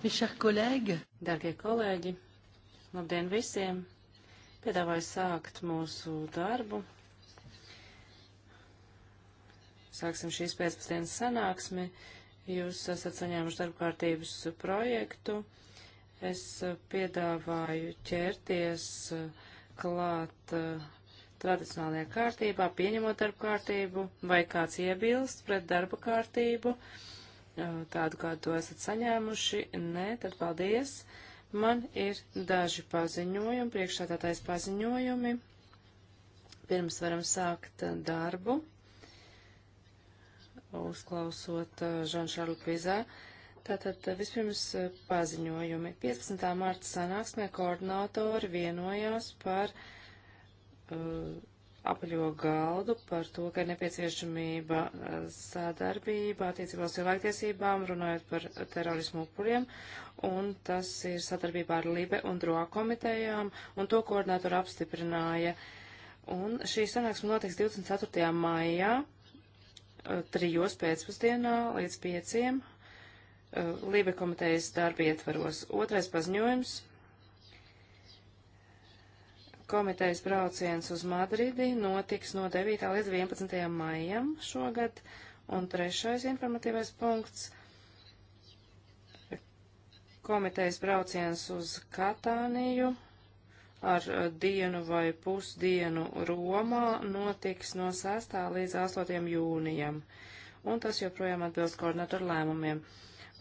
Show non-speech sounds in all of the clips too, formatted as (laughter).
Darbie kolēģi, labdien visiem! Piedāvāju sākt mūsu darbu. Sāksim šīs pēcpusdienas sanāksmi. Jūs esat saņēmuši darba kārtības projektu. Es piedāvāju ķerties klāt tradicionālajā kārtībā, pieņemot darba kārtību, vai kāds iebilst pret darba kārtību. Uh, tādu, kādu to esat saņēmuši. Nē, tad paldies. Man ir daži paziņojumi, priekšsādātais paziņojumi. Pirms varam sākt darbu, uzklausot Žanšarlu Pizā. Tātad vispirms paziņojumi. 15. marta sanāksmē koordinātori vienojās par uh, apaļo galdu par to, ka ir nepieciešamība eh, sadarbība attiecībā uz cilvēktiesībām, runājot par terorismu upuriem, un tas ir sadarbībā ar Libe un Droā komitejām, un to koordinātori apstiprināja. Un šī sanāksme notiks 24. maijā, eh, trijos pēcpusdienā līdz pieciem, eh, Libe komitejas darba ietvaros. Otrais paziņojums komitejas brauciens uz Madridi notiks no 9. līdz 11. maijam šogad, un trešais informatīvais punkts - komitejas brauciens uz Katāniju ar dienu vai pusdienu Romā notiks no 6. līdz 8. jūnijam, un tas joprojām atbilst koordinatoru lēmumiem.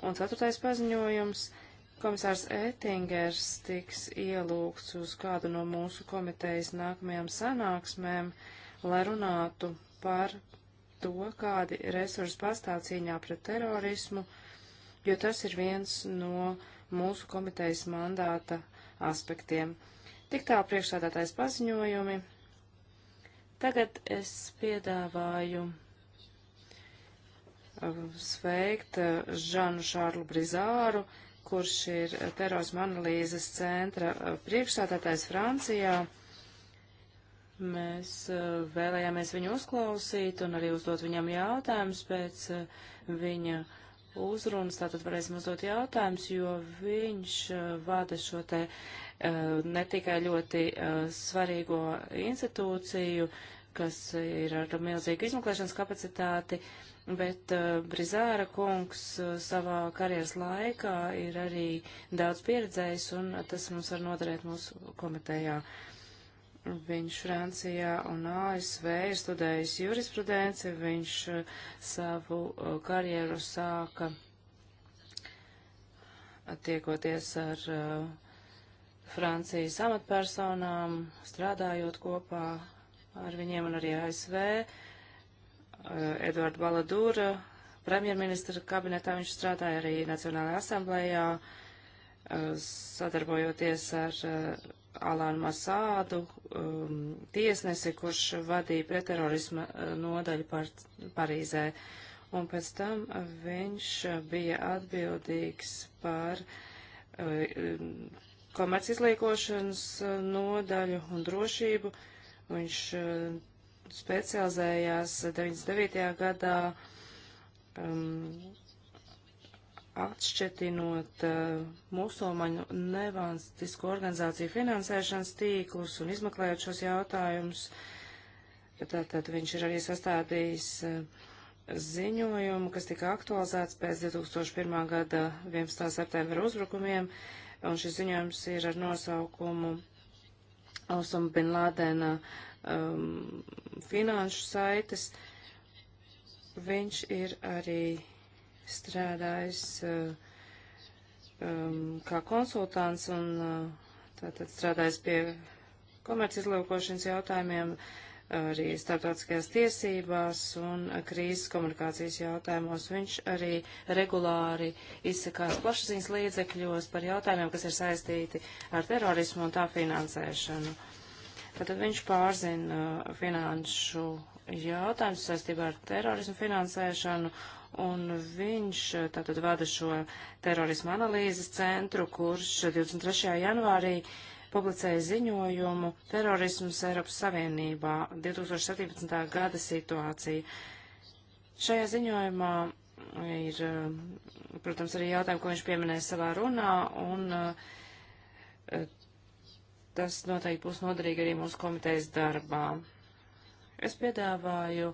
Un ceturtais paziņojums - Komisārs Ētingers tiks ielūgts uz kādu no mūsu komitejas nākamajām sanāksmēm, lai runātu par to, kādi resursi pastāv cīņā pret terorismu, jo tas ir viens no mūsu komitejas mandāta aspektiem. Tik tā priekšsādātais paziņojumi. Tagad es piedāvāju uh, sveikt uh, Žanu Šārlu Brizāru kurš ir terorisma analīzes centra eh, priekšstādātājs Francijā. Mēs eh, vēlējāmies viņu uzklausīt un arī uzdot viņam jautājumus pēc eh, viņa uzrunas. Tātad varēsim uzdot jautājumus, jo viņš vada šo te ne tikai ļoti svarīgo institūciju, kas ir ar milzīgu izmeklēšanas kapacitāti, bet uh, Brizāra kungs uh, savā karjeras laikā ir arī daudz pieredzējis, un tas mums var noderēt mūsu komitejā. Viņš Francijā un ASV ir studējis jurisprudenci, viņš uh, savu uh, karjeru sāka uh, tiekoties ar uh, Francijas amatpersonām, strādājot kopā ar viņiem un arī ASV. Uh, Eh, Eduardu Baladūru, premjerministra kabinetā viņš strādāja arī Nacionālajā asamblējā, eh, sadarbojoties ar eh, Alānu Masādu, um, tiesnesi, kurš vadīja pretterorisma nodaļu par, Parīzē. Un pēc tam viņš bija atbildīgs par komercizlīkošanas nodaļu un drošību. Viņš specializējās 99. gadā um, atšķetinot uh, musulmaņu nevalstisko organizāciju finansēšanas tīklus un izmeklējot šos jautājumus. Tātad viņš ir arī sastādījis uh, ziņojumu, kas tika aktualizēts pēc 2001. gada 11. septembra uzbrukumiem, un šis ziņojums ir ar nosaukumu Osama Bin Ladena uh, um, finanšu saites. Viņš ir arī strādājis uh, um, kā konsultants un uh, tātad strādājis pie komercizlūkošanas jautājumiem, arī starptautiskajās tiesībās un krīzes komunikācijas jautājumos. Viņš arī regulāri izsakās plašsaziņas līdzekļos par jautājumiem, kas ir saistīti ar terorismu un tā finansēšanu. Tātad viņš pārzina uh, finanšu jautājumus saistībā ar terorismu finansēšanu, un viņš uh, tātad vada šo terorismu analīzes centru, kurš 23. janvārī publicēja ziņojumu Terorisms Eiropas Savienībā 2017. gada situācija. Šajā ziņojumā ir, uh, protams, arī jautājumi, ko viņš pieminēja savā runā, un Tas noteikti būs noderīgi arī mūsu komitejas darbā. Es piedāvāju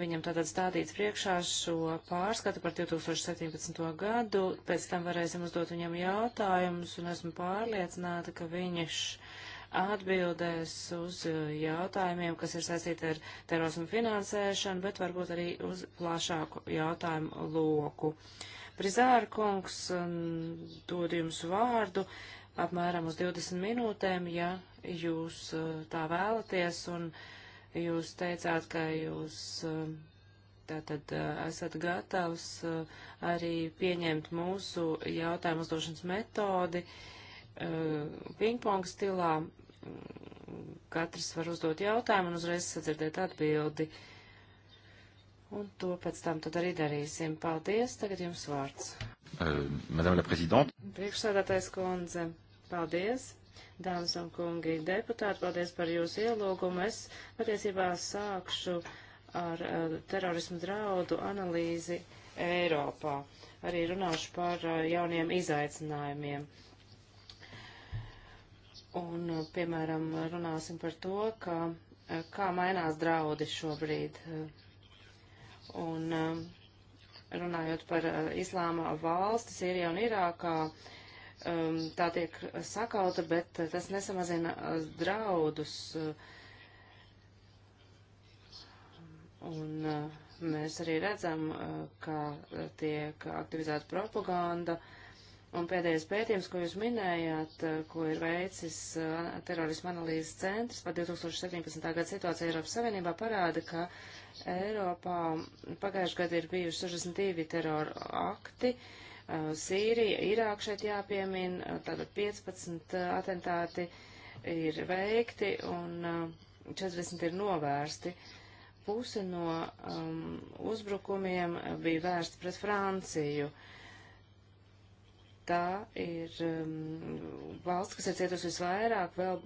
viņam tātad stādīt priekšā šo pārskatu par 2017. gadu, pēc tam varēsim uzdot viņam jautājumus, un esmu pārliecināta, ka viņš atbildēs uz jautājumiem, kas ir saistīti ar terorismu finansēšanu, bet varbūt arī uz plašāku jautājumu loku. Prizāra kungs mm, dod jums vārdu apmēram uz 20 minūtēm, ja jūs eh, tā vēlaties, un jūs teicāt, ka jūs eh, tātad eh, esat gatavs arī pieņemt mūsu jautājumu uzdošanas metodi pingpong stilā. Katrs var uzdot jautājumu un uzreiz sadzirdēt atbildi. Un to pēc tam tad arī darīsim. Paldies, tagad jums vārds. Euh, Madame la Présidente. Priekšsēdētājs kundze, paldies. Dāmas un kungi deputāti, paldies par jūsu ielūgumu. Es patiesībā sākšu ar uh, terorismu draudu analīzi Eiropā. Arī runāšu par uh, jauniem izaicinājumiem. Un, uh, piemēram, runāsim par to, ka, uh, kā mainās draudi šobrīd. Uh, un, uh, runājot par eh, islāma valsti Sīrijā un Irākā, um, tā tiek sakauta, bet eh, tas nesamazina eh, draudus. Un mēs arī redzam, ka tiek aktivizēta propaganda. Un pēdējais pētījums, ko jūs minējāt, ko ir veicis terorisma analīzes centrs par 2017. gada situāciju Eiropas Savienībā, parāda, ka uh, Eiropā pagājušajā gadā ir bijuši 62 terora akti. Sīrija, Irāk šeit jāpiemina, uh, tātad 15 uh, atentāti ir veikti un 40 uh, ir novērsti. Puse no um, uzbrukumiem bija vērsti pret Franciju. Tā ir um, valsts, kas ir cietusi visvairāk vēl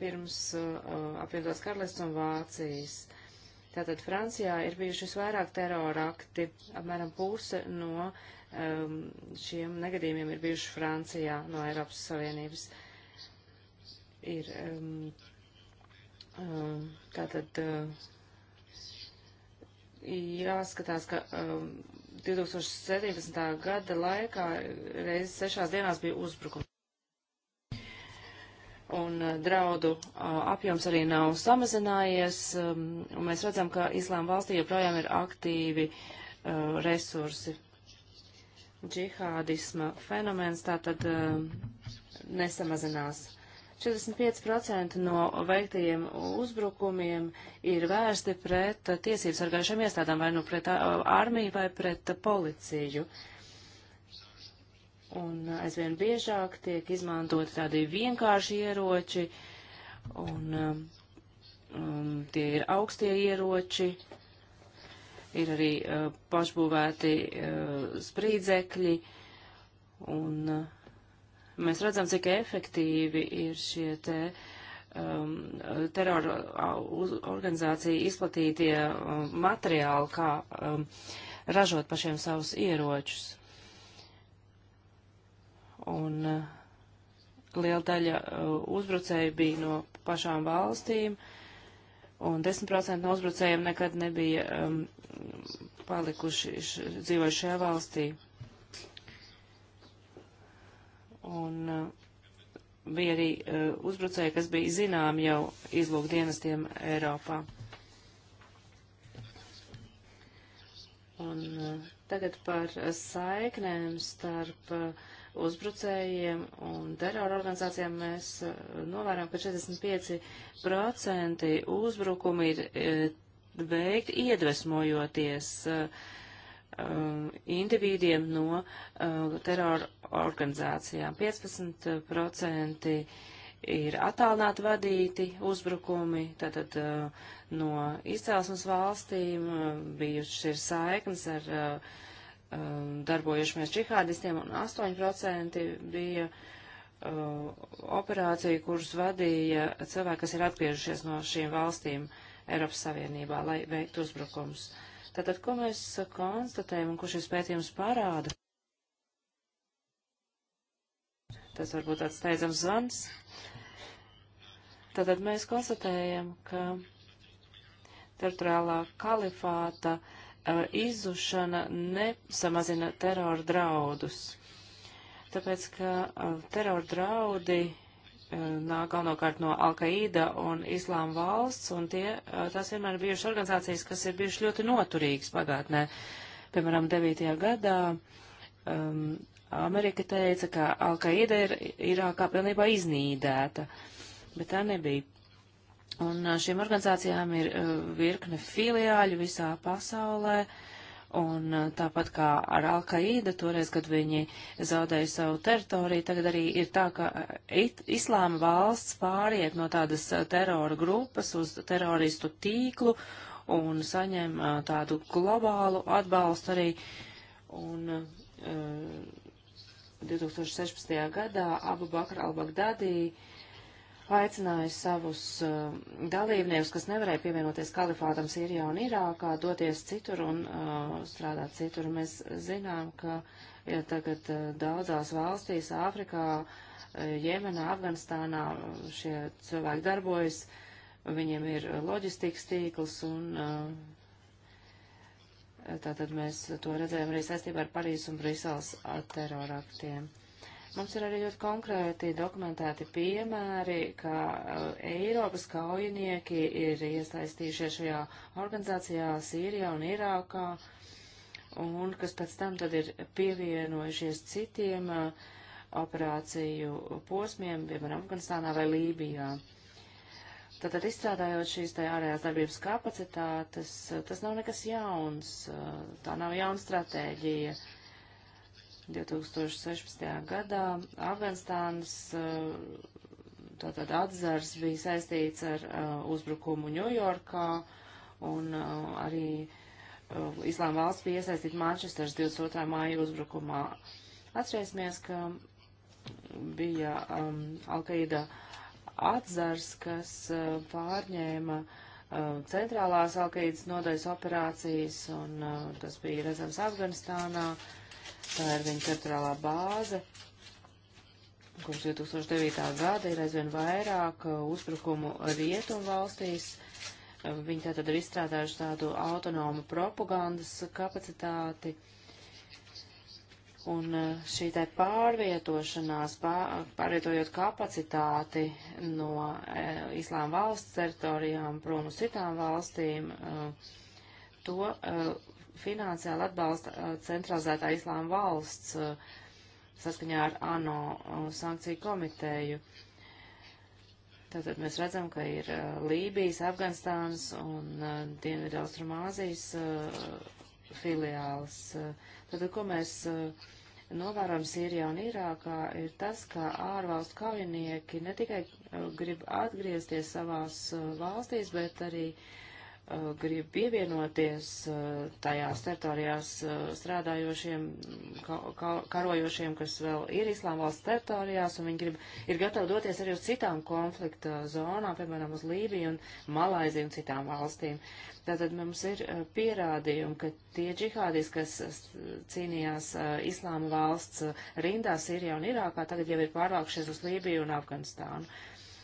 pirms uh, apvienotās karalists un Vācijas. Uh, Tātad Francijā ir bijuši visvairāk terorakti, apmēram puse no um, šiem negadījumiem ir bijuši Francijā no Eiropas Savienības. Ir um, um, tātad uh, jāskatās, ka um, 2017. gada laikā reizes sešās dienās bija uzbrukums un eh, draudu apjoms arī nav samazinājies, um, un mēs redzam, ka Islāma valstī joprojām ir aktīvi uh, resursi. Džihādisma fenomens tātad uh, nesamazinās. 45% no veiktajiem uzbrukumiem ir vērsti pret tiesības sargājušiem iestādām, vai nu pret armiju, vai pret policiju. Uh, un aizvien biežāk tiek izmantoti tādi vienkārši ieroči, un um, um tie ir augstie ieroči, ir arī uh, pašbūvēti uh, sprīdzekļi, un uh, mēs redzam, cik efektīvi ir šie te um, terora organizācija izplatītie um, materiāli, kā um, ražot pašiem savus ieročus. Un eh, liela daļa eh, uzbrucēju bija no pašām valstīm, un 10% no uzbrucējiem nekad nebija um, palikuši, š, dzīvojuši šajā valstī. Un uh, bija arī uh, uzbrucēji, kas bija zinām jau izlūk dienestiem Eiropā. Un uh, tagad par saiknēm starp uh, uzbrucējiem un terora organizācijām mēs eh, novērām, ka 45% uzbrukumi ir eh, veikti iedvesmojoties eh, individiem no terora organizācijām. 15% ir attālināti vadīti uzbrukumi, tātad no izcelsmes valstīm bijušas ir saiknes ar uh, um, darbojušamies džihādistiem, un 8% bija uh, operācija, kuras vadīja cilvēki, kas ir atgriežušies no šīm valstīm Eiropas Savienībā, lai veiktu uzbrukums. Tātad, ko mēs konstatējam un ko šis pētījums parāda? Tas varbūt tāds steidzams zvans. Tātad mēs konstatējam, ka teritoriālā kalifāta uh, izzušana nesamazina terora draudus. Tāpēc, ka terora draudi nāk galvenokārt no Al-Qaida un Islāma valsts, un tie, tās vienmēr ir bijušas organizācijas, kas ir bijušas ļoti noturīgas pagātnē. Piemēram, 9. gadā um, Amerika teica, ka Al-Qaida ir Irākā pilnībā iznīdēta, bet tā nebija Un šīm organizācijām ir virkne filiāļu visā pasaulē. Un tāpat kā ar Al-Qaida, toreiz, kad viņi zaudēja savu teritoriju, tagad arī ir tā, ka it, islāma valsts pāriet no tādas terora grupas uz teroristu tīklu un saņem tādu globālu atbalstu arī. Un, uh, 2016. gadā Abu Bakr al-Baghdadī uh, aicināju savus uh, dalībniekus, kas nevarēja pievienoties kalifātam Sīrijā un Irākā, doties citur un uh, strādāt citur. Mēs zinām, ka ja tagad uh, daudzās valstīs, Āfrikā, uh, Jemenā, Afganistānā uh, šie cilvēki darbojas, viņiem ir uh, loģistikas tīkls un tātad mēs to redzējām arī saistībā ar Parīzes un Briseles terroraktiem. Mums ir arī ļoti konkrēti dokumentēti piemēri, ka uh, Eiropas kaujinieki ir iesaistījušies šajā organizācijā Sīrijā un Irākā, un kas pēc tam tad ir pievienojušies citiem uh, operāciju posmiem, piemēram, Afganistānā vai Lībijā. Tātad izstrādājot šīs tā ārējās darbības kapacitātes, uh, tas nav nekas jauns, tā nav jauna stratēģija. Uh, 2016. gadā Afganistānas eh, tātad atzars bija saistīts ar eh, uzbrukumu Ņujorkā un eh, arī Islāma valsts bija iesaistīta Manchesteras 22. māja uzbrukumā. Atcerēsimies, ka bija um, ehm, Alkaida atzars, kas uh, pārņēma uh, centrālās Alkaidas nodaļas operācijas, un uh, tas bija redzams Afganistānā. Uh, Tā ir viņa teritoriālā bāze. Kopš 2009. gada ir aizvien vairāk uh, uzbrukumu rietumu valstīs. Uh, viņi tātad ir izstrādājuši tādu autonomu propagandas kapacitāti. Un uh, šī tā pārvietošanās, pārvietojot kapacitāti no islām valsts teritorijām prom uz citām valstīm, to finansiāli atbalsta uh, centralizētā islāma valsts uh, saskaņā ar ANO uh, sankciju komiteju. Tātad mēs redzam, ka ir Lībijas, Afganistānas un Dienvidaustrumāzijas filiāls. Tātad, ko mēs novērojam Sīrijā un Irākā, ir tas, ka ārvalstu kaujinieki ne tikai grib atgriezties savās valstīs, bet arī uh, Uh, grib pievienoties uh, tajās teritorijās uh, strādājošiem, ka, ka, karojošiem, kas vēl ir Islāma valsts teritorijās, un viņi grib, ir gatavi doties arī uz citām konflikta zonām, piemēram, uz Lībiju un Malaiziju un citām valstīm. Tātad mums ir pierādījumi, ka tie džihādisti, kas cīnījās Islāma valsts rindās Sīrijā un Irākā, tagad jau ir pārvākšies uz Lībiju un Afganistānu.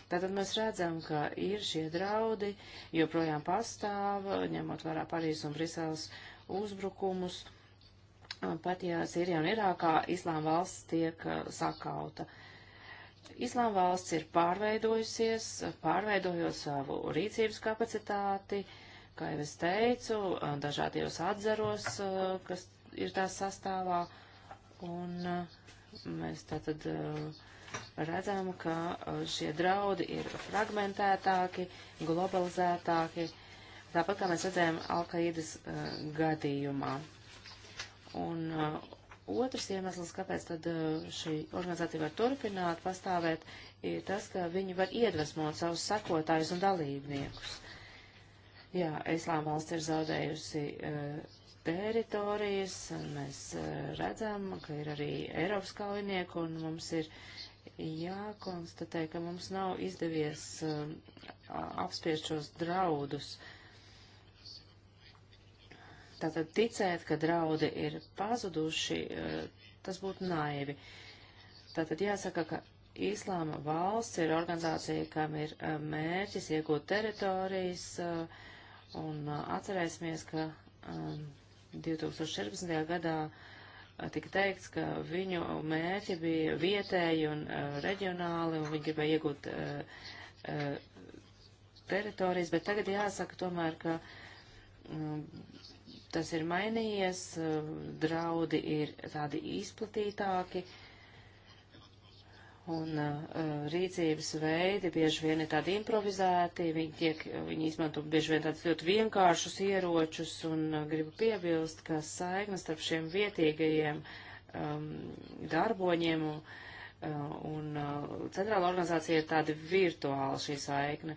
Tātad mēs redzam, ka ir šie draudi, joprojām pastāv, ņemot vērā Parīzes un Briseles uzbrukumus. Pat ja Sīrijā un Irākā Islāma valsts tiek sakauta. Islāma valsts ir pārveidojusies, pārveidojot savu rīcības kapacitāti, kā jau es teicu, dažādajos atzaros, kas ir tās sastāvā, un mēs tātad uh, redzam, ka uh, šie draudi ir fragmentētāki, globalizētāki, tāpat kā mēs redzējām Alkaidas uh, gadījumā. Un uh, otrs iemesls, kāpēc tad uh, šī organizācija var turpināt pastāvēt, ir tas, ka viņi var iedvesmot savus sekotājus un dalībniekus. Jā, Islāma valsts ir zaudējusi uh, teritorijas, un mēs uh, redzam, ka ir arī Eiropas kaujinieki, un mums ir jākonstatē, ka mums nav izdevies uh, um, apspriest šos draudus. Tātad ticēt, ka draudi ir pazuduši, uh, tas būtu naivi. Tātad jāsaka, ka Īslāma valsts ir organizācija, kam ir uh, mērķis iegūt teritorijas, e, un atcerēsimies, ka 2014. Um, gadā tika teikts, ka viņu mērķi bija vietēji un uh, reģionāli, un viņi gribēja iegūt uh, uh, teritorijas, bet tagad jāsaka tomēr, ka um, tas ir mainījies, draudi ir tādi izplatītāki, uh, Un uh, uh, rīcības veidi bieži vien ir tādi improvizēti, viņi, tiek, viņi izmanto bieži vien tādus ļoti vienkāršus ieročus, un uh, gribu piebilst, ka saiknes starp šiem vietīgajiem um, darboņiem un, uh, un uh, centrāla organizācija ir tāda virtuāla šī saikne.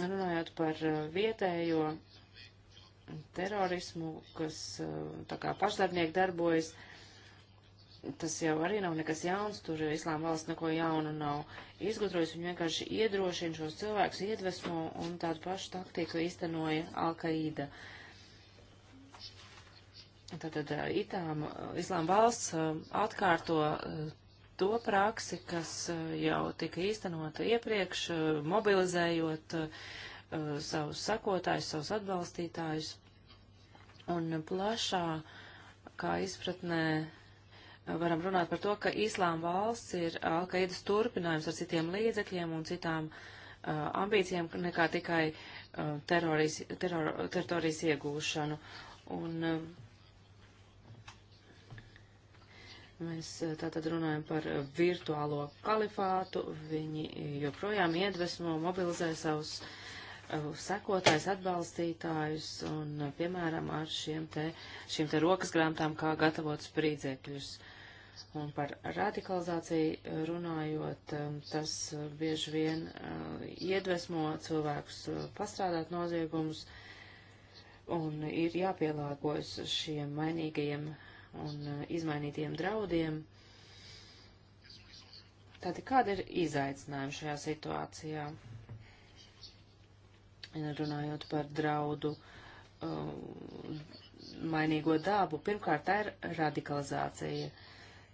Runājot par uh, vietējo terorismu, kas uh, tā kā pašdarbnieki darbojas, uh, tas jau arī nav nekas jauns, tur Islāma valsts neko jaunu nav izgudrojusi, viņi vienkārši iedrošina šos cilvēkus, iedvesmo un tādu pašu taktiku īstenoja Al-Qaida. Tātad itām, Islāma valsts atkārto to praksi, kas jau tika īstenota iepriekš, mobilizējot savus sakotājus, savus atbalstītājus. Un plašā, kā izpratnē, varam runāt par to, ka Īslām valsts ir Alkaidas turpinājums ar citiem līdzekļiem un citām uh, ambīcijām nekā tikai uh, terorijas, teror, teritorijas iegūšanu. Un, uh, mēs tātad runājam par virtuālo kalifātu. Viņi joprojām iedvesmo, mobilizē savus sekotājs, atbalstītājus un, piemēram, ar šiem te, šiem te rokas grāmatām, kā gatavot spriedzekļus. Uh, Un par radikalizāciju runājot, um, tas uh, bieži vien uh, iedvesmo cilvēkus uh, pastrādāt noziegumus un ir jāpielāgojas šiem mainīgajiem un izmainītiem draudiem. Tātad kāda ir izaicinājuma šajā situācijā? Runājot par draudu, mainīgo dabu, pirmkārt, tā ir radikalizācija. Uh,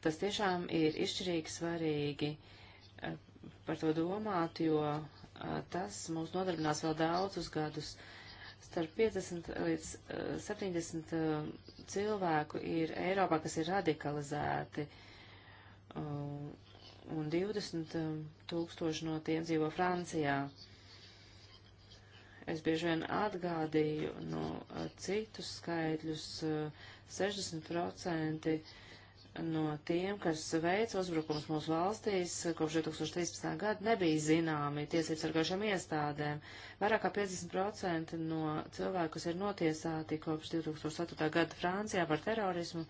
Tas tiešām ir izšķirīgi svarīgi eh, par to domāt, jo eh, tas mūs nodarbinās vēl daudzus gadus. Starp 50 līdz 70 eh, cilvēku ir Eiropā, kas ir radikalizēti, un 20 tūkstoši no tiem dzīvo Francijā. Es bieži vien atgādīju no citus skaitļus 60% no tiem, kas veica uzbrukums mūsu valstīs kopš 2013. gada, nebija zināmi tiesības sargājušām iestādēm. Vairāk kā 50% no cilvēku, kas ir notiesāti kopš 2004. gada Francijā par terorismu,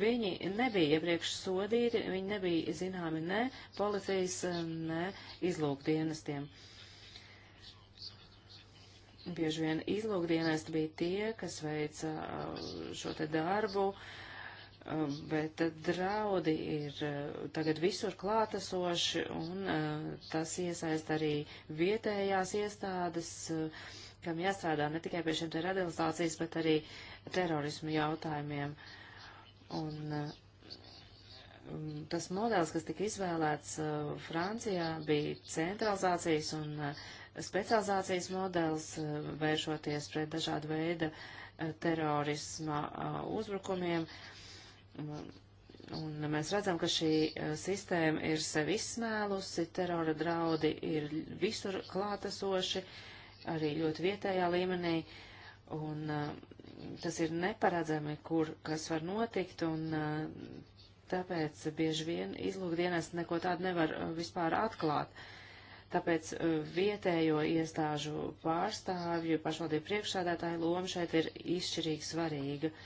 viņi nebija iepriekš sodīti, viņi nebija zināmi ne policijas, ne izlūkdienestiem. Bieži vien izlūkdienesti bija tie, kas veica uh, šo te darbu, uh, Um, bet draudi ir uh, tagad visur klātesoši, un uh, tas iesaist arī vietējās iestādes, uh, kam jāstrādā ne tikai pie šiem te radikalizācijas, bet arī terorismu jautājumiem. Un um, tas modelis, kas tika izvēlēts Francijā, bija centralizācijas un specializācijas modelis, vēršoties pret dažādu veidu terorisma uzbrukumiem. Uh, Un mēs redzam, ka šī e, sistēma ir sevi izsmēlusi, terora draudi ir visur klātesoši, arī ļoti vietējā līmenī, un e, tas ir neparedzami, kur kas var notikt, un e, tāpēc bieži vien izlūkdienas neko tādu nevar vispār atklāt. Tāpēc vietējo iestāžu pārstāvju, pašvaldību priekšsādātāju loma šeit ir izšķirīgi svarīga. Uh,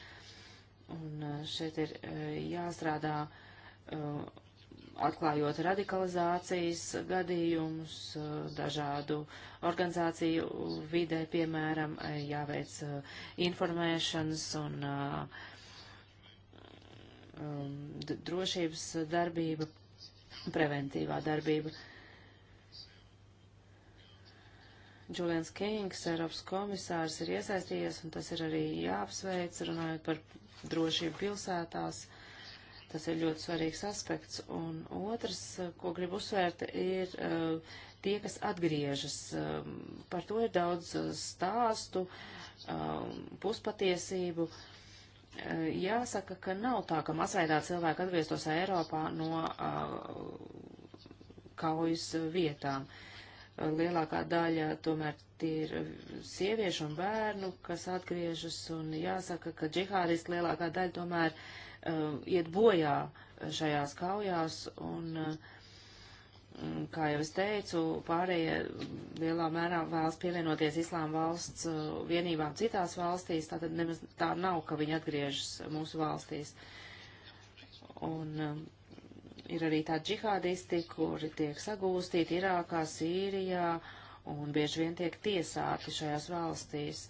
Un eh, šeit ir eh, jāstrādā eh, atklājot radikalizācijas gadījumus, dažādu organizāciju vidē, piemēram, jāveic informēšanas un um, drošības darbība, preventīvā darbība. Uh, Julians Kings, Eiropas komisārs, ir iesaistījies, un tas ir arī jāapsveic, runājot par drošību pilsētās. Tas ir ļoti svarīgs aspekts. Un otrs, ko gribu uzsvērt, ir uh, tie, kas atgriežas. Um, par to ir daudz eh, stāstu, um, puspatiesību. Uh, jāsaka, ka nav tā, ka masveidā cilvēki atgrieztos Eiropā no uh, kaujas vietām. Uh, lielākā daļa tomēr ir sieviešu un bērnu, kas atgriežas, un jāsaka, ka džihādisti lielākā daļa tomēr uh, iet bojā šajās kaujās, un, uh, kā jau es teicu, pārējie lielā mērā vēlas pievienoties islām valsts uh, vienībām citās valstīs, tātad nemaz tā nav, ka viņi atgriežas mūsu valstīs. Un, uh, ir arī tādi džihādisti, kuri tiek sagūstīti Irākā, Sīrijā un bieži vien tiek tiesāti šajās valstīs.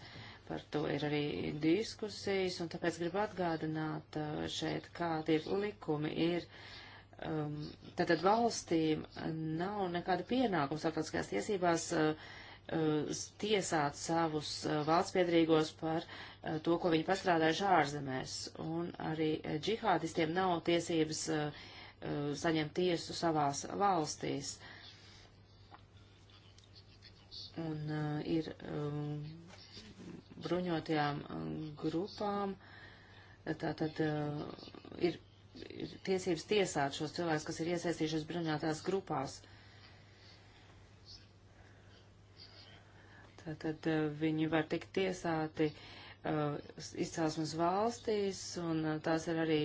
Par to ir arī diskusijas, un tāpēc gribu atgādināt uh, šeit, kādi ir likumi. Ir, um, tātad valstīm nav nekāda pienākuma starptautiskajās tiesībās uh, uh tiesāt savus uh, valsts piedrīgos par to, ko viņi pastrādājuši ārzemēs. Un arī džihādistiem nav tiesības Eh, saņem tiesu savās valstīs. Un uh, ir um, bruņotajām grupām, tātad uh, ir, ir tiesības tiesāt šos cilvēkus, kas ir iesaistījušies bruņotās grupās. Tātad uh, viņi var tikt tiesāti uh, izcelsmes valstīs, un uh, tās ir arī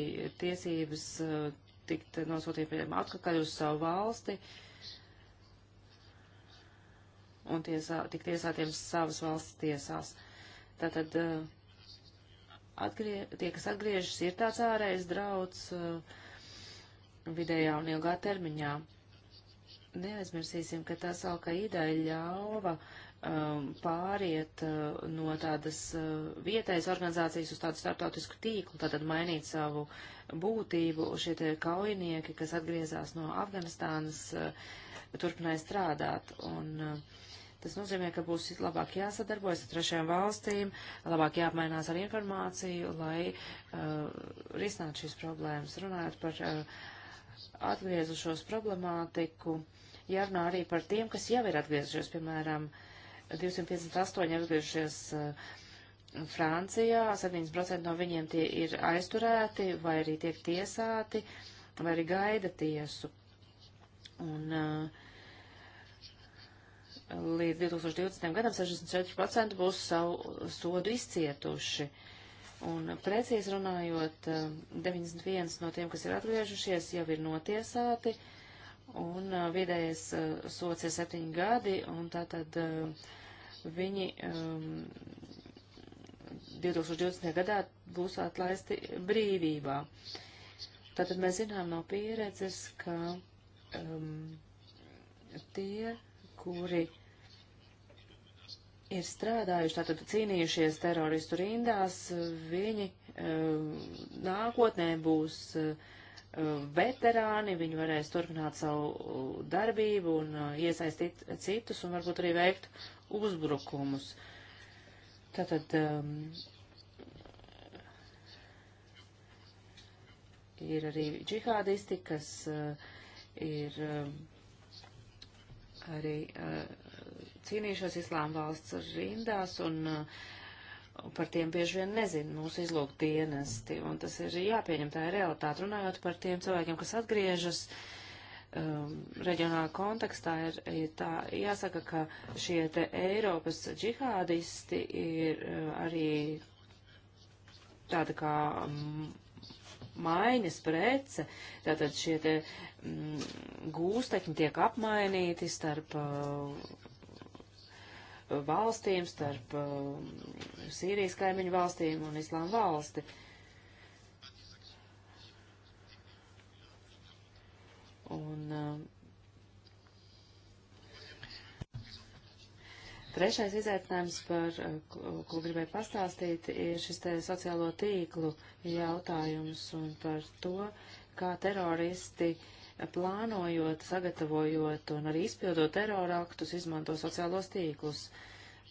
tiesības uh, tikt nosūtīti, piemēram, atpakaļ uz savu valsti un tiesā, tik tiesātiem savas valsts tiesās. Tātad eh, atgrie, tie, kas atgriežas, ir tāds ārējs drauds eh, vidējā un ilgā termiņā. Neaizmirsīsim, ka tas Alkaidai ļāva uh, um, pāriet uh, no tādas uh, vietējas organizācijas uz tādu starptautisku tīklu, tātad mainīt savu būtību. Šie tie kaujinieki, kas atgriezās no Afganistānas, uh, turpināja strādāt. Un, uh, Tas nozīmē, ka būs labāk jāsadarbojas ar trešajām valstīm, labāk jāapmainās ar informāciju, lai uh, risinātu šīs problēmas. Runājot par uh, atgriezušos problemātiku, jārunā arī par tiem, kas jau ir atgriezušies, piemēram, uh, 258 ir atgriežušies Francijā, 7% no viņiem tie ir aizturēti vai arī tiek tiesāti vai arī gaida tiesu. Un uh, līdz 2020. gadam 64% būs savu sodu izcietuši. Un precīzi runājot, 91 eh, no tiem, kas ir atgriežušies, jau ir notiesāti, un eh, vidējais sots ir 7 gadi, un tātad uh, viņi um, 2020. gadā būs atlaisti brīvībā. Tātad mēs zinām no pieredzes, ka um, tie, kuri ir strādājuši, tātad cīnījušies teroristu rindās, viņi um, nākotnē būs uh, veterāni, viņi varēs turpināt savu darbību un uh, iesaistīt citus un varbūt arī veikt uzbrukumus. Tātad um, ir arī džihādisti, kas uh, ir uh, arī uh, cīnījušās islāma valsts rindās un uh, par tiem bieži vien nezina mūsu izlūk dienesti. Un tas ir jāpieņem, tā ir realitāte. Runājot par tiem cilvēkiem, kas atgriežas, uh, um, reģionālā kontekstā ir, ir tā, jāsaka, ka šie te Eiropas džihādisti ir uh, arī tāda kā um, maiņas prece, tātad šie te um, gūstekņi tiek apmainīti starp uh, valstīm, starp uh, Sīrijas kaimiņu valstīm un Islām valsti. Uh, Un uh, trešais izaicinājums, par uh, ko gribēju pastāstīt, ir šis te sociālo tīklu jautājums un par to, kā teroristi plānojot, sagatavojot un arī izpildot terorāktus, izmanto sociālos tīklus.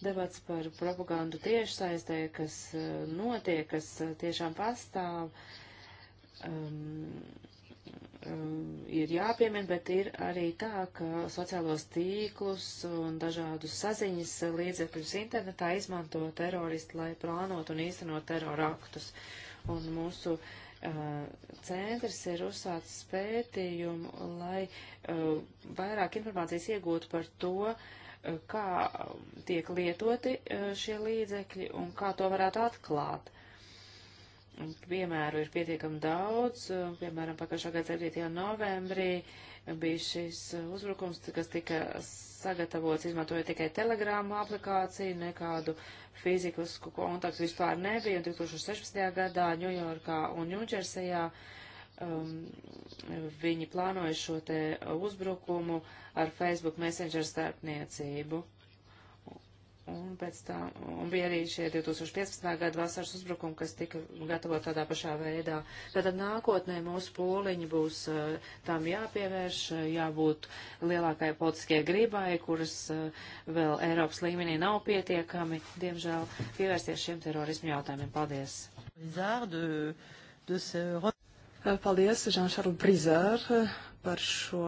Debats par propagandu tiešsaistē, kas uh, notiek, kas tiešām pastāv. Um, Um, ir jāpiemina, bet ir arī tā, ka sociālos tīklus un dažādus saziņas līdzekļus internetā izmanto teroristi, lai plānot un īstenot terora aktus. Un mūsu uh, centrs ir uzsācis pētījumu, lai uh, vairāk informācijas iegūtu par to, uh, kā tiek lietoti uh, šie līdzekļi un kā to varētu atklāt Piemēru ir pietiekami daudz, piemēram, pagājušā gada 7. novembrī bija šis uh, uzbrukums, kas tika sagatavots, izmantojot tikai telegrāmu aplikāciju, nekādu fizisku kontaktu vispār nebija, un 2016. gadā Ņujorkā un Ņūdžersejā um, viņi plānoja šo te uzbrukumu ar Facebook Messenger starpniecību. Un, tā, un bija arī šie 2015. gada vasaras uzbrukumi, kas tika gatavot tādā pašā veidā. Tātad nākotnē mūsu pūliņi būs eh, tam jāpievērš, eh, jābūt lielākai politiskajai gribai, kuras eh, vēl Eiropas līmenī nav pietiekami, diemžēl, pievērsties šiem terorismu jautājumiem. Paldies! Paldies, Žanšarlu Brizār, par šo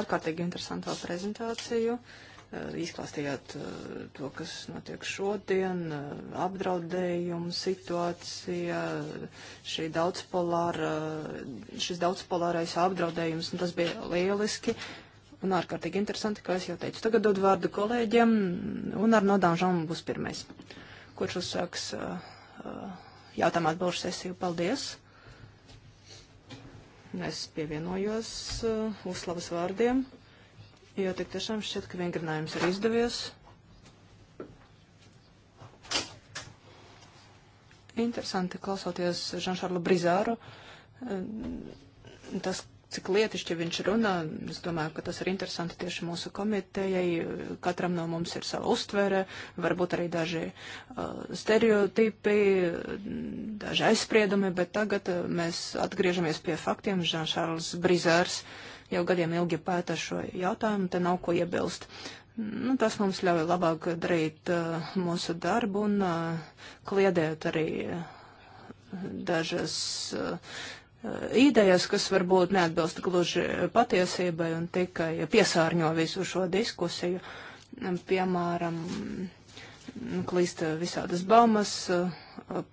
ārkārtīgi interesanto prezentāciju. Eh, izklāstījāt eh, to, kas notiek šodien, eh, apdraudējumu situācija, šī daudzpolāra, šis daudzpolārais apdraudējums, un tas bija lieliski un ārkārtīgi interesanti, kā es jau teicu. Tagad dod vārdu kolēģiem, un ar nodāžām būs pirmais, kurš uzsāks jautājumu atbilžu sesiju. Paldies! Es pievienojos uzslavas vārdiem jo tik tiešām šķiet, ka vingrinājums ir izdevies. Interesanti klausoties Žanšārlu Brizāru, tas, cik lietišķi viņš runā, es domāju, ka tas ir interesanti tieši mūsu komitejai, katram no mums ir sava uztvere, varbūt arī daži uh, stereotipi, daži aizspriedumi, bet tagad uh, mēs atgriežamies pie faktiem. Žanšārls Brizārs uh, jau gadiem ilgi pēta šo jautājumu, te nav ko iebilst. Nu, tas mums ļauj labāk darīt uh, mūsu darbu un uh, kliedēt arī uh, dažas uh, uh, idejas, kas varbūt neatbilst gluži patiesībai un tikai piesārņo visu šo diskusiju. Piemēram, klīst visādas baumas uh,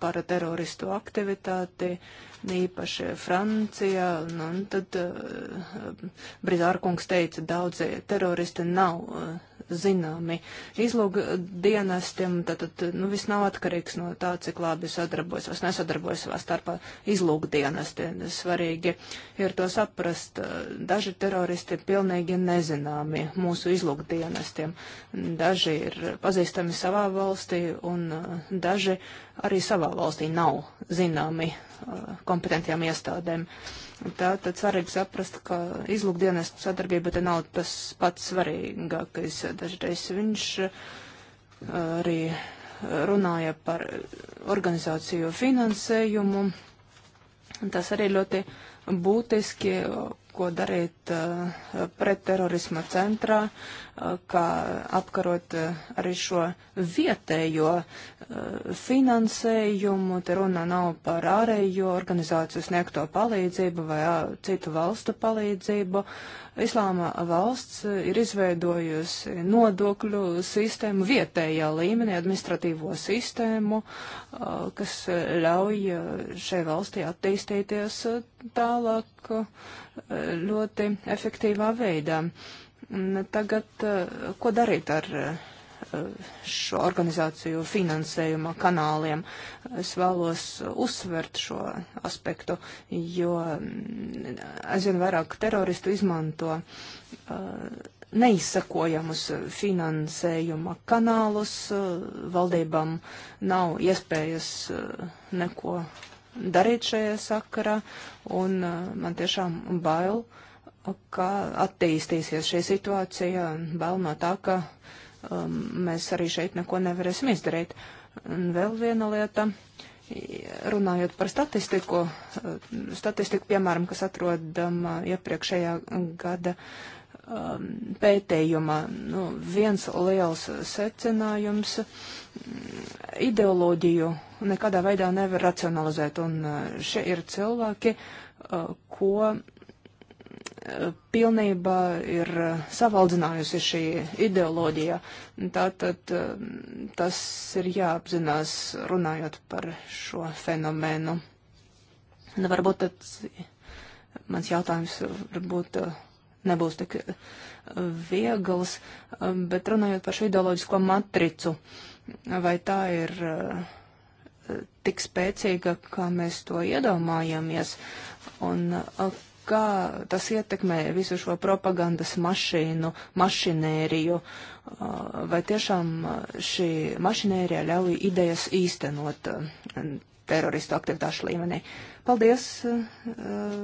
par teroristu aktivitāti. Uh, īpaši Francijā. Un, nu, un tad uh, Brizārkungs teica, daudzi teroristi nav uh, zināmi izlūga dienestiem, tad, tad nu, viss nav atkarīgs no tā, cik labi sadarbojas vai nesadarbojas savā starpā izlūga dienesti. Svarīgi ir to saprast, eh, daži teroristi ir pilnīgi nezināmi mūsu izlūga dienestiem. Daži ir pazīstami savā valstī un daži arī savā valstī nav zināmi Eh, kompetentajām iestādēm. Tā tad svarīgi saprast, ka izlūkdienas sadarbība te nav tas pats svarīgākais. Dažreiz viņš eh, arī runāja par organizāciju finansējumu. Tas arī ļoti būtiski ko darīt eh, pret terorisma centrā, eh, kā apkarot eh, arī šo vietējo finansējumu. Te runa nav par ārējo organizāciju sniegto palīdzību vai citu valstu palīdzību. Islāma valsts ir izveidojusi nodokļu sistēmu vietējā līmenī, administratīvo sistēmu, kas ļauj šai valstī attīstīties tālāk ļoti efektīvā veidā. Tagad, eh, ko darīt ar eh, šo organizāciju finansējuma kanāliem? Es vēlos uzsvert šo aspektu, jo mm, aizvien vairāk teroristu izmanto eh, neizsakojamus finansējuma kanālus. Valdībām nav iespējas neko darīt šajā sakarā, un uh, man tiešām bail, kā attīstīsies šī situācija, bail no tā, ka um, mēs arī šeit neko nevarēsim izdarīt. Un vēl viena lieta, runājot par statistiku, uh, statistiku, piemēram, kas atrodama iepriekšējā gada uh, um, pētījuma nu, viens liels secinājums - ideoloģiju nekādā veidā nevar racionalizēt. Un uh, šie ir cilvēki, uh, ko uh, pilnībā ir uh, savaldzinājusi šī ideoloģija. Tātad um, tas ir jāapzinās runājot par šo fenomenu. Nu, varbūt tāds mans jautājums varbūt nebūs tik eh, viegls, eh, bet runājot par šo ideoloģisko matricu, vai tā ir eh, tik spēcīga, kā mēs to iedomājamies, un kā tas ietekmē visu šo propagandas mašīnu, mašinēriju, vai tiešām šī mašinērija ļauj idejas īstenot teroristu aktivitāšu līmenī. Paldies uh, eh,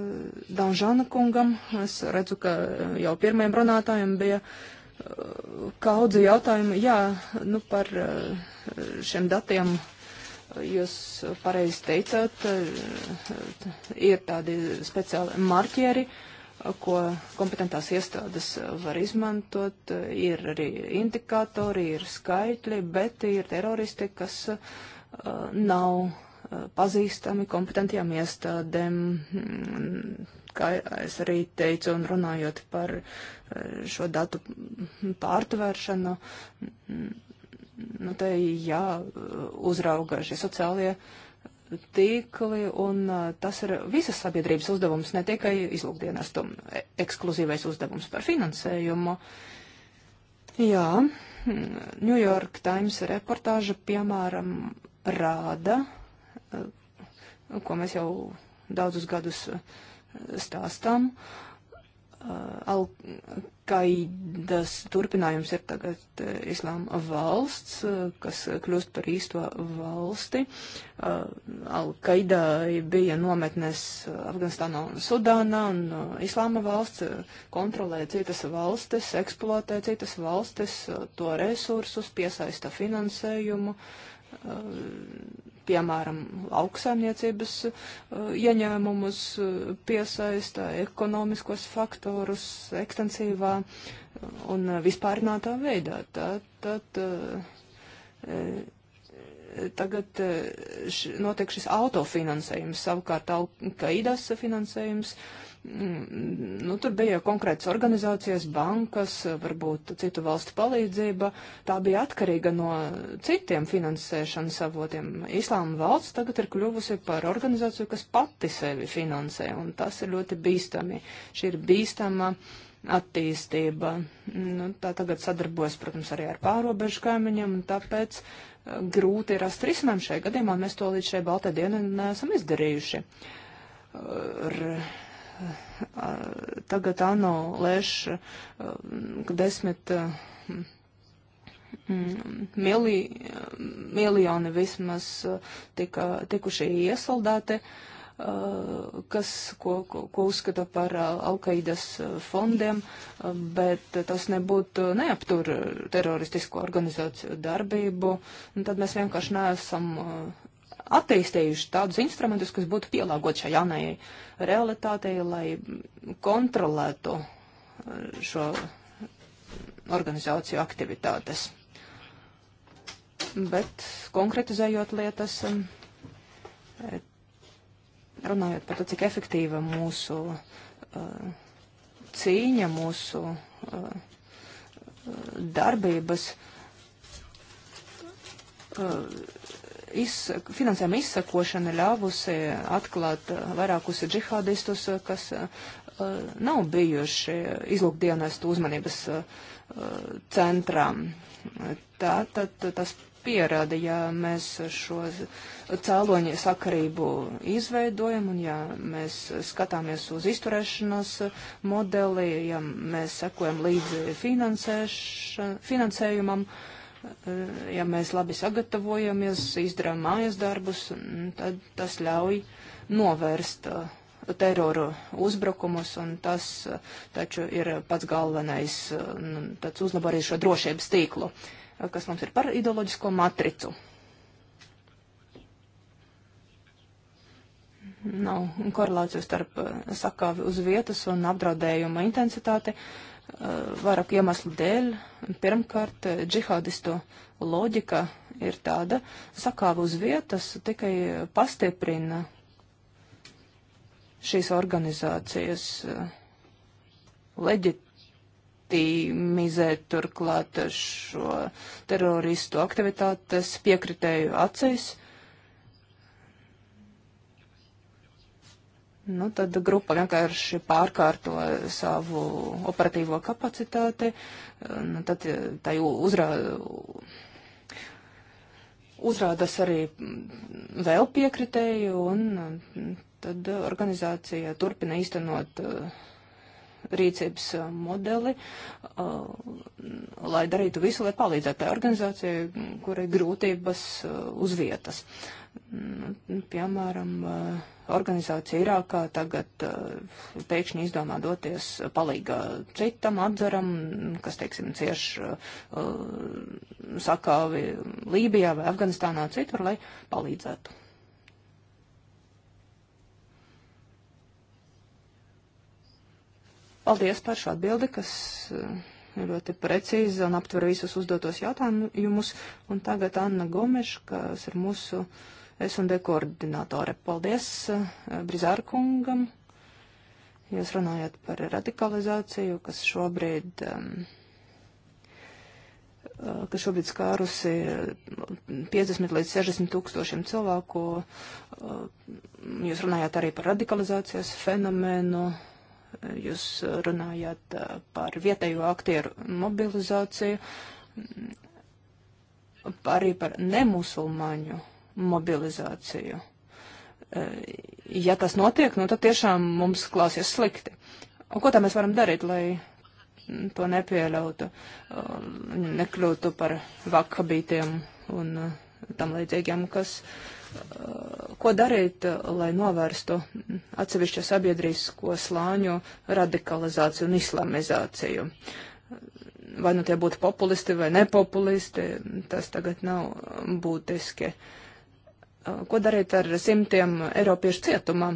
Danžana kungam. Es redzu, ka eh, jau pirmajam runātājam bija uh, kaudzi jautājumu. Jā, nu par uh, šiem datiem jūs pareizi teicāt, ir tādi speciāli marķieri, ko kompetentās iestādes var izmantot, ir arī indikātori, ir skaitļi, bet ir teroristi, kas nav pazīstami kompetentajām iestādēm, mm, kā es arī teicu, un runājot par eh, šo datu pārtvēršanu, mm, nu, te jāuzrauga šie sociālie tīkli, un eh, tas ir visas sabiedrības uzdevums, ne tikai izlūkdienas tam e, ekskluzīvais uzdevums par finansējumu. Jā, mm, New York Times reportāža, piemēram, rāda, ko mēs jau daudzus gadus eh, stāstām. Eh, Al-Qaidas turpinājums ir tagad eh, Islāma valsts, kas kļūst par īsto valsti. Al-Qaidai bija nometnes Afganistānā un Sudānā, un Islāma valsts kontrolē citas valstis, eksploatē citas valstis, to resursus, piesaista finansējumu piemēram, lauksaimniecības eh, ieņēmumus eh, piesaista, ekonomiskos faktorus, ekstensīvā eh, un vispārinātā veidā. Tad, tad tagad š, notiek šis autofinansējums, savukārt Alkaidas finansējums. Al Mm, nu, tur bija konkrētas organizācijas, bankas, varbūt citu valstu palīdzība. Tā bija atkarīga no citiem finansēšanas avotiem. Islāma valsts tagad ir kļuvusi par organizāciju, kas pati sevi finansē, un tas ir ļoti bīstami. Šī ir bīstama attīstība. Nu, tā tagad sadarbojas, protams, arī ar pārobežu kaimiņiem, un tāpēc uh, grūti rast risinājumu šajā gadījumā. Mēs to līdz šai baltai dienai neesam izdarījuši. R Eh, tagad ANO lēš eh, desmit eh, mm, mili, miljoni vismaz tika, tikuši iesaldēti, kas, ko, ko, ko uzskata par Alkaidas fondiem, bet tas nebūtu neaptur teroristisko organizāciju darbību, un tad mēs vienkārši neesam attīstījuši tādus instrumentus, kas būtu pielāgot šai jaunajai realitātei, lai kontrolētu eh, šo organizāciju aktivitātes. Bet konkretizējot lietas, eh, runājot par to, cik efektīva mūsu eh, cīņa, mūsu darbības izsak, finansējuma izsakošana ļāvusi atklāt eh, vairākus džihādistus, eh, kas uh, nav bijuši izlūkdienestu uzmanības uh, centrā. Tā tad tas pierāda, ja mēs šo cēloņu sakarību izveidojam un ja mēs skatāmies uz izturēšanas modeli, ja mēs sekojam līdzi finansējumam. Uh, ja mēs labi sagatavojamies, izdarām mājas darbus, tad tas ļauj novērst uh, teroru uzbrukumus, un tas uh, taču ir pats galvenais, uh, nu, tāds uzlabo arī šo drošības tīklu, kas mums ir par ideoloģisko matricu. Nav korelācijas starp sakāvi uz vietas un apdraudējuma intensitāti. Uh, vairāku iemeslu dēļ. Pirmkārt, džihādistu loģika ir tāda, sakāva uz vietas tikai pastiprina šīs organizācijas leģitimizē turklāt šo teroristu aktivitātes piekritēju acīs. Nu, tad grupa vienkārši pārkārto savu operatīvo kapacitāti, nu, tad eh, tai uzrā, uzrādās arī mm, vēl piekritēju, un mm, tad organizācija turpina īstenot uh, rīcības uh, modeli, uh, lai darītu visu, lai palīdzētu tai organizācijai, kurai grūtības uh, uz vietas. Nu, piemēram, organizācija Irākā tagad pēkšņi izdomā doties palīgā citam apdzeram, kas, teiksim, cieš sakāvi Lībijā vai Afganistānā citur, lai palīdzētu. Paldies par šo atbildi, kas eh, ļoti precīza un aptver visus uzdotos jautājumus. Un tagad Anna Gomeša, kas ir mūsu S&D koordinātore. Paldies eh, Brizārkungam. Jūs runājat par radikalizāciju, kas šobrīd, eh, kas šobrīd skārusi 50 līdz 60 tūkstošiem cilvēku. Jūs runājat arī par radikalizācijas fenomenu Jūs runājāt par vietējo aktieru mobilizāciju, arī par nemusulmaņu mobilizāciju. Ja tas notiek, nu tad tiešām mums klāsies slikti. Un ko tā mēs varam darīt, lai to nepieļautu, nekļūtu par vakabītiem un tam līdzīgiem, kas, ko darīt, lai novērstu atsevišķo sabiedrisko slāņu radikalizāciju un islamizāciju. Vai nu tie būtu populisti vai nepopulisti, tas tagad nav būtiski. Uh, ko darīt ar simtiem eiropiešu cietumā?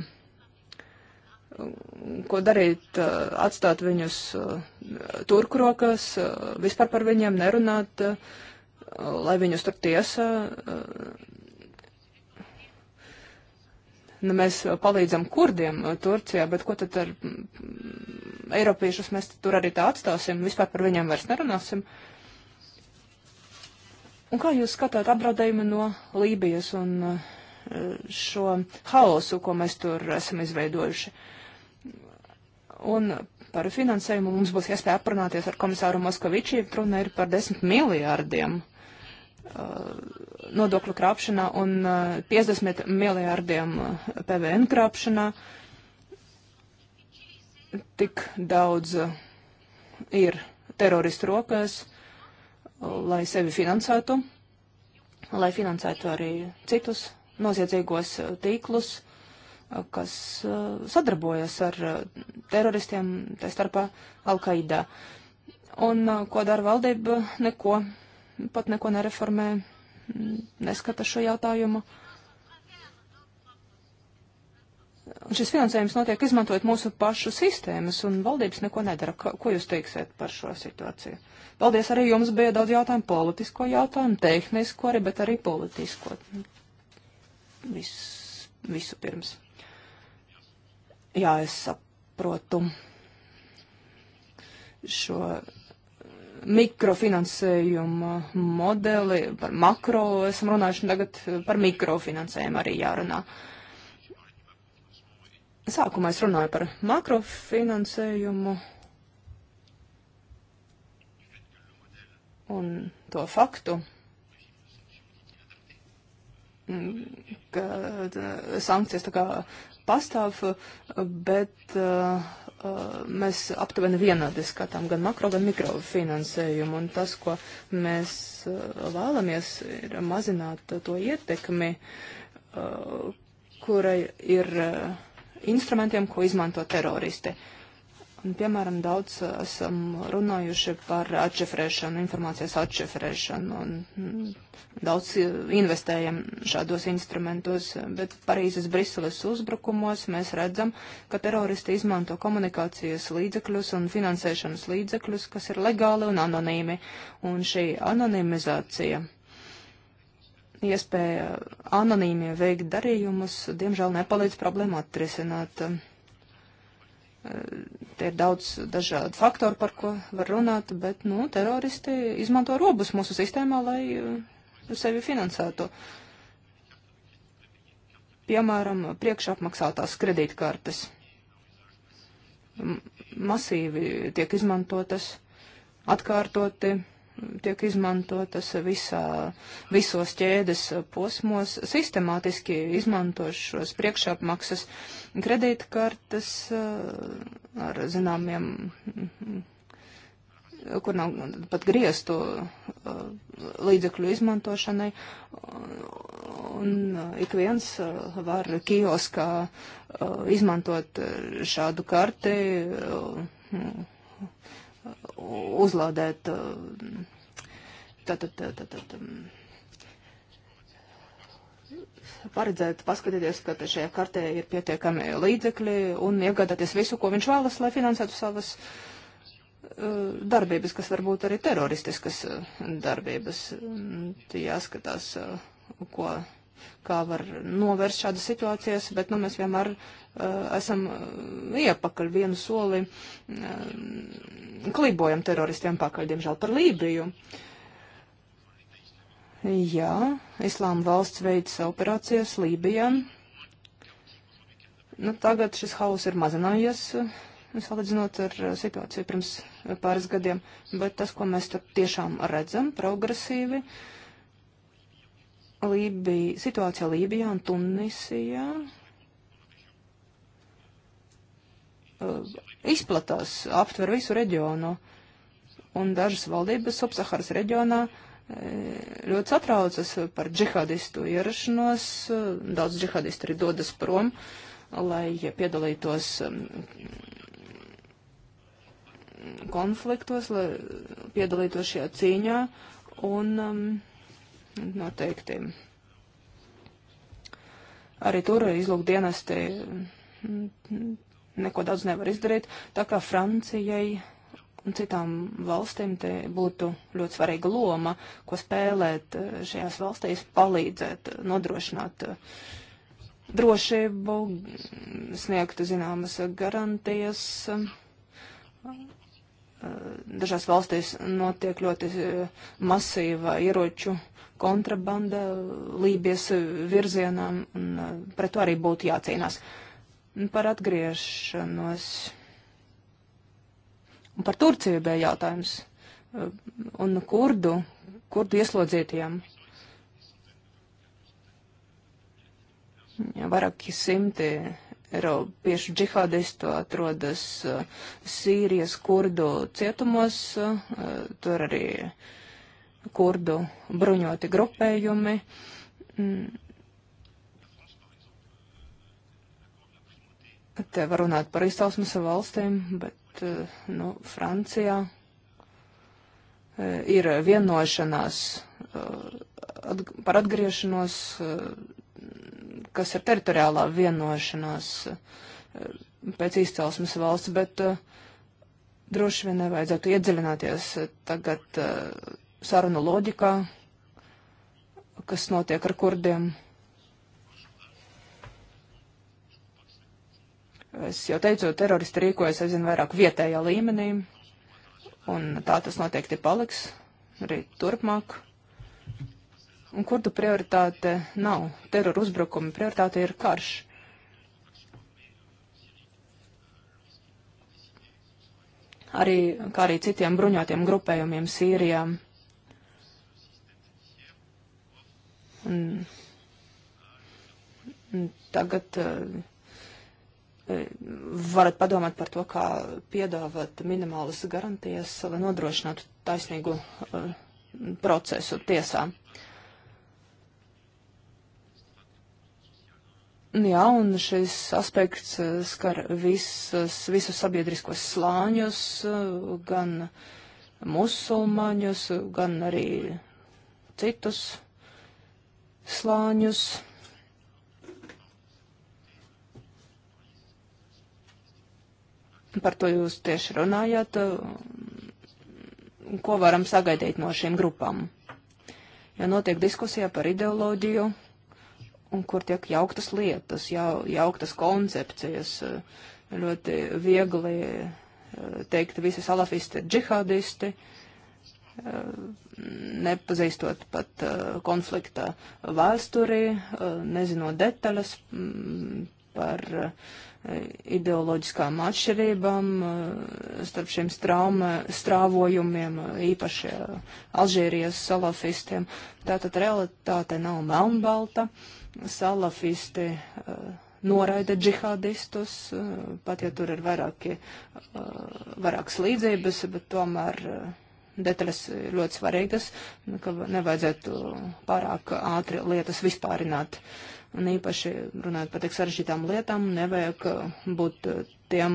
Ko darīt, uh, atstāt viņus uh, turkrokās, vispār par viņiem nerunāt, lai viņus tur tiesā, Nu, mēs palīdzam kurdiem uh, Turcijā, bet ko tad ar mm, mm, Eiropiešus mēs tur arī tā atstāsim, vispār par viņiem vairs nerunāsim. Un kā jūs skatāt apdraudējumu no Lībijas un uh, šo haosu, ko mēs tur esam izveidojuši? Un par finansējumu mums būs iespēja aprunāties ar komisāru Moskavičī, runa ir par desmit miljārdiem. Uh, Uh, nodokļu krāpšanā un 50 uh, miljārdiem uh, PVN krāpšanā. Tik daudz ir teroristu rokās, lai sevi finansētu, lai finansētu arī citus noziedzīgos tīklus, kas sadarbojas ar teroristiem, tā starpā Al-Qaidā. Un ko dara valdība? Neko pat neko nereformē, neskata šo jautājumu. Un šis finansējums notiek izmantojot mūsu pašu sistēmas, un valdības neko nedara. Ko, ko jūs teiksiet par šo situāciju? Paldies arī jums bija daudz jautājumu, politisko jautājumu, tehnisko arī, bet arī politisko. Vis, visu pirms. Jā, es saprotu šo mikrofinansējuma modeli, par makro esam runājuši, tagad par mikrofinansējumu arī jārunā. Sākumā es runāju par makrofinansējumu un to faktu, ka sankcijas tā kā pastāv, eh, bet eh, eh, mēs aptuveni vienādi skatām gan makro, gan mikrofinansējumu. Un tas, ko mēs vēlamies, ir mazināt to ietekmi, kurai ir instrumentiem, ko izmanto teroristi. Uh, Un, piemēram, daudz uh, esam runājuši par atšifrēšanu, informācijas atšifrēšanu, un mm, daudz uh, investējam šādos instrumentos, bet Parīzes Briseles uzbrukumos mēs redzam, ka teroristi izmanto komunikācijas līdzekļus un finansēšanas līdzekļus, kas ir legāli un anonīmi, un šī anonimizācija iespēja anonīmie veikt darījumus, diemžēl nepalīdz problēmu atrisināt. Um, Te ir daudz dažādu faktoru, par ko var runāt, bet, nu, teroristi izmanto robus mūsu sistēmā, lai uh, sevi finansētu. Piemēram, priekšapmaksātās kredītkartes masīvi tiek izmantotas atkārtoti tiek izmantotas visā, visos ķēdes posmos, sistemātiski izmantošos priekšapmaksas kredītkartes eh, ar zināmiem, kur nav pat griestu eh, līdzekļu izmantošanai. Un ik viens eh, var kioskā izmantot šādu karti uzlādēt eh, tātad, tātad, um, paredzēt, paskatīties, ka šajā kartē ir pietiekami līdzekļi un iegādāties visu, ko viņš vēlas, lai finansētu savas eh, darbības, kas varbūt arī teroristiskas eh, darbības. Mm, jāskatās, ko kā var novērst šādas situācijas, bet nu, mēs vienmēr uh, esam eh, iepakaļ vienu soli, uh, klibojam teroristiem pakaļ, diemžēl, par Lībiju. Jā, Islāma valsts veids operācijas Lībijā. Nu, tagad šis haus ir mazinājies, salīdzinot ar situāciju pirms pāris gadiem, bet tas, ko mēs tur tiešām redzam progresīvi, uh, Lībija, situācija Lībijā un Tunisijā uh, izplatās, aptver visu reģionu, un dažas valdības subsaharas reģionā uh, ļoti satraucas par džihadistu ierašanos, uh, daudz džihadistu arī dodas prom, lai piedalītos um, konfliktos, lai piedalītos šajā cīņā, un um, noteikti. Arī tur izlūk dienesti mm, mm, neko daudz nevar izdarīt, tā kā Francijai un citām valstīm te būtu ļoti svarīga loma, ko spēlēt eh, šajās valstīs, palīdzēt, eh, nodrošināt eh, drošību, sniegt zināmas garantijas. Dažās valstīs notiek ļoti masīva ieroču kontrabanda Lībijas virzienām, un uh, pret to arī būtu jācīnās. Par atgriešanos. Un par Turciju bija jautājums. Uh, un kurdu, kurdu ieslodzītajiem. Vairāki simti Eiropiešu džihādistu atrodas uh, Sīrijas kurdu cietumos. Tur arī uh, kurdu bruņoti grupējumi. Mm. Te var runāt par izcelsmes valstīm, bet eh, nu, Francijā eh, ir vienošanās eh, par atgriešanos, kas ir teritoriālā vienošanās pēc izcelsmes valsts, bet droši vien nevajadzētu iedziļināties tagad sarunu loģikā, kas notiek ar kurdiem. Es jau teicu, teroristi rīkojas aizvien vairāk vietējā līmenī, un tā tas noteikti paliks arī turpmāk. Un kurdu prioritāte nav terora uzbrukumi, prioritāte ir karš. Arī, kā arī citiem bruņotiem grupējumiem Sīrijām Un, un tagad eh, eh, varat padomāt par to, kā piedāvāt minimālas garantijas, lai nodrošinātu taisnīgu eh, procesu tiesā. Jā, un šis aspekts skar visas, visus sabiedriskos slāņus, gan musulmaņus, gan arī citus slāņus. Par to jūs tieši runājat. Ko varam sagaidīt no šīm grupām? Ja notiek diskusija par ideoloģiju, un kur tiek jauktas lietas, jau, jauktas koncepcijas, ļoti viegli eh, teikt, visi salafisti ir džihadisti. Uh, Eh, nepazīstot pat eh, konflikta vēsturi, eh, nezinot detaļas mm, par ideoloģiskām atšķirībām starp šiem strauma, strāvojumiem, īpaši Alžīrijas salafistiem. Tātad realitāte nav melnbalta. Salafisti noraida džihādistus, pat ja tur ir vairāki, vairākas līdzības, bet tomēr detaļas ļoti svarīgas, nu, ka nevajadzētu pārāk ātri lietas vispārināt. Un īpaši runājot par tik sarežģītām lietām, nevajag būt tiem,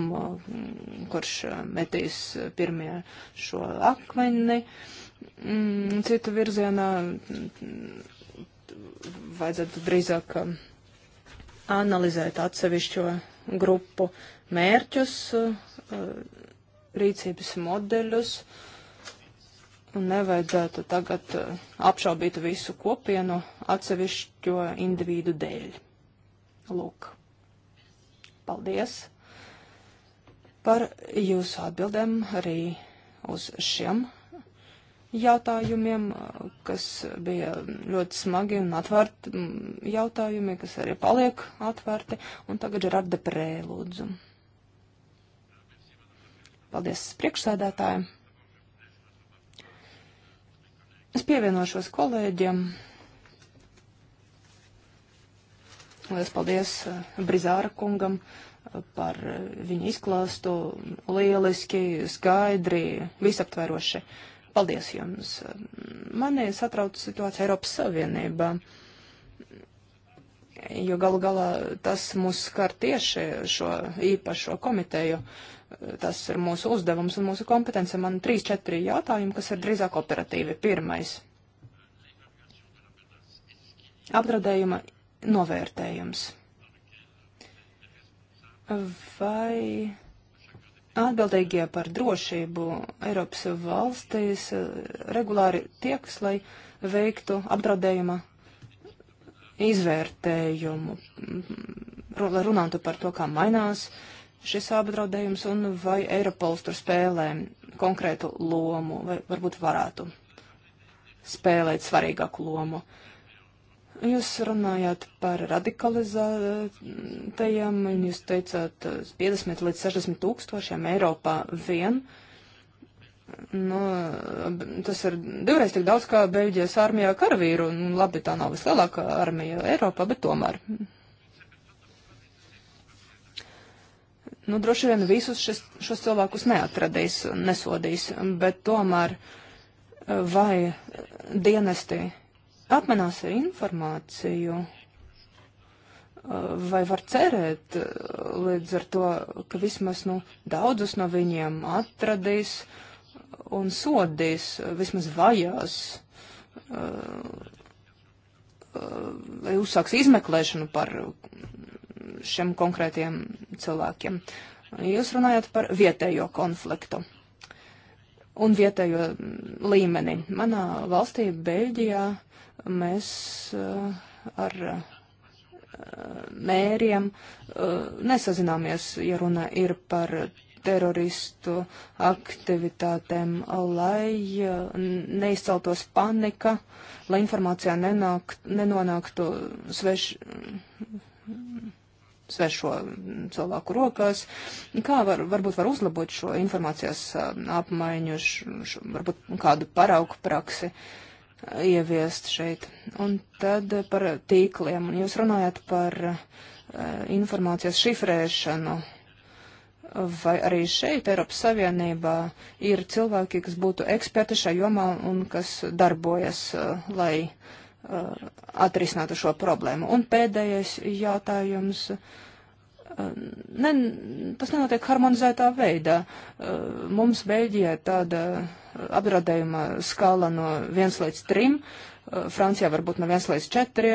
kurš metīs pirmie šo akmeni mm, citu virzienā. Vajadzētu drīzāk analizēt atsevišķo grupu mērķus, rīcības modeļus, uh, Un nevajadzētu tagad eh, apšaubīt visu kopienu atsevišķo individu dēļ. Lūk. Paldies par jūsu atbildēm arī uz šiem jautājumiem, kas bija ļoti smagi un atvērti mm, jautājumi, kas arī paliek atvērti. Un tagad ir ar deprē lūdzu. Paldies priekšsēdētājiem! Es pievienošos kolēģiem. Lielas paldies eh, Brizāra kungam eh, par eh, viņa izklāstu. Lieliski, skaidri, visaptveroši. Paldies jums. Mani satrauc situācija Eiropas Savienībā, jo galu galā tas mūs skar tieši šo īpašo komiteju. Uh, Tas ir mūsu uzdevums un mūsu kompetence. Man ir trīs, četri jautājumi, kas ir drīzāk operatīvi. Pirmais - apdraudējuma novērtējums. Vai atbildīgie par drošību Eiropas valstīs eh, regulāri tieks, lai veiktu apdraudējuma izvērtējumu, mm, mm, mm, lai runātu par to, kā mainās uh, šis apdraudējums un vai Eiropols tur spēlē konkrētu lomu vai varbūt varētu spēlēt svarīgāku lomu. Jūs runājāt par radikalizētajiem, un jūs teicāt 50 uh, līdz 60 tūkstošiem Eiropā vien. Nu, tas ir divreiz tik daudz kā Beļģijas armijā karavīru, un labi, tā nav vislielākā armija Eiropā, bet tomēr Nu, droši vien visus šis, šos cilvēkus neatradīs un nesodīs, bet tomēr eh, vai dienesti apmanās ar informāciju, eh, vai var cerēt eh, līdz ar to, ka vismaz nu, daudzus no viņiem atradīs un sodīs, vismaz vajās, vai uzsāks izmeklēšanu par šiem konkrētiem cilvēkiem. Jūs runājat par vietējo konfliktu un vietējo līmeni. Manā valstī, Beļģijā, mēs eh, ar eh, mēriem eh, nesazināmies, ja runa ir par teroristu aktivitātēm, lai neizceltos panika, lai informācijā nenāk, nenonāktu sveš, svešo mm, cilvēku rokās. Kā var, varbūt var uzlabot šo informācijas um, apmaiņu, š, š, varbūt kādu paraugu praksi uh, ieviest šeit. Un tad par tīkliem. Jūs runājat par uh, informācijas šifrēšanu. Vai arī šeit Eiropas Savienībā ir cilvēki, kas būtu eksperti šajā jomā un kas darbojas, uh, lai uh, Uh, atrisinātu šo problēmu. Un pēdējais jautājums. Uh, ne, tas nenotiek harmonizētā veidā. Uh, mums Beļģijā tāda apdraudējuma skala no 1 līdz 3, Francijā varbūt no 1 līdz 4,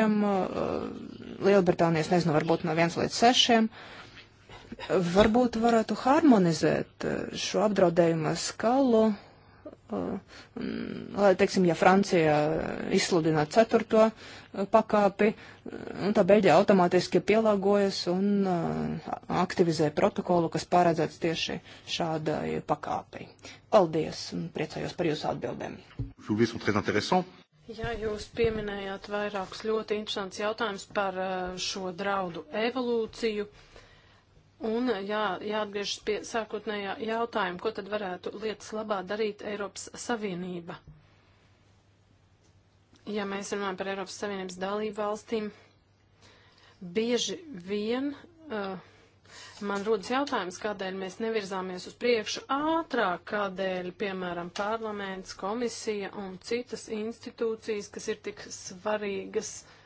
Lielbritānijas nezinu, varbūt no 1 līdz 6. Varbūt varētu harmonizēt šo apdraudējuma skalu lai, teiksim, ja Francija izsludinātu ceturto uh, pakāpi, uh, tā beļģija automātiski pielāgojas un uh, aktivizē protokolu, kas paredzēts tieši šādai pakāpei. Paldies un priecājos par jūsu atbildēm. Jā, jūs pieminējāt vairākus ļoti interesants jautājumus par šo draudu evolūciju. Un jā, jāatgriežas pie sākotnējā jautājuma, ko tad varētu lietas labā darīt Eiropas Savienība. Ja mēs runājam par Eiropas Savienības dalību valstīm, bieži vien. Uh, Man rodas jautājums, kādēļ mēs nevirzāmies uz priekšu ātrāk, kādēļ, piemēram, parlaments, komisija un citas institūcijas, kas ir tik svarīgas, uh,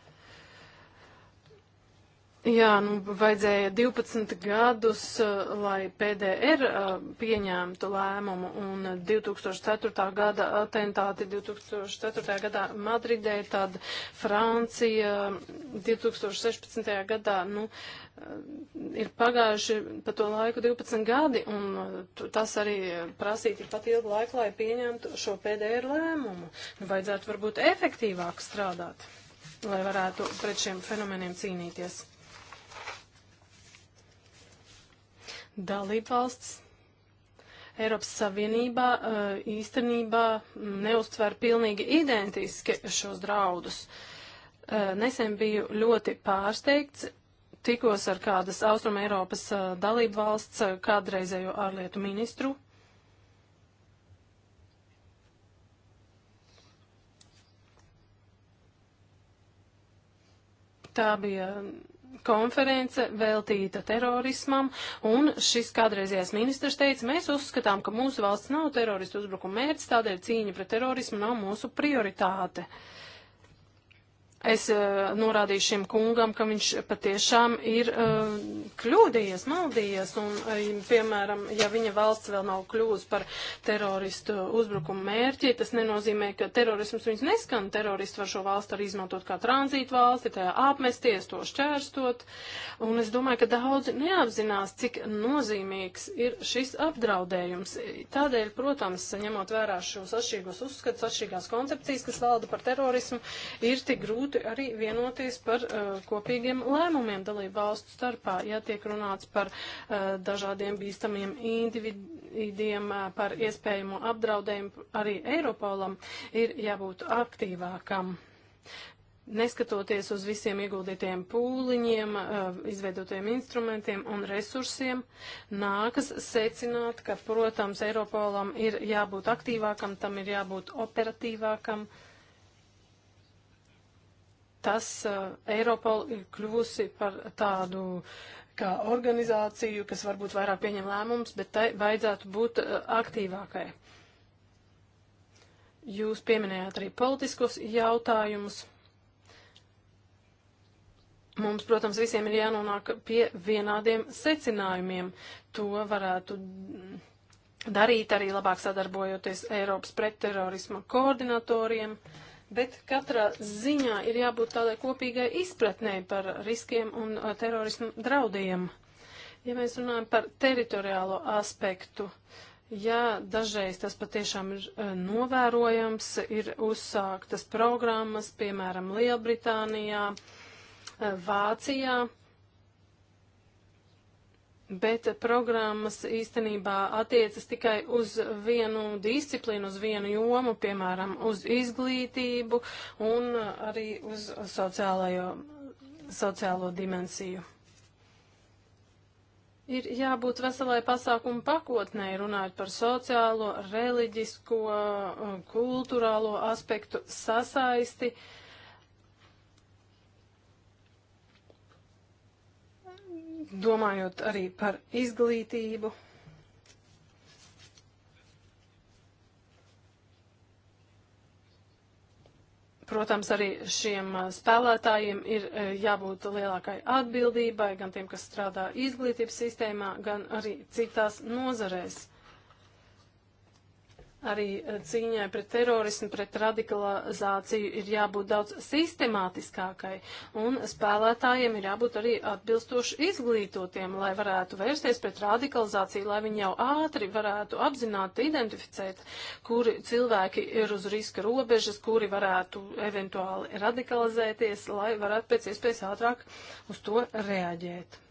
Jā, nu, vajadzēja 12 gadus, eh, lai PDR eh, pieņēmtu lēmumu, un 2004. gada atentāti 2004. gadā Madridē, tad Francija 2016. gadā, nu, eh, ir pagājuši pa to laiku 12 gadi, un tas arī prasīja tikpat ilgu laiku, lai pieņemtu šo PDR lēmumu. Nu, vajadzētu varbūt efektīvāk strādāt, lai varētu pret šiem fenomeniem cīnīties. dalībvalsts Eiropas Savienībā eh, īstenībā mm, neuztver pilnīgi identiski šos draudus. Eh, nesen biju ļoti pārsteigts, tikos ar kādas Austrum Eiropas eh, dalību valsts kādreizējo ārlietu ministru. Tā bija konference veltīta terorismam, un šis kādreizējais ministrs teica, mēs uzskatām, ka mūsu valsts nav teroristu uzbrukuma mērķis, tādēļ cīņa pret terorismu nav mūsu prioritāte. Uh, Es uh, norādīju šim kungam, ka viņš patiešām ir uh, kļūdījies, maldījies, un, uh, piemēram, ja viņa valsts vēl nav kļūst par teroristu uzbrukumu mērķi, tas nenozīmē, ka terorisms viņus neskan. Teroristi var šo valstu arī izmantot kā tranzītu valsti, tajā apmesties, to šķērstot, un es domāju, ka daudzi neapzinās, cik nozīmīgs ir šis apdraudējums. Tādēļ, protams, ņemot vērā šos atšķirīgos uzskatus, atšķirīgās koncepcijas, kas valda par terorismu, ir tik grūti grūti arī vienoties par uh, kopīgiem lēmumiem dalību valstu starpā, ja tiek runāts par uh, dažādiem bīstamiem individiem, uh, par iespējamo apdraudējumu arī Eiropolam ir jābūt aktīvākam. Neskatoties uz visiem ieguldītiem pūliņiem, izveidotajiem instrumentiem un resursiem, nākas secināt, ka, protams, Eiropolam ir jābūt aktīvākam, tam ir jābūt operatīvākam. Uh, tas uh, Eiropol ir kļuvusi par tādu kā organizāciju, kas varbūt vairāk pieņem lēmumus, bet tai vajadzētu būt uh, aktīvākai. Jūs pieminējāt arī politiskos jautājumus. Mums, protams, visiem ir jānonāk pie vienādiem secinājumiem. To varētu darīt arī labāk sadarbojoties Eiropas pretterorisma koordinatoriem. Uh, bet katrā ziņā ir jābūt tādai kopīgai izpratnē par riskiem un uh, terorismu draudiem. Ja mēs runājam par teritoriālo aspektu, jā, dažreiz tas patiešām ir uh, novērojams, ir uzsāktas programmas, piemēram, Lielbritānijā, uh, Vācijā bet programmas īstenībā attiecas tikai uz vienu disciplīnu, uz vienu jomu, piemēram, uz izglītību un arī uz sociālajo, sociālo dimensiju. Ir jābūt veselai pasākumu pakotnē, runājot par sociālo, reliģisko, kultūrālo aspektu sasaisti. Uh, domājot arī par izglītību. Protams, arī šiem uh, spēlētājiem ir uh, jābūt lielākai atbildībai, gan tiem, kas strādā izglītības sistēmā, gan arī citās nozarēs. Arī eh, cīņai pret terorismu, pret radikalizāciju ir jābūt daudz sistemātiskākai, un spēlētājiem ir jābūt arī atbilstoši izglītotiem, lai varētu vērsties pret radikalizāciju, lai viņi jau ātri varētu apzināti identificēt, kuri cilvēki ir uz riska robežas, kuri varētu eventuāli radikalizēties, lai varētu pēc iespējas ātrāk uz to reaģēt.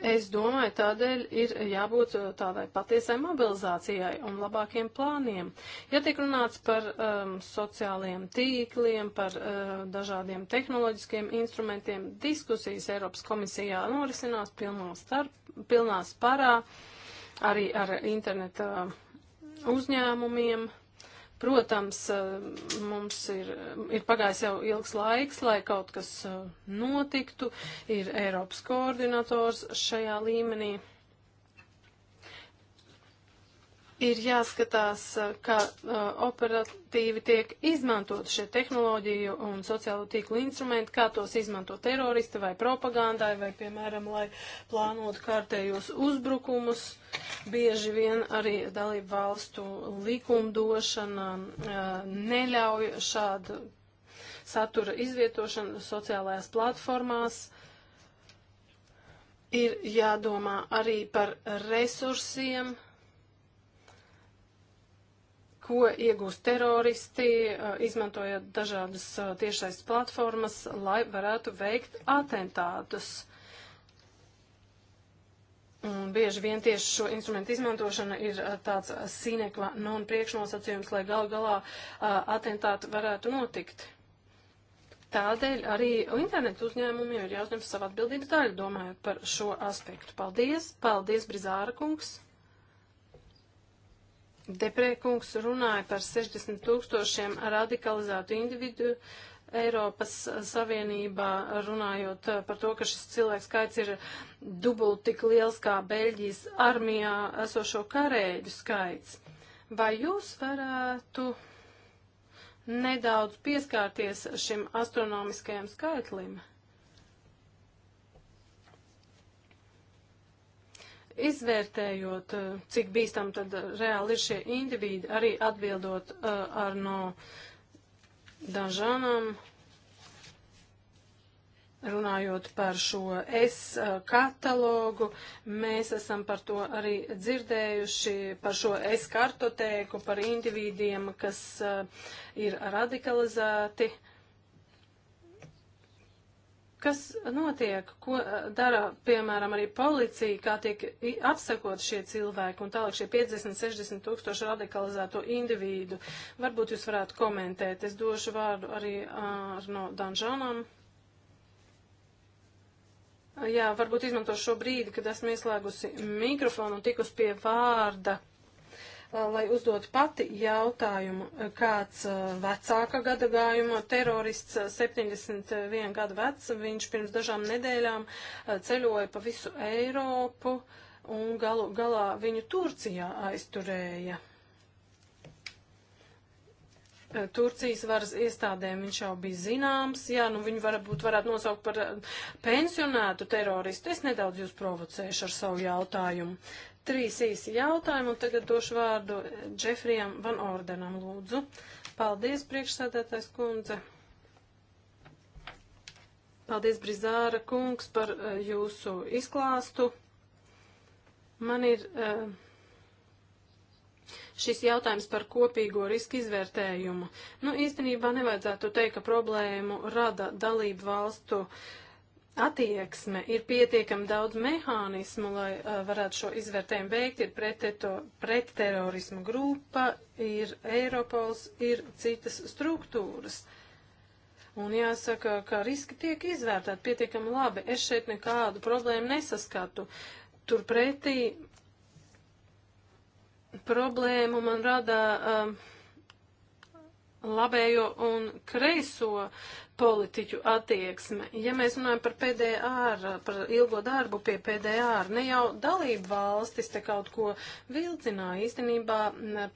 Es domāju, tādēļ ir jābūt eh, tādai patiesai mobilizācijai un labākiem plāniem. Ja tiek runāts par um, sociālajiem tīkliem, par uh, dažādiem tehnoloģiskiem instrumentiem, diskusijas Eiropas komisijā norisinās pilnā, starp, pilnā sparā, arī ar interneta eh, uzņēmumiem. Protams, eh, mums ir, ir pagājis jau ilgs laiks, lai kaut kas eh, notiktu, ir Eiropas koordinators šajā līmenī. ir jāskatās, eh, kā uh, operatīvi tiek izmantot šie tehnoloģiju un sociālo tīklu instrumenti, kā tos izmanto teroristi vai propagandai, vai, piemēram, lai plānotu kārtējos uzbrukumus. Bieži vien arī dalību valstu likumdošana uh, neļauj šādu satura izvietošanu sociālajās platformās. Ir jādomā arī par resursiem, uh, ko iegūst teroristi, eh, izmantojot dažādas eh, tiešais platformas, lai varētu veikt atentātus. Un bieži vien tieši šo instrumentu izmantošana ir eh, tāds sinekla non priekšnosacījums, lai gal galā atentāti varētu notikt. Tādēļ arī internetu uzņēmumiem ir jāuzņem savu atbildības daļu, domājot par šo aspektu. Paldies! Paldies, Brizāra kungs! Deprēkungs runāja par 60 tūkstošiem radikalizētu individu Eiropas Savienībā, runājot eh, par to, ka šis cilvēks skaits ir dubult tik liels kā Beļģijas armijā esošo karēģu skaits. Vai jūs varētu nedaudz pieskārties šim astronomiskajam skaitlim? Izvērtējot, eh, cik bīstam tad eh, reāli ir šie individi, arī atbildot eh, ar no dažanam, runājot par šo S katalogu, mēs esam par to arī dzirdējuši, par šo S kartotēku, par individiem, kas ir radikalizēti. Uh, Kas notiek, ko eh, dara, piemēram, arī policija, kā tiek apsakot šie cilvēki un tālāk šie 50-60 tūkstoši radikalizēto individu? Varbūt jūs varētu komentēt. Es došu vārdu arī Arno eh, Danžanam. Jā, varbūt izmantošu šo brīdi, kad esmu ieslēgusi mikrofonu un tikus pie vārda Uh, lai uzdot pati jautājumu, uh, kāds uh, vecāka gadagājuma terorists, 71 gadu vecs, viņš pirms dažām nedēļām ceļoja pa visu Eiropu un galu galā viņu Turcijā aizturēja. Turcijas varas iestādēm viņš jau bija zināms, jā, nu viņu varbūt varētu nosaukt par pensionētu teroristu. Es nedaudz jūs provocēšu ar savu jautājumu. Trīs īsi jautājumi, un tagad došu vārdu Džefrijam Van Ordenam lūdzu. Paldies, priekšsēdētājs kundze. Paldies, Brizāra kungs, par uh, jūsu izklāstu. Man ir uh, šis jautājums par kopīgo risku izvērtējumu. Nu, īstenībā nevajadzētu teikt, ka problēmu rada dalību valstu uh, attieksme, ir pietiekami daudz mehānismu, lai uh, varētu šo izvērtējumu veikt, ir pretterorismu pret grupa, ir Eiropols, ir citas struktūras. Un jāsaka, ka riski tiek izvērtēti pietiekami labi. Es šeit nekādu problēmu nesaskatu. Turpretī problēmu man rada. Uh, labējo un kreiso politiķu attieksme. Ja mēs runājam par PDR, par ilgo darbu pie PDR, ne jau dalību valstis te kaut ko vilcināja. Īstenībā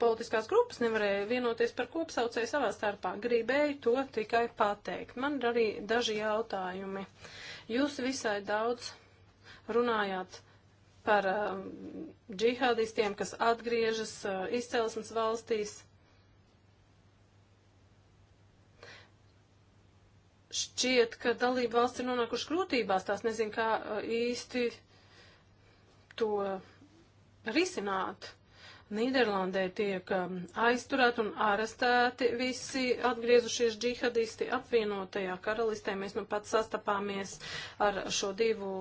politiskās grupas nevarēja vienoties par kopsaucēju savā starpā. Gribēju to tikai pateikt. Man ir arī daži jautājumi. Jūs visai daudz runājāt par uh, džihādistiem, kas atgriežas uh, izcelsmes valstīs. šķiet, ka dalība valsts ir nonākuši grūtībās, tās nezin, kā uh, īsti to risināt. Nīderlandē tiek um, aizturēti un arestēti visi atgriezušies džihadisti apvienotajā karalistē. Mēs nu pat sastapāmies ar šo divu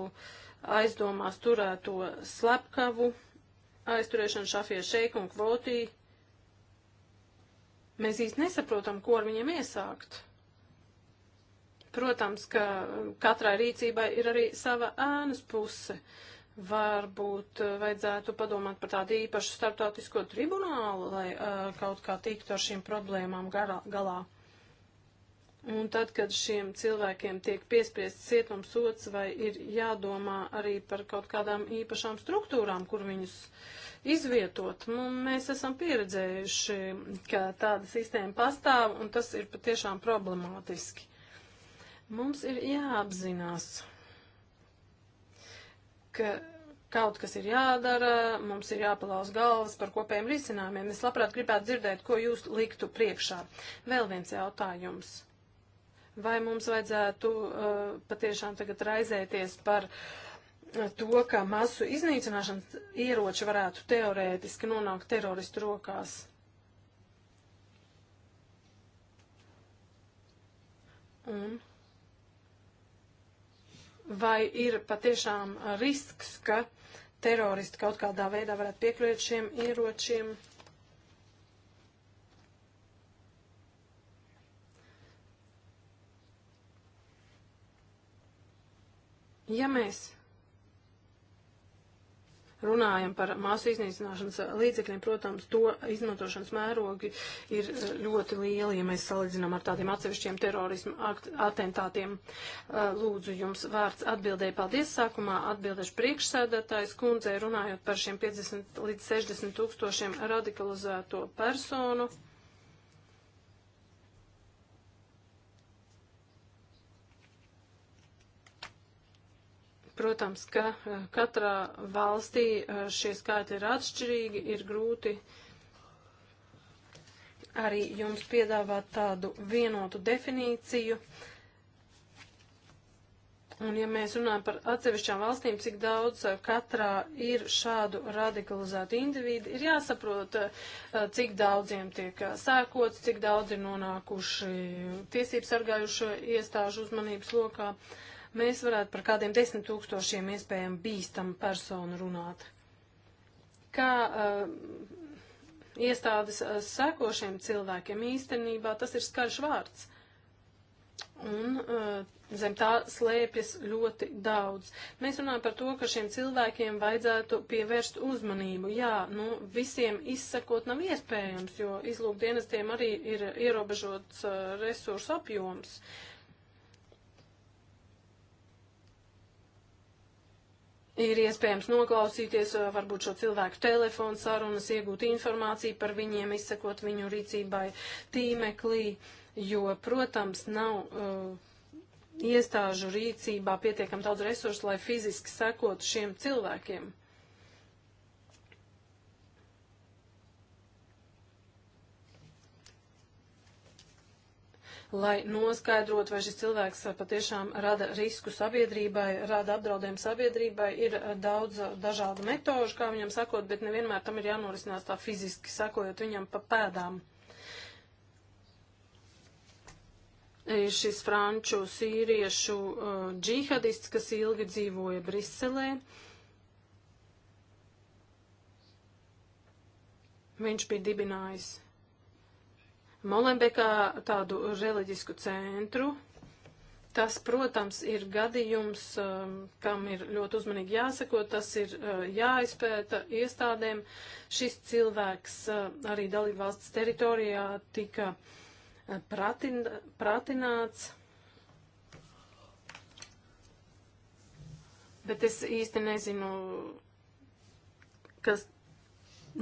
aizdomās turēto slepkavu, aizturēšanu Šafie Šeiku un Kvotī. Mēs īsti nesaprotam, ko ar viņiem iesākt. Protams, ka katrai rīcībai ir arī sava ēnas puse. Varbūt eh, vajadzētu padomāt par tādu īpašu starptautisko tribunālu, lai uh, kaut kā tiktu ar šīm problēmām garā, galā. Un tad, kad šiem cilvēkiem tiek piespriests cietumsots, vai ir jādomā arī par kaut kādām īpašām struktūrām, kur viņus izvietot, nu, mēs esam pieredzējuši, ka tāda sistēma pastāv, un tas ir patiešām problemātiski. Mums ir jāapzinās, ka kaut kas ir jādara, mums ir jāpalauz galvas par kopējiem risinājumiem. Es labprāt gribētu dzirdēt, ko jūs liktu priekšā. Vēl viens jautājums. Vai mums vajadzētu uh, patiešām tagad raizēties par uh, to, ka masu iznīcināšanas ieroči varētu teorētiski nonākt teroristu rokās? Un? Mm vai ir patiešām risks, ka teroristi kaut kādā veidā varētu piekļūt šiem ieročiem. Ja mēs runājam par masu iznīcināšanas līdzekļiem, protams, to izmantošanas mērogi ir eh, ļoti lieli, ja mēs salīdzinām ar tādiem atsevišķiem terorismu atentātiem. Eh, lūdzu, jums vārds atbildēja. Paldies sākumā. Atbildēšu priekšsēdētājs kundzei runājot par šiem 50 līdz 60 tūkstošiem radikalizēto personu. Protams, ka eh, katrā valstī eh, šie skaitļi ir atšķirīgi, ir grūti arī jums piedāvāt tādu vienotu definīciju. Un ja mēs runājam par atsevišķām valstīm, cik daudz eh, katrā ir šādu radikalizētu individu, ir jāsaprot, cik daudziem tiek sēkots, cik daudz ir nonākuši tiesības sargājušo iestāžu uzmanības lokā. Uh, mēs varētu par kādiem desmit tūkstošiem iespējami bīstamu personu runāt. Kā uh, iestādes uh, sekošiem cilvēkiem īstenībā tas ir skarš vārds. Un uh, zem tā slēpjas ļoti daudz. Mēs runājam par to, ka šiem cilvēkiem vajadzētu pievērst uzmanību. Jā, nu visiem izsekot nav iespējams, jo izlūkdienestiem arī ir ierobežots uh, resursu apjoms. Uh, Ir iespējams noklausīties varbūt šo cilvēku telefonu sarunas, iegūt informāciju par viņiem, izsekot viņu rīcībai tīmeklī, jo, protams, nav uh, iestāžu rīcībā pietiekam daudz resursu, lai fiziski sekotu šiem cilvēkiem. lai noskaidrot, vai šis cilvēks uh, patiešām rada risku sabiedrībai, rada apdraudējumu sabiedrībai. Ir uh, daudz uh, dažādu metožu, kā viņam sakot, bet nevienmēr tam ir jānorisinās tā fiziski, sakojot viņam pa pēdām. Ir e, šis franču sīriešu uh, džihadists, kas ilgi dzīvoja Briselē. Viņš bija dibinājis Molenbekā tādu reliģisku centru. Tas, protams, ir gadījums, um, kam ir ļoti uzmanīgi jāsako, tas ir uh, jāizpēta iestādēm. Šis cilvēks uh, arī dalībvalsts teritorijā tika uh, pratin, pratināts. Bet es īsti nezinu, kas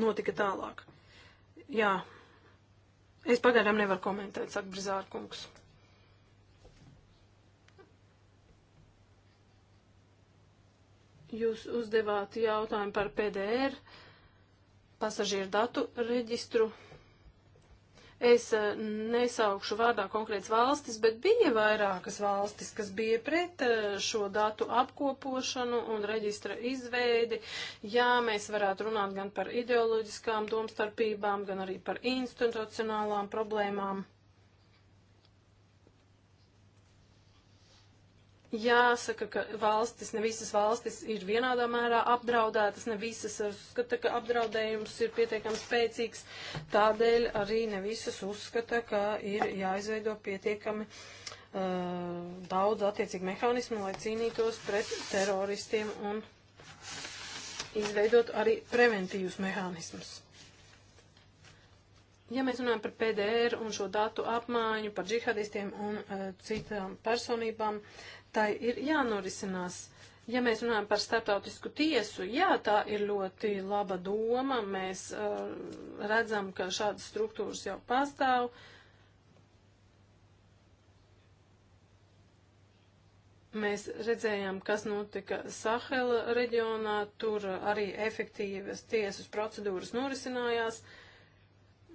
notika tālāk. Jā, Es pagaidām nevaru komentēt, saka Brizārkungs. Jūs uzdevāt jautājumu par PDR, pasažieru datu reģistru. Es eh, nesaukšu vārdā konkrēts valstis, bet bija vairākas valstis, kas bija pret eh, šo datu apkopošanu un reģistra izveidi. Jā, mēs varētu runāt gan par ideoloģiskām domstarpībām, gan arī par institucionālām problēmām. Jāsaka, ka valstis, ne visas valstis ir vienādā mērā apdraudētas, ne visas uzskata, ka apdraudējums ir pietiekami spēcīgs, tādēļ arī ne visas uzskata, ka ir jāizveido pietiekami uh, daudz attiecīgi mehānismu, lai cīnītos pret teroristiem un izveidot arī preventīvus mehānismus. Ja mēs runājam par PDR un šo datu apmaiņu, par džihadistiem un uh, citām personībām, tai ir jānorisinās. Ja mēs runājam par starptautisku tiesu, jā, tā ir ļoti laba doma. Mēs uh, redzam, ka šādas struktūras jau pastāv. Mēs redzējām, kas notika Sahela reģionā, tur arī efektīvas tiesas procedūras norisinājās. Uh,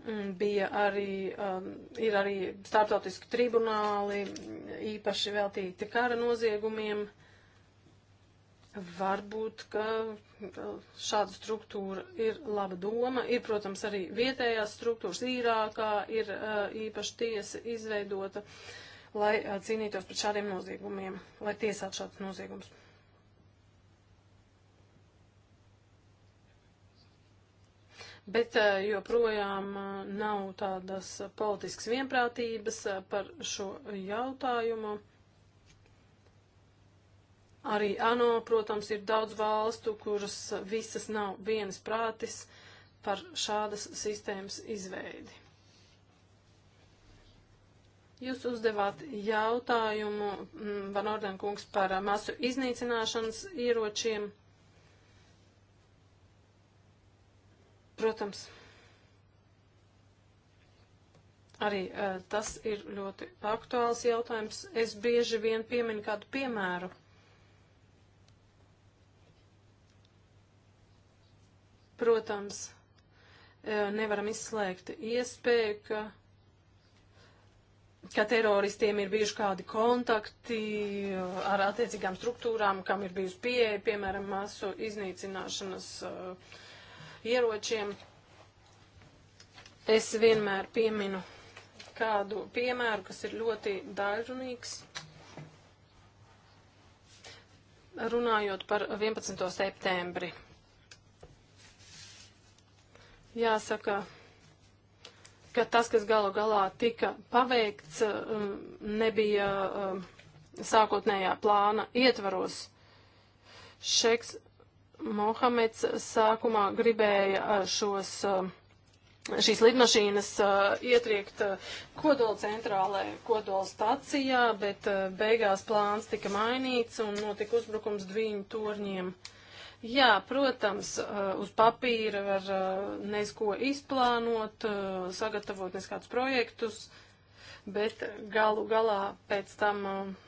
Mm, bija arī, um, ir arī starptautiski tribunāli īpaši veltīti kara noziegumiem. Varbūt, ka uh, šāda struktūra ir laba doma. Ir, protams, arī vietējās struktūras īrākā, ir uh, īpaši tiesa izveidota, lai uh, cīnītos pret šādiem noziegumiem, lai tiesātu šādus noziegumus. bet eh, joprojām eh, nav tādas politiskas vienprātības eh, par šo jautājumu. Arī ANO, protams, ir daudz valstu, kuras visas nav vienas prātis par šādas sistēmas izveidi. Jūs uzdevāt jautājumu, mm, Van Orden kungs, par masu iznīcināšanas ieročiem. Protams, arī uh, tas ir ļoti aktuāls jautājums. Es bieži vien pieminu kādu piemēru. Protams, uh, nevaram izslēgt iespēju, ka ka teroristiem ir bijuši kādi kontakti e, ar attiecīgām struktūrām, kam ir bijusi pieeja, piemēram, masu iznīcināšanas uh, ieročiem. Es vienmēr pieminu kādu piemēru, kas ir ļoti daļrunīgs. Runājot par 11. septembri. Jāsaka, ka tas, kas galu galā tika paveikts, um, nebija um, sākotnējā plāna ietvaros. Šeks Mohameds sākumā gribēja uh, šos, uh, šīs lidmašīnas uh, ietriekt kodola centrālē, kodola stacijā, bet beigās plāns tika mainīts un notika uzbrukums dviņu torņiem. Jā, protams, uz papīra var nezko izplānot, sagatavot neskādus projektus, bet galu galā pēc tam uh,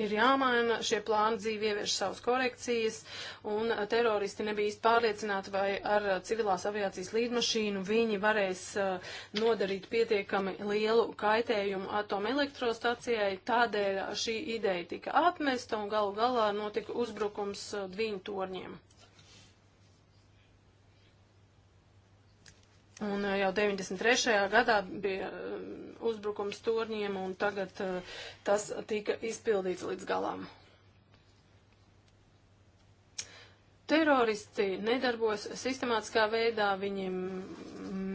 ir jāmaina šie plāni dzīvi ievieš savas korekcijas, un uh, teroristi nebija īsti pārliecināti, vai ar uh, civilās aviācijas līdmašīnu viņi varēs uh, nodarīt pietiekami lielu kaitējumu atomelektrostacijai. Tādēļ šī ideja tika atmesta, un galu galā notika uzbrukums dviņu torņiem. Un jau 93. gadā bija uzbrukums torņiem, un tagad uh, tas tika izpildīts līdz galam. Teroristi nedarbojas sistemātiskā veidā, viņi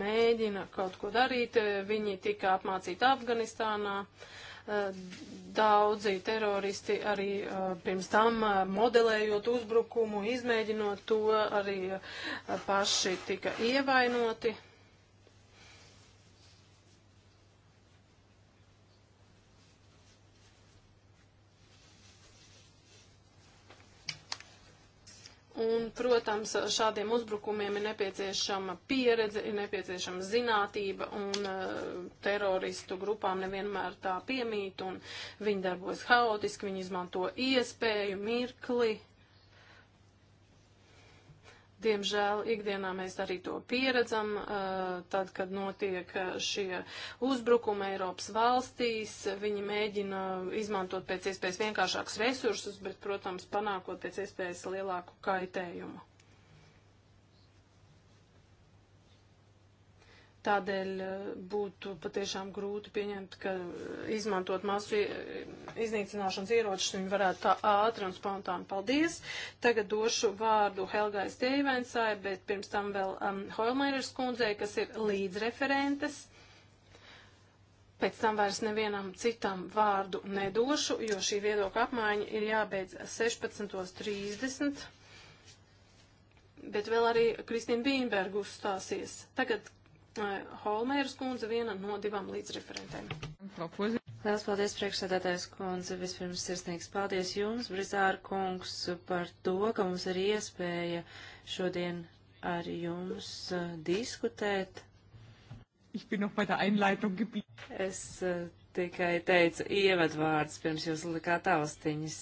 mēģina kaut ko darīt, eh, viņi tika apmācīti Afganistānā. Uh, daudzi teroristi arī uh, pirms tam uh, modelējot uzbrukumu, izmēģinot to, arī paši tika ievainoti. Un, protams, šādiem uzbrukumiem ir nepieciešama pieredze, ir nepieciešama zinātība, un uh, teroristu grupām nevienmēr tā piemīt, un viņi darbojas haotiski, viņi izmanto iespēju, mirkli, Diemžēl ikdienā mēs arī to pieredzam, tad, kad notiek šie uzbrukumi Eiropas valstīs, viņi mēģina izmantot pēc iespējas vienkāršākus resursus, bet, protams, panākot pēc iespējas lielāku kaitējumu. Tādēļ eh, būtu patiešām grūti pieņemt, ka eh, izmantot masu eh, iznīcināšanas ieročus viņi varētu tā ātri un spontāni. Paldies! Tagad došu vārdu Helgai Steivensai, bet pirms tam vēl um, Hoilmeiras kundzei, kas ir līdzreferentes. Pēc tam vairs nevienam citam vārdu nedošu, jo šī viedokļa apmaiņa ir jābeidz 16.30. Bet vēl arī Kristīna Bīnberga uzstāsies. Tagad Holmēras kundze viena no divām līdzreferentēm. Lielas paldies, priekšsēdētājs kundze. Vispirms sirsnīgs paldies jums, Brizāra kungs, par to, ka mums ir iespēja šodien ar jums diskutēt. Es tikai teicu ievadvārdus pirms jūs likāt austiņas.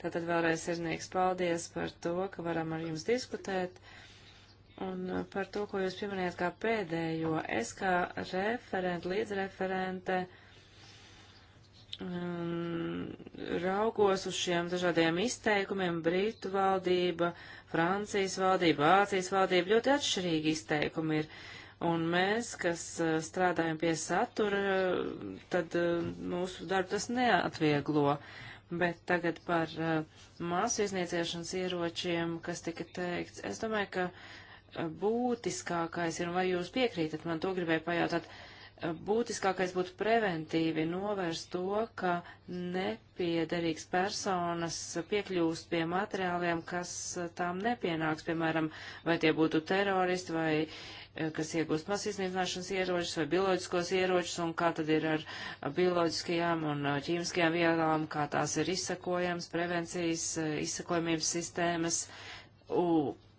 Tātad vēlreiz sirsnīgs paldies par to, ka varam ar jums diskutēt. Un uh, par to, ko jūs pieminējāt kā pēdējo, es kā referent, līdzreferente um, raugos uz šiem dažādiem izteikumiem. Brītu valdība, Francijas valdība, Vācijas valdība ļoti atšķirīgi izteikumi ir. Un mēs, kas uh, strādājam pie satura, tad uh, mūsu darbu tas neatvieglo. Bet tagad par masu iznieciešanas ieročiem, kas tika teikts, es domāju, ka būtiskākais ir, un vai jūs piekrītat, man to gribēja pajautāt, būtiskākais būtu preventīvi novērst to, ka nepiederīgs personas piekļūst pie materiāliem, kas tām nepienāks, piemēram, vai tie būtu teroristi, vai eh, kas iegūst masiznīcināšanas ieročus vai bioloģiskos ieročus, un kā tad ir ar bioloģiskajām un eh, ķīmiskajām vielām, kā tās ir izsakojams, prevencijas, eh, izsakojamības sistēmas, u,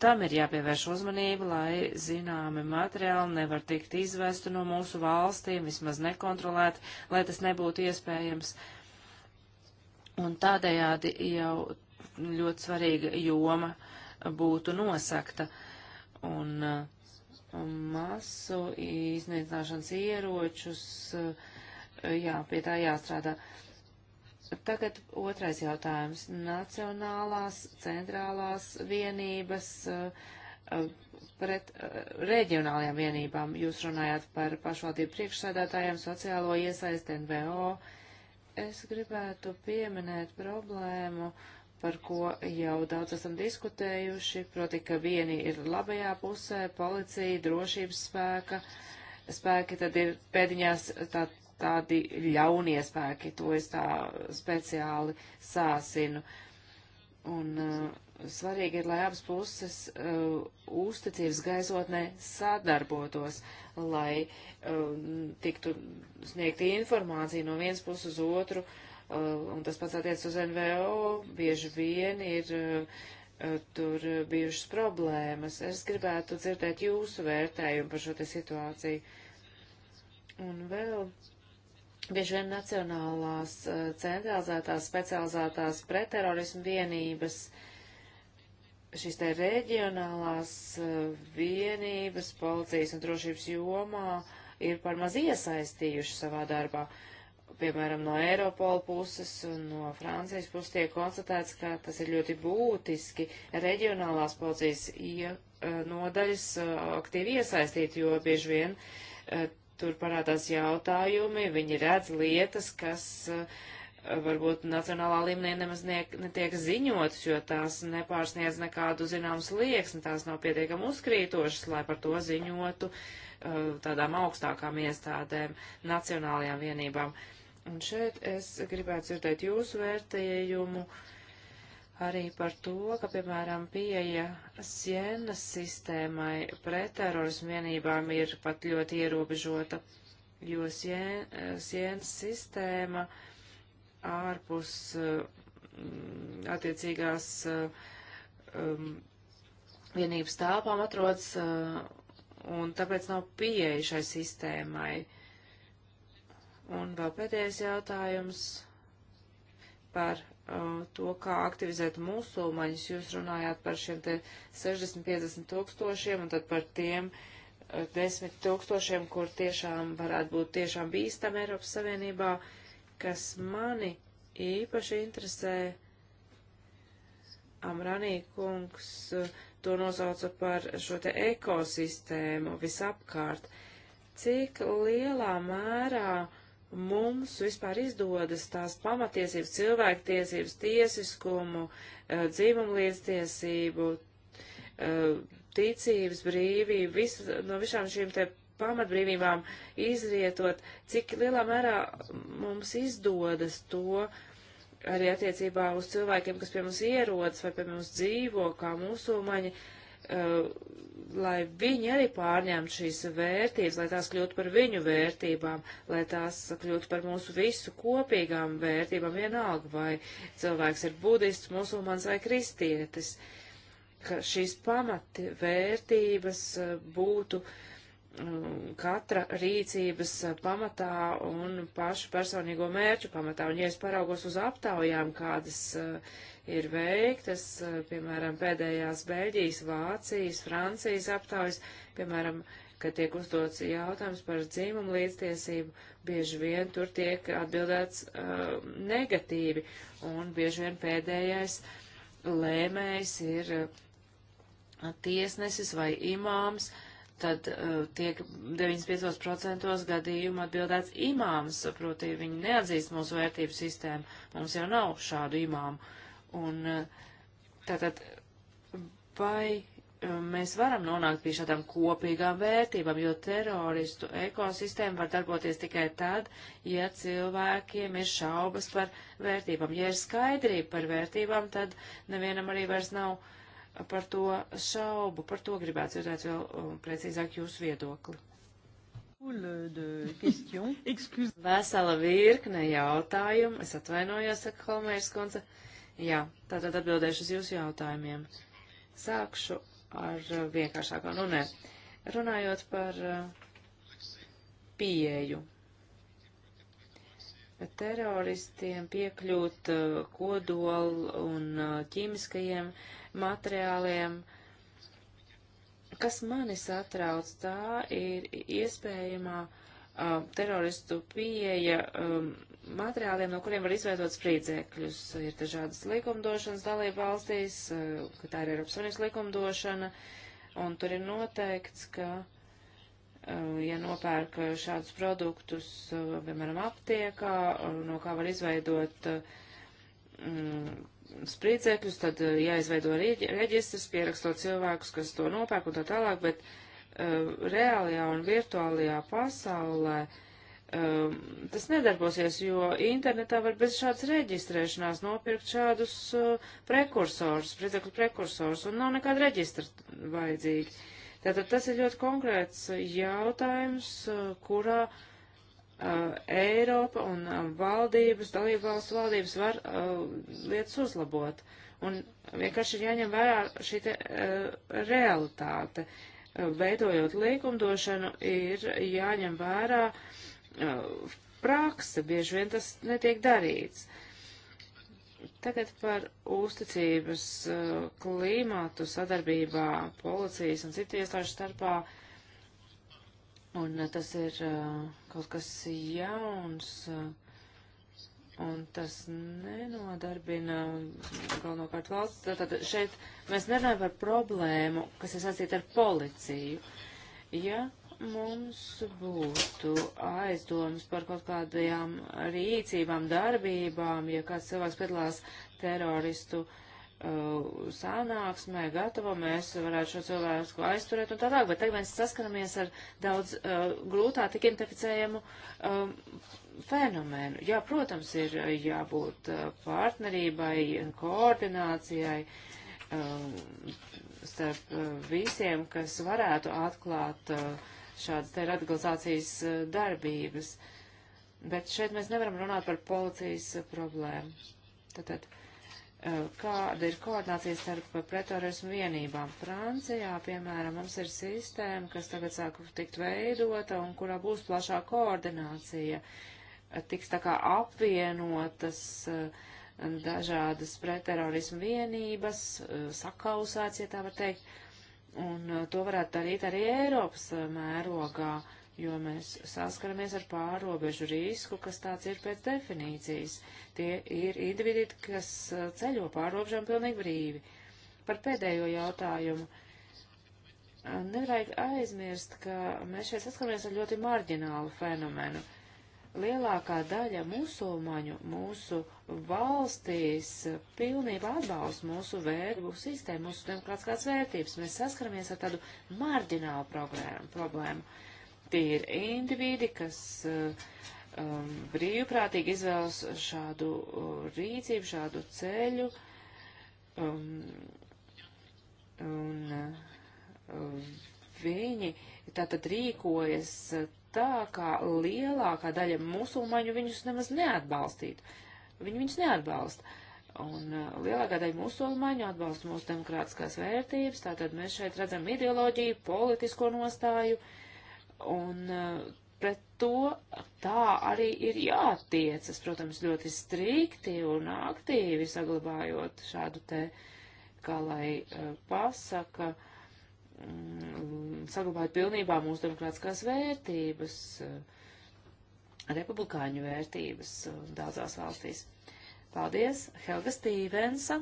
Tam ir jāpievērš uzmanība, lai zināmi materiāli nevar tikt izvesti no mūsu valstīm, vismaz nekontrolēt, lai tas nebūtu iespējams. Un tādējādi jau ļoti svarīga joma būtu nosakta. Un, uh, un masu iznīcināšanas ieročus, uh, jā, pie tā jāstrādā. Uh, Tagad otrais jautājums. Nacionālās centrālās vienības eh, eh, pret eh, reģionālajām vienībām. Jūs runājāt par pašvaldību priekšsēdētājiem, sociālo iesaisti NVO. Es gribētu pieminēt problēmu, par ko jau daudz esam diskutējuši, proti, ka vieni ir labajā pusē, policija, drošības spēka, spēki tad ir pēdiņās tā tādi ļaunie spēki, to es tā speciāli sāsinu. Un uh, svarīgi ir, lai abas puses uh, uzticības gaisotnē sadarbotos, lai uh, tiktu sniegta informācija no vienas puses uz otru, uh, un tas pats attiec uz NVO, bieži vien ir uh, uh, tur bijušas problēmas. Es gribētu dzirdēt jūsu vērtējumu par šo te situāciju. Un vēl Bieži vien nacionālās eh, centralizētās specializētās pretterorismu vienības, šīs te reģionālās eh, vienības policijas un drošības jomā ir par maz iesaistījuši savā darbā. Piemēram, no Eiropola puses un no Francijas puses tiek konstatēts, ka tas ir ļoti būtiski reģionālās policijas eh, nodaļas aktīvi iesaistīt, jo bieži vien uh, tur parādās jautājumi, viņi redz lietas, kas eh, varbūt nacionālā līmenī nemaz niek, netiek ziņotas, jo tās nepārsniedz nekādu zināmas lieksni, tās nav pietiekami uzkrītošas, lai par to ziņotu eh, tādām augstākām iestādēm, nacionālajām vienībām. Un šeit es gribētu dzirdēt jūsu vērtējumu. Uh, arī par to, ka, piemēram, pieeja sienas sistēmai pretterorismu vienībām ir pat ļoti ierobežota, jo sien, sienas sistēma ārpus mm, attiecīgās um, vienības tālpām atrodas, mm, un tāpēc nav pieeja šai sistēmai. Un vēl pēdējais jautājums par Uh, to, kā aktivizēt musulmaņus. Jūs runājāt par šiem te 60-50 tūkstošiem un tad par tiem 10 uh, tūkstošiem, kur tiešām varētu būt tiešām bīstami Eiropas Savienībā, kas mani īpaši interesē. Amranī kungs uh, to nosauca par šo te ekosistēmu visapkārt. Cik lielā mērā uh, mums vispār izdodas tās pamatiesības, cilvēktiesības, tiesiskumu, eh, dzīvumlīdztiesību, eh, ticības brīvību, vis, no visām šīm te pamatbrīvībām izrietot, cik lielā mērā mums izdodas to arī attiecībā uz cilvēkiem, kas pie mums ierodas vai pie mums dzīvo, kā musulmaņi, uh, Uh, lai viņi arī pārņemtu šīs vērtības, lai tās kļūtu par viņu vērtībām, lai tās kļūtu par mūsu visu kopīgām vērtībām, vienalga vai cilvēks ir budists, musulmans vai kristietis, ka šīs pamati vērtības uh, būtu um, katra rīcības uh, pamatā un pašu personīgo mērķu pamatā. Un, ja es paraugos uz aptaujām, kādas ir veiktas, eh, piemēram, pēdējās Beļģijas, Vācijas, Francijas aptaujas, piemēram, kad tiek uzdots jautājums par dzīmumu līdztiesību, bieži vien tur tiek atbildēts uh, negatīvi, un bieži vien pēdējais lēmējs ir uh, tiesnesis vai imāms, tad uh, tiek 95% gadījumu atbildēts imāms, proti viņi neatzīst mūsu vērtību sistēmu, mums jau nav šādu imāmu. Uh, Un eh, tātad, vai eh, mēs varam nonākt pie šādām kopīgām vērtībām, jo teroristu ekosistēma var darboties tikai tad, ja cilvēkiem ir šaubas par vērtībām. Ja ir skaidrība par vērtībām, tad nevienam arī vairs nav par to šaubu. Par to gribētu dzirdēt vēl eh, precīzāk jūsu viedokli. (laughs) Vesela virkne jautājumu. Es atvainojos, saka Holmērs Konce. Uh, Jā, tātad atbildēšu uz jūsu jautājumiem. Sākšu ar uh, vienkāršāko. Nu, nē. Runājot par uh, pieeju. Teroristiem piekļūt uh, kodolu un ķīmiskajiem materiāliem. Kas mani satrauc, tā ir iespējamā uh, uh, teroristu pieeja um, materiāliem, no kuriem var izveidot spriedzēkļus. Ir dažādas likumdošanas dalība valstīs, uh, ka tā ir Eiropas Savienības likumdošana, un tur ir noteikts, ka, uh, ja nopērk šādus produktus, uh, piemēram, aptiekā, uh, no kā var izveidot uh, mm, spriedzēkļus, tad uh, jāizveido reģistrs, pierakstot cilvēkus, kas to nopērk un tā tālāk, bet Eh, reālajā un virtuālajā pasaulē eh, tas nedarbosies, jo internetā var bez šādas reģistrēšanās nopirkt šādus eh, prekursors, predzekļu prekursors, un nav nekāda reģistra vajadzīga. Tātad tas ir ļoti konkrēts jautājums, kurā Eiropa un valdības, dalību valstu valdības var lietas uzlabot. Un vienkārši ir jāņem vērā šī te, realitāte. Uh, veidojot likumdošanu, ir jāņem vērā uh, praksa, bieži vien tas netiek darīts. Tagad par uzticības uh, klīmatu sadarbībā policijas un citu iestāžu starpā. Un uh, tas ir kaut kas jauns. Uh, un tas nenodarbina galvenokārt valsts. Tātad šeit mēs nerunājam par problēmu, kas ir saistīta ar policiju. Ja mums būtu aizdomas par kaut kādajām rīcībām, darbībām, ja kāds cilvēks piedalās teroristu uh, sanāksmē, gatavo, mēs varētu šo cilvēku aizturēt un tālāk, bet tagad mēs saskaramies ar daudz uh, grūtāk identificējumu um, uh, fenomenu. Jā, protams, ir jābūt uh, partnerībai un koordinācijai um, starp uh, visiem, kas varētu atklāt uh, šādas te radikalizācijas darbības. Bet šeit mēs nevaram runāt par policijas problēmu. Tātad, kāda ir koordinācija starp pretorismu vienībām? Francijā, piemēram, mums ir sistēma, kas tagad sāk tikt veidota un kurā būs plašā koordinācija. Uh, tiks tā kā apvienotas eh, dažādas pretterorismu vienības, eh, sakausēts, ja tā var teikt, un eh, to varētu darīt arī Eiropas mērogā, jo mēs saskaramies ar pārobežu risku, kas tāds ir pēc definīcijas. Tie ir individi, kas ceļo pārobežām pilnīgi brīvi. Par pēdējo jautājumu. Nevajag aizmirst, ka mēs šeit saskaramies ar ļoti marģinālu fenomenu. Uh, lielākā daļa musulmaņu mūsu valstīs pilnībā atbalsta mūsu vērtību sistēmu, mūsu demokrātiskās vērtības. Mēs saskaramies ar tādu marģinālu programmu, problēmu. Tie ir individi, kas eh, um, brīvprātīgi izvēlas šādu uh, rīcību, šādu ceļu. Um, un, um, viņi tātad rīkojas tā, ka lielākā daļa musulmaņu viņus nemaz neatbalstītu. Viņi viņus neatbalsta. Un uh, lielākā daļa musulmaņu atbalsta mūsu demokrātiskās vērtības, tātad mēs šeit redzam ideoloģiju, politisko nostāju, un uh, pret to tā arī ir jātiecas, protams, ļoti strikti un aktīvi saglabājot šādu te, kā lai uh, pasaka, uh, Mm, saglabāt pilnībā mūsu demokrātiskās vērtības, eh, republikāņu vērtības eh, daudzās valstīs. Paldies! Helga Stīvensa,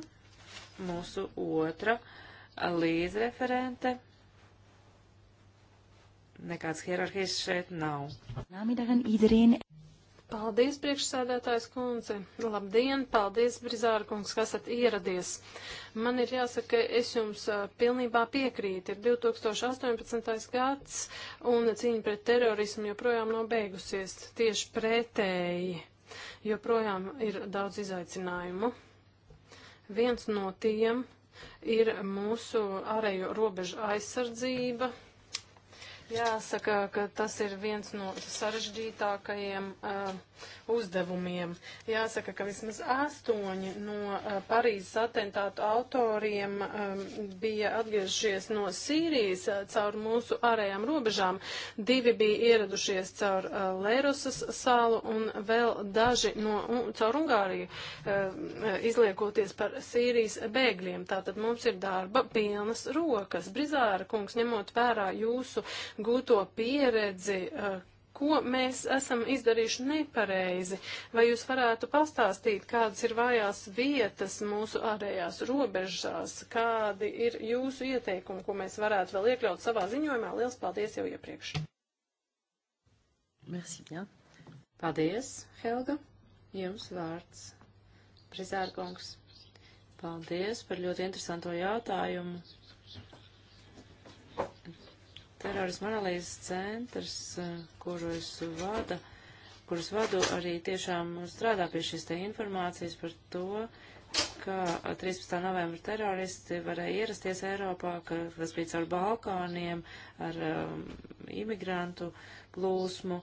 mūsu otra eh, līdzreferente. Nekādas hierarhijas šeit nav. Nāmidaren iedereen. Paldies, priekšsēdētājs kundze. Labdien, paldies, Brizāra kungs, kas esat ieradies. Man ir jāsaka, es jums pilnībā piekrītu. Ir 2018. gads un cīņa pret terorismu joprojām nav beigusies. Tieši pretēji. Joprojām ir daudz izaicinājumu. Viens no tiem ir mūsu ārējo robežu aizsardzība Jāsaka, ka tas ir viens no sarežģītākajiem uh, uzdevumiem. Jāsaka, ka vismaz astoņi no uh, Parīzes atentātu autoriem um, bija atgriežies no Sīrijas uh, caur mūsu ārējām robežām. Divi bija ieradušies caur uh, Lērosas salu un vēl daži no, un, caur Ungāriju, uh, izliekoties par Sīrijas bēgļiem. Tātad mums ir darba pilnas rokas. Brizāra kungs, ņemot vērā jūsu gūto pieredzi, eh, ko mēs esam izdarījuši nepareizi, vai jūs varētu pastāstīt, kādas ir vājās vietas mūsu ārējās robežās, kādi ir jūsu ieteikumi, ko mēs varētu vēl iekļaut savā ziņojumā. Liels paldies jau iepriekš. Merci bien. Paldies, Helga. Jums vārds. Prizārkungs. Paldies par ļoti interesanto jautājumu. Terorisma analīzes centrs, eh, kurus vada, kurus vadu arī tiešām strādā pie šīs te informācijas par to, ka 13. novembra teroristi varēja ierasties Eiropā, ka tas bija caur Balkāniem ar um, imigrantu plūsmu.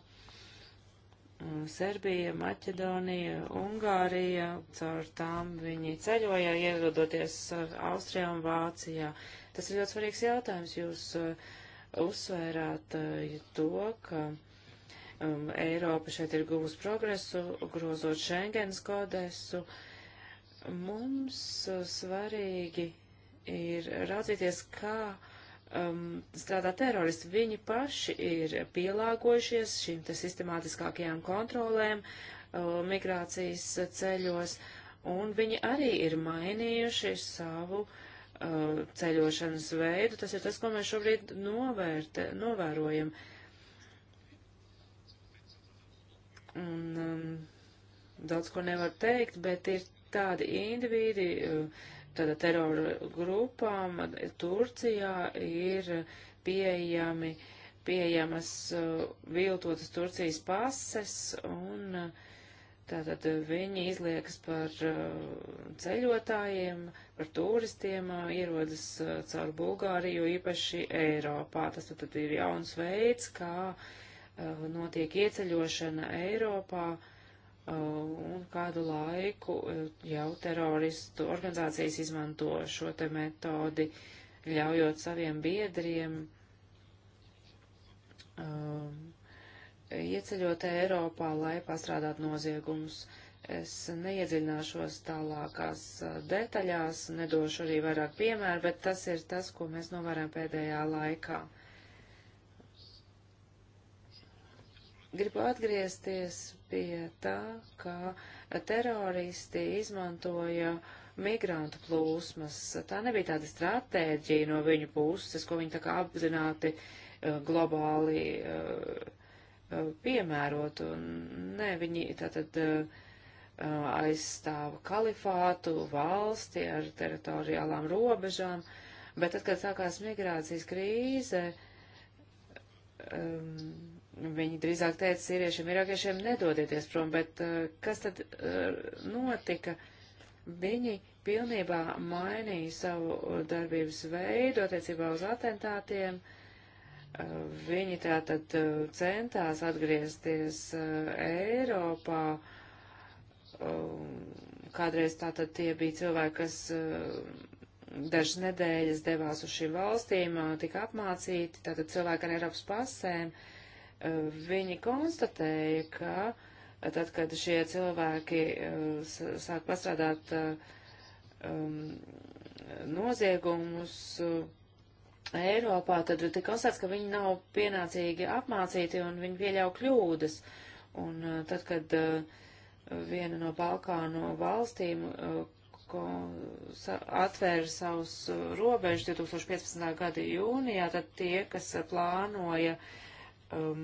Mm, Serbija, Maķedonija, Ungārija, caur tām viņi ceļoja, ierodoties eh, Austrijā un Vācijā. Tas ir ļoti svarīgs jautājums. Jūs uh, uzsvērāt eh, to, ka um, Eiropa šeit ir guvusi progresu, grozot Schengens kodesu. Mums eh, svarīgi ir raudzīties, kā um, strādā teroristi. Viņi paši ir pielāgojušies šīm te sistemātiskākajām kontrolēm um, migrācijas ceļos, un viņi arī ir mainījuši savu uh, Uh, ceļošanas veidu. Tas ir tas, ko mēs šobrīd novērte, novērojam. Un um, daudz ko nevar teikt, bet ir tādi indivīdi, uh, tāda terora grupām Turcijā ir pieejami, pieejamas uh, viltotas Turcijas pases un uh, Tātad viņi izliekas par uh, ceļotājiem, par turistiem, uh, ierodas uh, caur Bulgāriju, īpaši Eiropā. Tas tad ir jauns veids, kā notiek ieceļošana Eiropā un kādu laiku jau teroristu organizācijas izmanto šo te metodi, ļaujot saviem biedriem. Um, ieceļot Eiropā, lai pastrādātu noziegumus. Es neiedziļināšos tālākās detaļās, nedošu arī vairāk piemēru, bet tas ir tas, ko mēs novērām pēdējā laikā. Gribu atgriezties pie tā, ka teroristi izmantoja migrantu plūsmas. Tā nebija tāda stratēģija no viņu puses, ko viņi tā kā apzināti globāli uh, Uh, piemērotu. Nē, viņi tātad uh, aizstāva kalifātu, valsti ar teritoriālām robežām, bet tad, kad sākās migrācijas krīze, um, viņi drīzāk teica sīviešiem, irākiešiem nedodieties prom, bet uh, kas tad uh, notika? Viņi pilnībā mainīja savu darbības veidu attiecībā uz atentātiem, Viņi tātad eh, centās atgriezties eh, Eiropā. Um, kādreiz tātad tie bija cilvēki, kas eh, dažas nedēļas devās uz šīm valstīm, tika apmācīti, tātad cilvēki ar Eiropas pasēm. Viņi konstatēja, ka tad, kad šie cilvēki sāk pastrādāt um, noziegumus, uh, Eiropā, tad tik konstatēts, ka viņi nav pienācīgi apmācīti un viņi pieļauj kļūdas. Un uh, tad, kad uh, viena no Balkānu valstīm uh, atvēra savus robežus 2015. gada jūnijā, tad tie, kas plānoja um,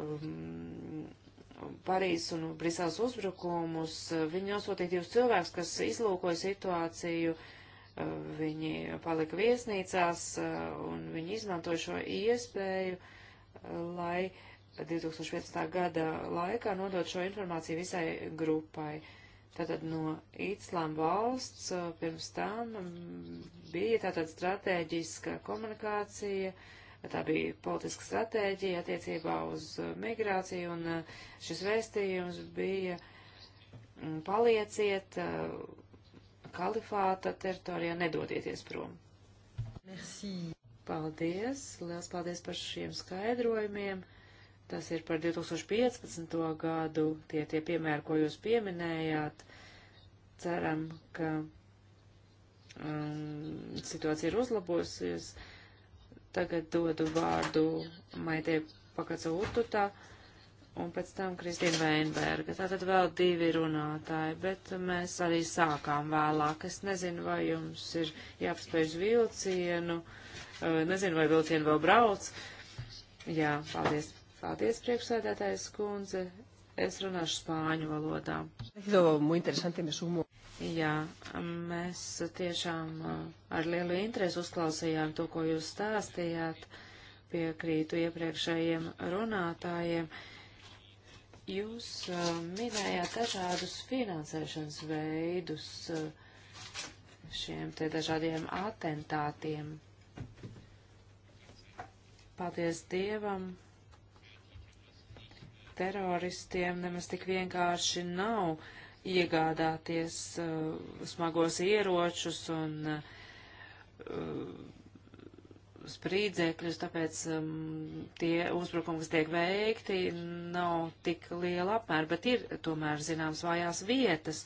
um, Parīzes un Briseles uzbrukumus, viņi nosūtīja divus cilvēkus, kas izlūkoja situāciju uh, Viņi palika viesnīcās eh, un viņi izmantoja šo iespēju, eh, lai 2015. gada laikā nodot šo informāciju visai grupai. Tātad no Īslām valsts eh, pirms tam mm, bija tātad strateģiska komunikācija, tā bija politiska stratēģija attiecībā uz migrāciju, un šis vēstījums bija mm, palieciet, kalifāta teritorijā, nedodieties prom. Merci. Paldies, liels paldies par šiem skaidrojumiem. Tas ir par 2015. gadu, tie tie piemēri, ko jūs pieminējāt. Ceram, ka um, situācija ir uzlabosies. Tagad dodu vārdu Maitē Pakaca Urtutā. Uh, un pēc tam Kristīna Veinberga. Tātad vēl divi runātāji, bet mēs arī sākām vēlāk. Es nezinu, vai jums ir jāapspēj vilcienu, nezinu, vai vilcienu vēl brauc. Jā, paldies, paldies priekšsēdētājs kundze. Es runāšu spāņu valodā. Jā, mēs tiešām ar lielu interesi uzklausījām to, ko jūs stāstījāt. Piekrītu iepriekšējiem runātājiem. Uh, Jūs uh, minējāt dažādus finansēšanas veidus uh, šiem te dažādiem atentātiem. Paldies Dievam, teroristiem nemaz tik vienkārši nav iegādāties uh, smagos ieročus un uh, sprīdzekļus, tāpēc um, tie uzbrukumi, kas tiek veikti, nav tik liela apmēra, bet ir tomēr zināms vājās vietas,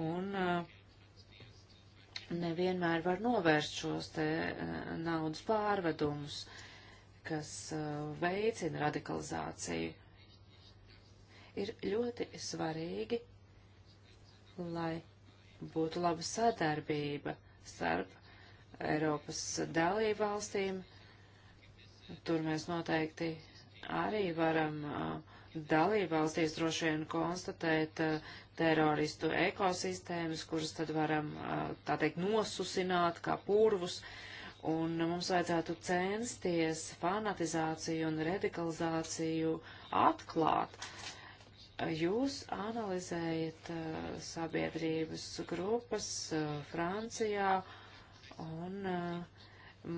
un uh, nevienmēr var novērst šos te uh, naudas pārvedumus, kas uh, veicina radikalizāciju. Ir ļoti svarīgi, lai būtu laba sadarbība starp Eiropas dalību valstīm. Tur mēs noteikti arī varam dalību valstīs droši vien konstatēt teroristu ekosistēmas, kuras tad varam, tā teikt, nosusināt kā purvus. Un mums vajadzētu censties fanatizāciju un radikalizāciju atklāt. Jūs analizējat uh, sabiedrības grupas uh, Francijā Un uh,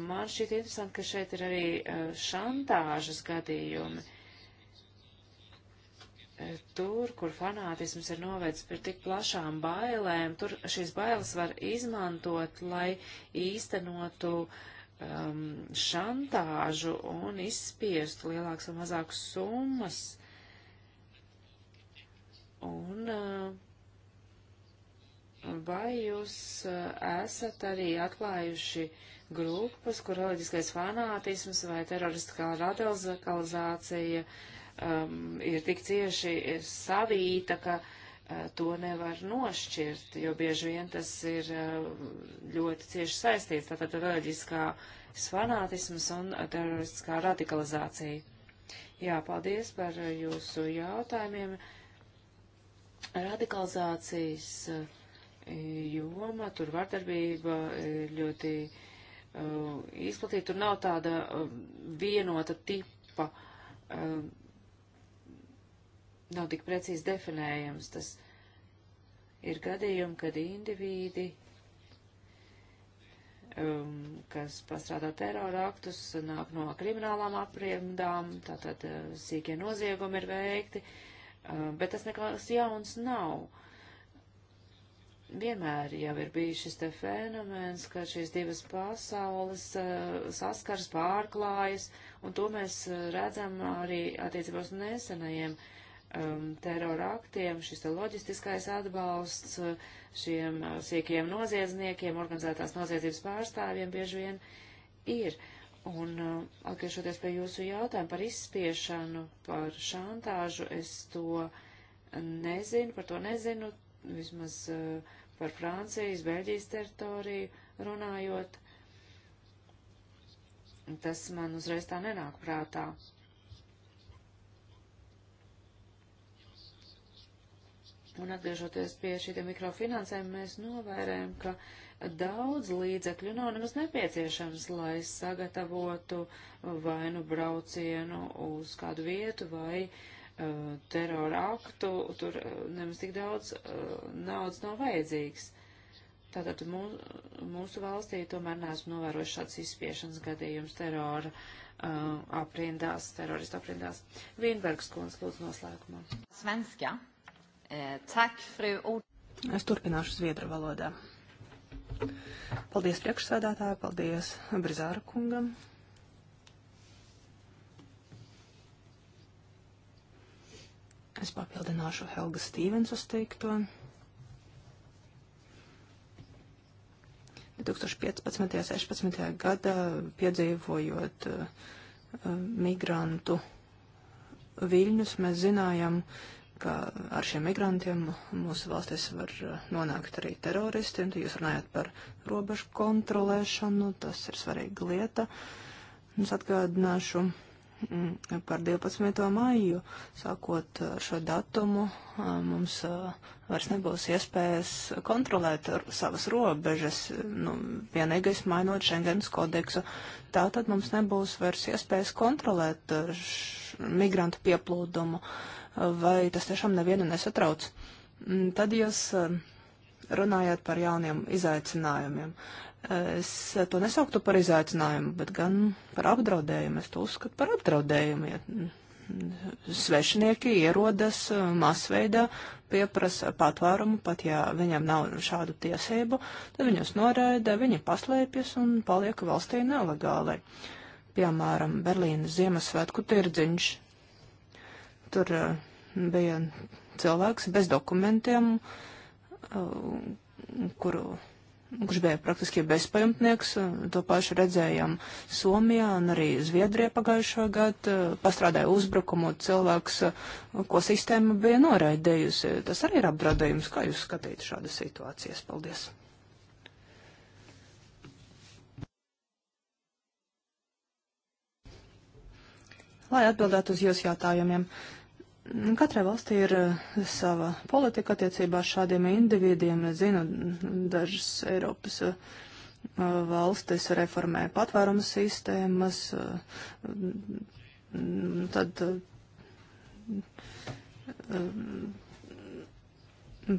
man šķiet interesanti, ka šeit ir arī uh, šantāžas gadījumi. Uh, tur, kur fanātisms ir novēdz pie tik plašām bailēm, tur šīs bailes var izmantot, lai īstenotu um, šantāžu un izspiestu lielākas vai mazākas summas. Un uh, Vai jūs eh, esat arī atklājuši grupas, kur reliģiskais fanātisms vai teroristiskā radikalizācija um, ir tik cieši ir savīta, ka uh, to nevar nošķirt, jo bieži vien tas ir uh, ļoti cieši saistīts, tātad reliģiskās fanātisms un teroristiskā radikalizācija. Jā, paldies par jūsu jautājumiem. Radikalizācijas. Uh, joma, tur vardarbība e, ļoti uh, izplatīta, tur nav tāda uh, vienota tipa, uh, nav tik precīzi definējams. Tas ir gadījumi, kad indivīdi, um, kas pastrādā terora aktus, nāk no kriminālām apriemdām, tātad sīkie noziegumi ir veikti, um, bet tas nekas jauns nav. Uh, vienmēr jau ir bijis šis te fenomens, ka šīs divas pasaules uh, saskars pārklājas, un to mēs eh, redzam arī attiecībos nesenajiem um, terora aktiem, šis te loģistiskais atbalsts šiem uh, eh, sīkiem noziedzniekiem, organizētās noziedzības pārstāvjiem bieži vien ir. Un uh, atgriežoties pie jūsu jautājumu par izspiešanu, par šantāžu, es to nezinu, par to nezinu, vismaz uh, par Francijas, Beļģijas teritoriju runājot, tas man uzreiz tā nenāk prātā. Un atgriežoties pie šiem mikrofinansējumiem, mēs novērējam, ka daudz līdzekļu nav nemaz nepieciešams, lai sagatavotu vai nu braucienu uz kādu vietu vai uh, Uh, terora aktu, tur uh, nemaz tik daudz uh, naudas nav vajadzīgs. Tātad mūsu, mūsu valstī tomēr neesmu novērojuši šāds izspiešanas gadījums terora aprindās, teroristu aprindās. Vienbergs kundze, lūdzu noslēgumā. Svenska. Eh, tak, fru Es turpināšu zviedru valodā. Paldies priekšsādātāju, paldies Brizāra kungam. Es papildināšu Helga Stīvensas teikto. 2015. un 16. gadā piedzīvojot uh, migrantu viļņus, mēs zinājām, ka ar šiem migrantiem mūsu valstīs var eh, nonākt arī teroristi. Jūs runājat par robežu kontrolēšanu, tas ir svarīga lieta. Es atgādināšu Mm, par 12. maiju, sākot ar uh, šo datumu, uh, mums uh, vairs nebūs iespējas kontrolēt savas robežas, nu, vienīgais mainot Schengens kodeksu. Tā tad mums nebūs vairs iespējas kontrolēt migrantu pieplūdumu, vai tas tiešām nevienu nesatrauc. Mm, tad jūs runājāt par jauniem izaicinājumiem. Es to nesauktu par izaicinājumu, bet gan par apdraudējumu. Es to uzskatu par apdraudējumu. Ja svešinieki ierodas uh, masveidā, pieprasa patvērumu, pat ja viņam nav šādu tiesību, tad viņus noraida, viņi paslēpjas un paliek valstī nelegāli. Piemēram, Berlīnas Ziemassvētku tirdziņš. Tur uh, bija cilvēks bez dokumentiem, uh, kuru kurš bija praktiski bezpajumtnieks. To pašu redzējām Somijā un arī Zviedrijā pagājušā gada. Pastrādāja uzbrukumu cilvēks, ko sistēma bija noraidējusi. Tas arī ir apdraudējums. Kā jūs skatīt šādas situācijas? Paldies! Lai atbildētu uz jūsu jautājumiem, Katrai valstī ir eh, sava politika attiecībā šādiem individiem. Es zinu, dažas Eiropas eh, valstis reformē patvērumu sistēmas, eh, tad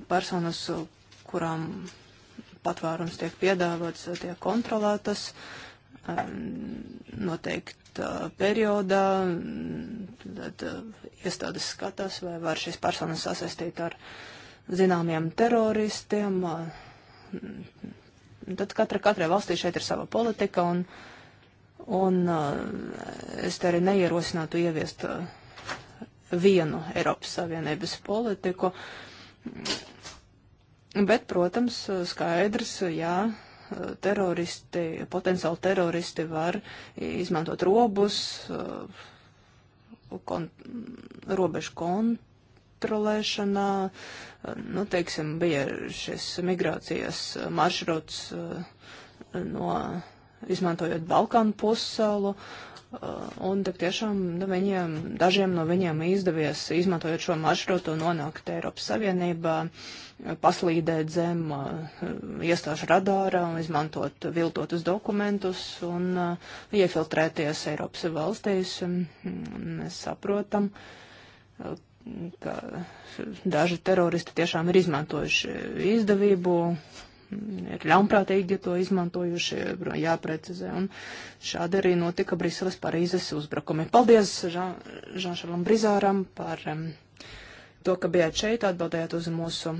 personas, kurām patvērums tiek piedāvāts, tiek kontrolētas, noteikti testa periodā, tad uh, iestādes skatās, vai var šīs personas sasaistīt ar zināmiem teroristiem. Uh, tad katra, katrai valstī šeit ir sava politika, un, un uh, es te arī neierosinātu ieviest vienu Eiropas Savienības politiku. Bet, protams, skaidrs, jā, teroristi, potenciāli teroristi var izmantot robus, eh, kon, robežu kontrolēšanā. Eh, nu, teiksim, bija šis migrācijas maršruts eh, no izmantojot Balkānu pussalu. Uh, Uh, un tik tiešām nu, viņiem, dažiem no viņiem izdevies, izmantojot šo maršrutu, nonākt Eiropas Savienībā, paslīdēt zem uh, iestāžu radāra, izmantot viltotus dokumentus un uh, iefiltrēties Eiropas valstīs. Mēs saprotam, ka daži teroristi tiešām ir izmantojuši izdevību ir ļaunprātīgi to izmantojuši, jāprecizē. Un šādi arī notika Briseles Parīzes uzbrukumi. Paldies Žanšalam Žan Brizāram par um, to, ka bijāt šeit, atbildējāt uz mūsu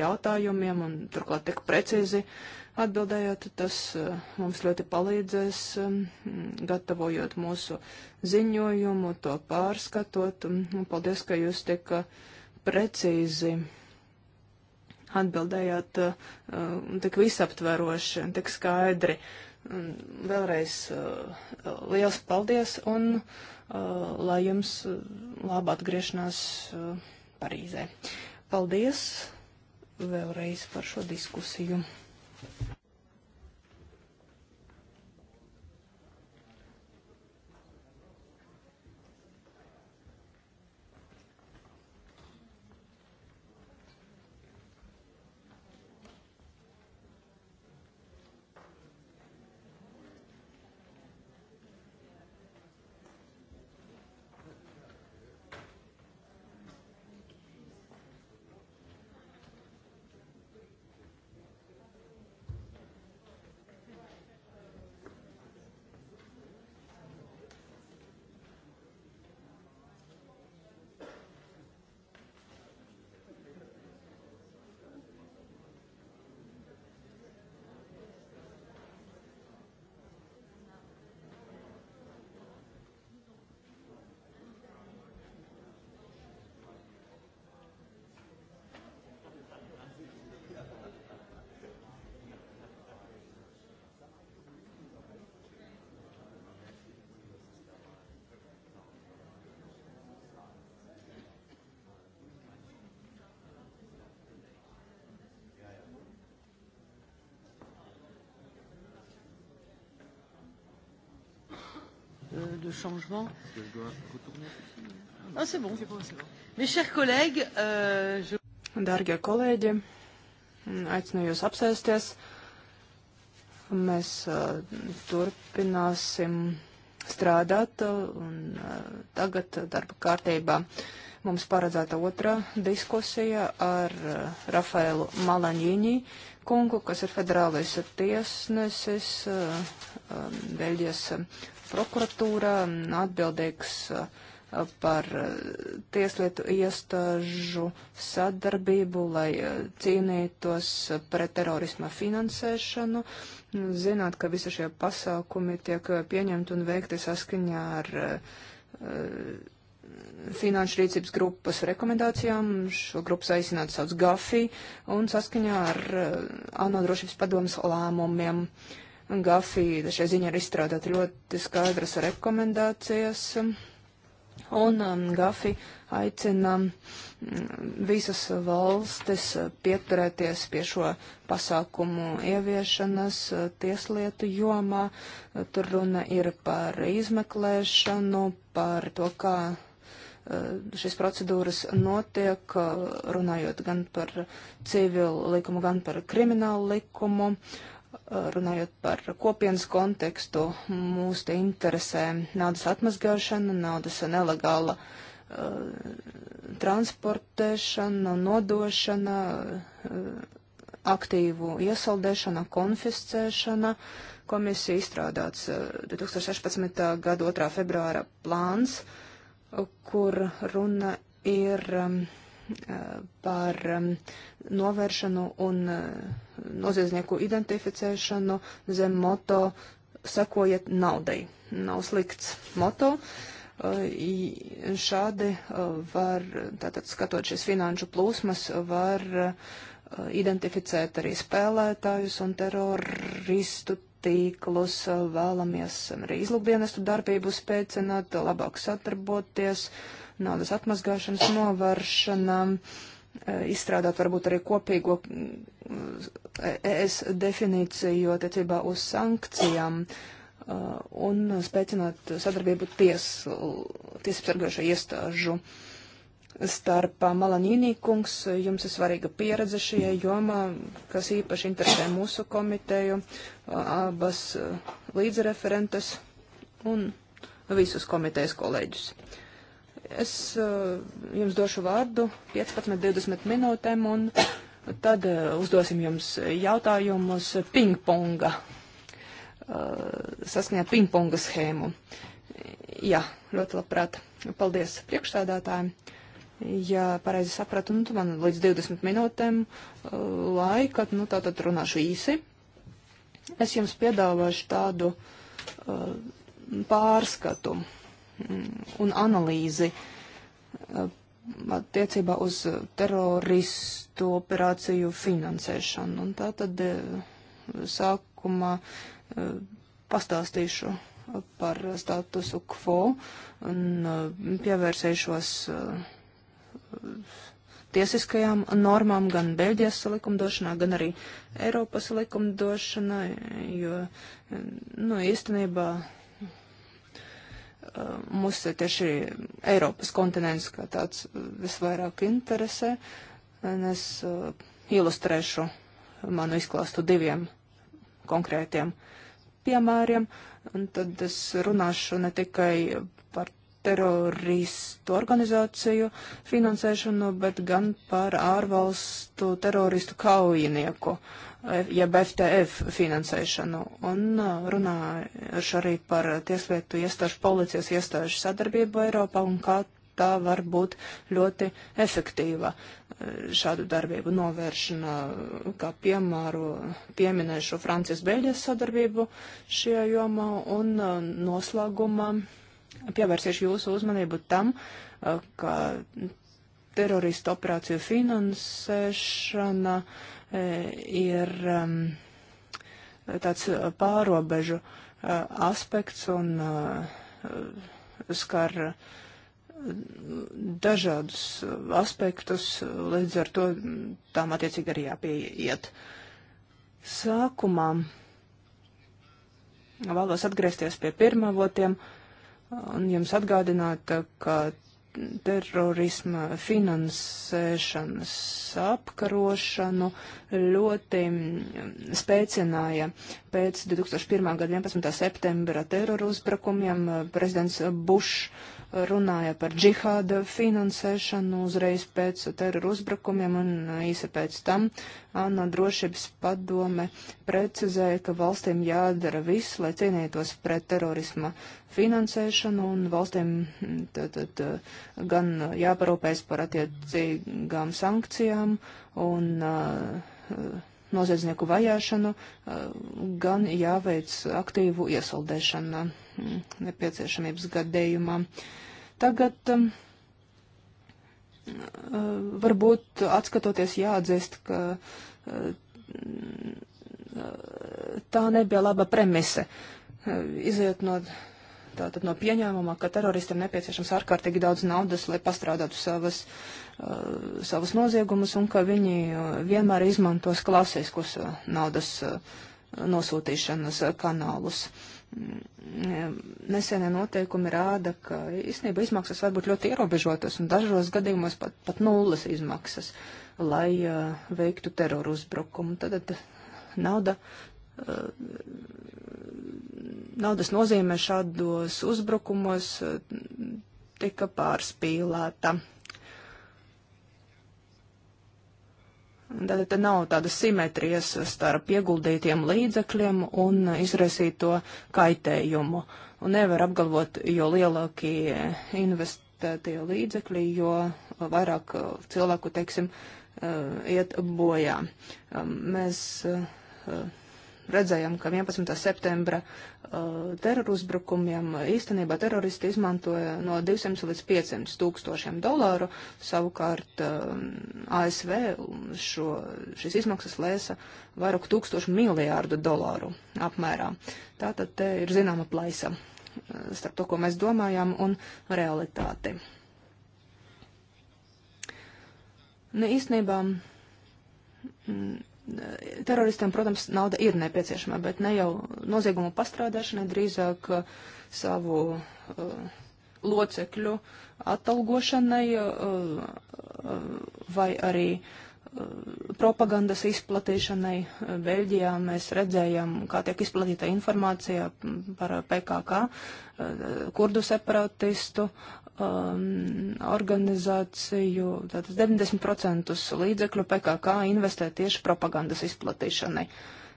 jautājumiem un turklāt tik precīzi atbildējāt. Tas uh, mums ļoti palīdzēs, um, gatavojot mūsu ziņojumu, to pārskatot. Un paldies, ka jūs tik e, precīzi atbildējāt uh, tik visaptveroši, tik skaidri. Vēlreiz uh, liels paldies un uh, lai jums laba atgriešanās Parīzē. Paldies vēlreiz par šo diskusiju. de changement. Ah, c'est bon. Mes chers collègues, euh, je... Dargie kolēģi, aicinu jūs apsēsties. Mēs uh, turpināsim strādāt, uh, un uh, tagad darba kārtībā Mums paredzēta otrā diskusija ar eh, Rafaelu Malaņīņī kungu, kas ir federālais tiesnesis eh, um, Beļģijas prokuratūrā, atbildīgs eh, par tieslietu iestāžu sadarbību, lai cīnītos pret terorisma finansēšanu. Zināt, ka visi šie pasākumi tiek pieņemti un veikti saskaņā ar finanšu rīcības grupas rekomendācijām. Šo grupu saicināts sauc GAFI un saskaņā ar eh, ANO drošības padomas lēmumiem. GAFI šai ziņā ir izstrādāta ļoti skaidras rekomendācijas. Un um, GAFI aicina mm, visas valstis pieturēties pie šo pasākumu ieviešanas eh, tieslietu jomā. Tur runa ir par izmeklēšanu, par to, kā šīs procedūras notiek, uh, runājot gan par civilu likumu, gan par kriminālu likumu, uh, runājot par kopienas kontekstu, mūs te interesē naudas atmazgāšana, naudas nelegāla uh, transportēšana, nodošana, uh, aktīvu iesaldēšana, konfiscēšana. Komisija izstrādāts uh, 2016. gada 2. februāra plāns. Uh, kur runa ir um, eh, par um, novēršanu un eh, noziedznieku identificēšanu zem moto sekojiet naudai. Nav slikts moto. Eh, šādi var, tātad skatot šīs finanšu plūsmas, var identificēt arī spēlētājus un teroristu tīklus, vēlamies arī izlūkdienestu darbību spēcināt, labāk sadarboties, naudas atmazgāšanas novēršanā, e, izstrādāt varbūt arī kopīgo mm, e, ES definīciju attiecībā uz sankcijām e, un spēcināt sadarbību ties, tiesapsargājušo iestāžu uh, starp uh, Malanīnī kungs, jums ir svarīga pieredze šajā jomā, kas īpaši interesē mūsu komiteju, uh, abas uh, līdzreferentes un visus komitejas kolēģus. Es jums došu vārdu 15-20 minūtēm un tad uzdosim jums jautājumus pingponga, saskaņā pingponga schēmu. Jā, ļoti labprāt. Paldies priekšstādātājiem. Ja pareizi sapratu, nu, man līdz 20 minūtēm uh, laika, nu, tā tad runāšu īsi. Es jums piedāvāšu tādu uh, pārskatu mm, un analīzi uh, attiecībā uz teroristu operāciju finansēšanu. Un tā tad uh, sākumā uh, pastāstīšu par statusu quo un pievērsīšos tiesiskajām normām, gan Beļģijas likumdošanā, gan arī Eiropas likumdošanā, jo, nu, īstenībā mūs tieši Eiropas kontinents kā tāds visvairāk interesē. Es ilustrēšu manu izklāstu diviem konkrētiem piemēriem, un tad es runāšu ne tikai teroristu organizāciju finansēšanu, bet gan par ārvalstu teroristu kaujinieku, eh, jeb FTF finansēšanu. Un eh, runājuši arī par tieslietu iestāžu, policijas iestāžu sadarbību Eiropā un kā tā var būt ļoti efektīva eh, šādu darbību novēršanā, kā piemēru pieminēšu Francijas-Beļģijas sadarbību šajā jomā un noslēgumā pievērsīšu jūsu uzmanību tam, ka teroristu operāciju finansēšana e, ir tāds pārobežu aspekts un skar dažādus aspektus, līdz ar to tām attiecīgi arī jāpieiet. Sākumā vēlos atgriezties pie pirmavotiem. Uh, un jums atgādināt, ka terorisma finansēšanas apkarošanu ļoti spēcināja pēc 2001. gada 11. septembra teroru uzbrukumiem. Eh, prezidents Bušs runāja par džihāda finansēšanu uzreiz pēc teroru uzbrukumiem un eh, īsi pēc tam ANO drošības padome precizēja, ka valstīm jādara viss, lai cīnītos pret terorisma finansēšanu un valstīm tad, hm, tad, gan jāparūpēs par attiecīgām sankcijām un uh, noziedznieku vajāšanu, eh, gan jāveic aktīvu iesaldēšana mm, nepieciešamības gadījumā. Tagad mm, eh, varbūt atskatoties jāatzīst, ka eh, tā nebija laba premise. Iziet no, tātad no pieņēmumā, ka teroristiem nepieciešams ārkārtīgi daudz naudas, lai pastrādātu savas uh, Uh, savus noziegumus un ka viņi uh, vienmēr izmantos klasiskus uh, naudas nosūtīšanas kanālus. Mm, nesenie noteikumi rāda, ka īstenībā izmaksas var būt ļoti ierobežotas un dažos gadījumos pat, pat nulles izmaksas, lai uh, veiktu teroru uzbrukumu. Tad, tad nauda, uh, naudas nozīme šādos uzbrukumos uh, tika pārspīlēta. Uh, Tad te nav tādas simetrijas starp ieguldītiem līdzekļiem un izraisīto kaitējumu. Un nevar apgalvot, jo lielākie investētie līdzekļi, jo vairāk uh, cilvēku, teiksim, uh, iet bojā. Um, mēs uh, redzējām, ka 11. septembra uh, teroruzbrukumiem īstenībā teroristi izmantoja no 200 līdz 500 tūkstošiem dolāru, savukārt uh, um, ASV šo, šis izmaksas lēsa vairāk tūkstošu miljārdu dolāru apmērā. Tātad te ir zināma plaisa uh, starp to, ko mēs domājām, un realitāti. Ne, nu, īstenībā m, mm, teroristiem, protams, nauda ir nepieciešama, bet ne jau noziegumu pastrādāšanai, drīzāk uh, savu uh, locekļu atalgošanai uh, uh vai arī uh, propagandas izplatīšanai. Beļģijā mēs redzējām, kā tiek izplatīta informācija par PKK, kurdu separatistu um, organizāciju, tātad 90% līdzekļu PKK investē tieši propagandas izplatīšanai.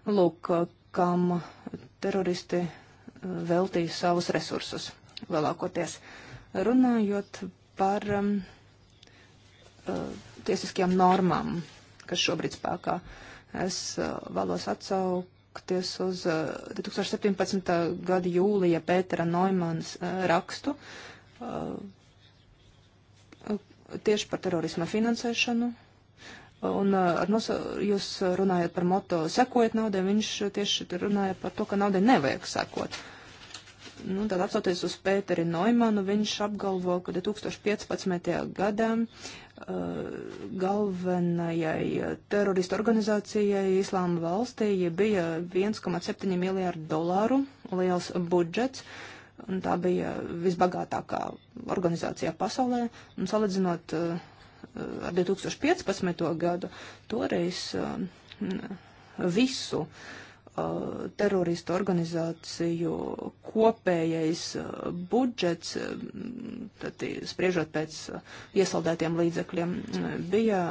Lūk, uh, kam teroristi uh, veltīja savus resursus lielākoties. Runājot par um, uh, tiesiskajām normām, kas šobrīd spēkā, es uh, vēlos atsaukties uz uh, 2017. gada jūlija Pētera Noimanas uh, rakstu, uh, tieši par terorisma finansēšanu. Un ar nosa, jūs runājat par moto sekojiet naudai, viņš tieši runāja par to, ka naudai nevajag sekot. Nu, tad atsoties uz Pēteri Noimanu, viņš apgalvo, ka 2015. gadā uh, galvenajai teroristu organizācijai Islāma valstī bija 1,7 miljārdu dolāru liels budžets. Uh, un tā bija visbagātākā organizācijā pasaulē. Un salīdzinot uh, ar 2015. gadu, toreiz uh, visu uh, teroristu organizāciju kopējais budžets, tad spriežot pēc iesaldētiem līdzekļiem, bija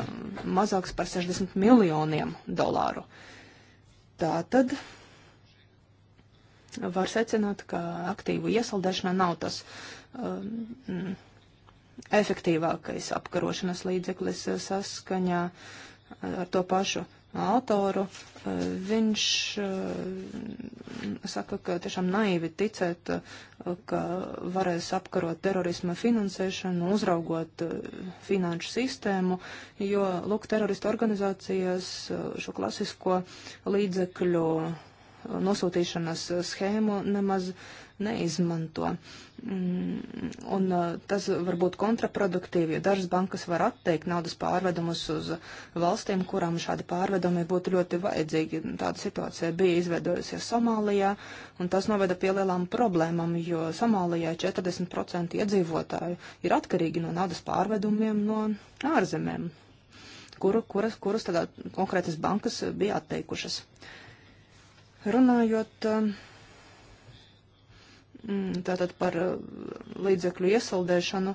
mazāks par 60 miljoniem dolāru. Tātad var secināt, ka aktīvu iesaldēšana nav tas um, efektīvākais apkarošanas līdzeklis saskaņā ar to pašu autoru. Uh, viņš uh, saka, ka tiešām naivi ticēt, uh, ka varēs apkarot terorisma finansēšanu, uzraugot finanšu sistēmu, jo, lūk, teroristu organizācijas šo klasisko līdzekļu nosūtīšanas schēmu nemaz neizmanto. Mm, un uh, tas var būt kontraproduktīvi, jo dažas bankas var atteikt naudas pārvedumus uz valstīm, kurām šādi pārvedumi būtu ļoti vajadzīgi. Tāda situācija bija izveidojusies Somālijā, un tas noveda pie lielām problēmām, jo Somālijā 40% iedzīvotāju ir atkarīgi no naudas pārvedumiem no ārzemēm, kuru, kuras, kuras tad uh, konkrētas bankas bija atteikušas. Uh, Runājot um, tātad par uh, līdzekļu iesaldēšanu,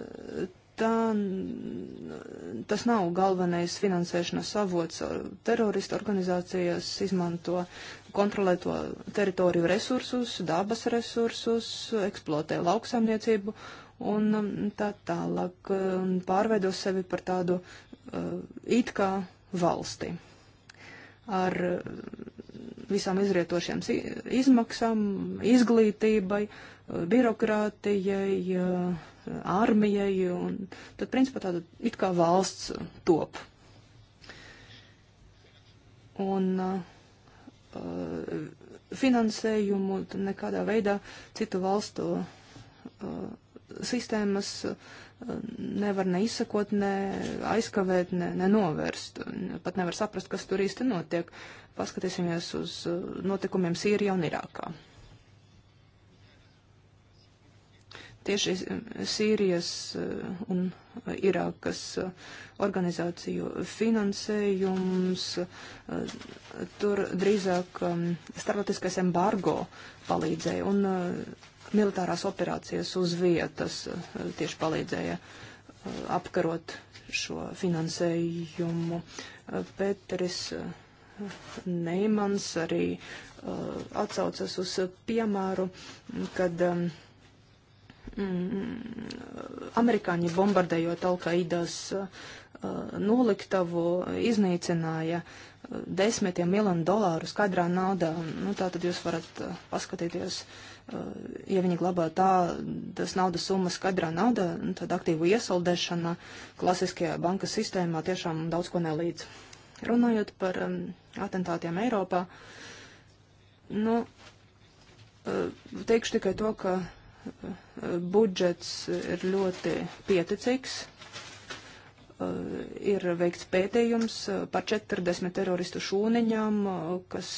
uh, tā, tas nav galvenais finansēšanas avots. Teroristu organizācijas izmanto kontrolēto teritoriju resursus, dabas resursus, eksploatē lauksaimniecību un um, tā tālāk uh, pārveido sevi par tādu it kā valsti ar uh, visām izrietošiem izmaksām, izglītībai, uh, birokrātijai, uh, armijai, un tad, principā, tāda it kā valsts top. Un uh, finansējumu nekādā veidā citu valstu uh, sistēmas uh, nevar ne izsakot, ne aizkavēt, ne, ne novērst. Pat nevar saprast, kas tur īsti notiek. Paskatīsimies uz uh, notikumiem Sīrijā un Irākā. Tieši uh, Sīrijas uh, un Irākas organizāciju finansējums, tur drīzāk um, starptautiskais embargo palīdzēja. Un militārās operācijas uz vietas eh, tieši palīdzēja eh, apkarot šo finansējumu. Eh, Pēteris Neimans arī atsaucas uz piemēru, kad mm, mm, amerikāņi bombardējot Alkaidas noliktavu iznīcināja desmitiem miljonu dolāru skaidrā naudā. Nu, tā tad jūs varat paskatīties uh, ja viņi glabā tādas naudas summas kadrā nauda, nu, tad aktīvu iesaldēšana klasiskajā bankas sistēmā tiešām daudz ko nelīdz. Runājot par um, atentātiem Eiropā, nu, uh, teikšu tikai to, ka uh, budžets ir ļoti pieticīgs Eh, ir veikts pētījums eh, par 40 teroristu šūniņām, eh, kas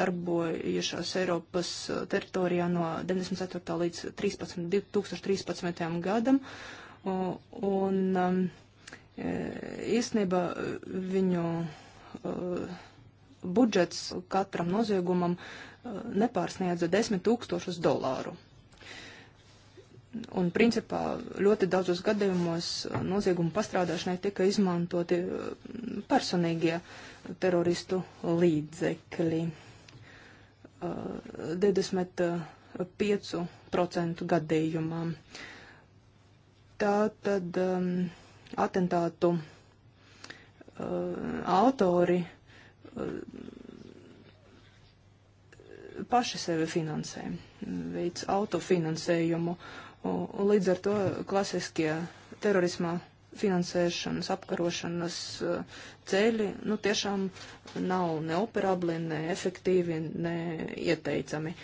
darbojušās Eiropas teritorijā no 94. līdz 13, 2013. gadam. Un um, īstenībā viņu budžets katram noziegumam nepārsniedza 10 tūkstošus dolāru. Un principā ļoti daudzos gadījumos nozieguma pastrādāšanai tika izmantoti mm, personīgie teroristu līdzekļi. 25% uh, gadījumā. Tā tad um, atentātu uh, autori uh, paši sevi finansē, veids autofinansējumu. Uh, Un līdz ar to klasiskie terorisma finansēšanas, apkarošanas eh, ceļi nu, tiešām nav neoperabli, ne efektīvi, ne ieteicami.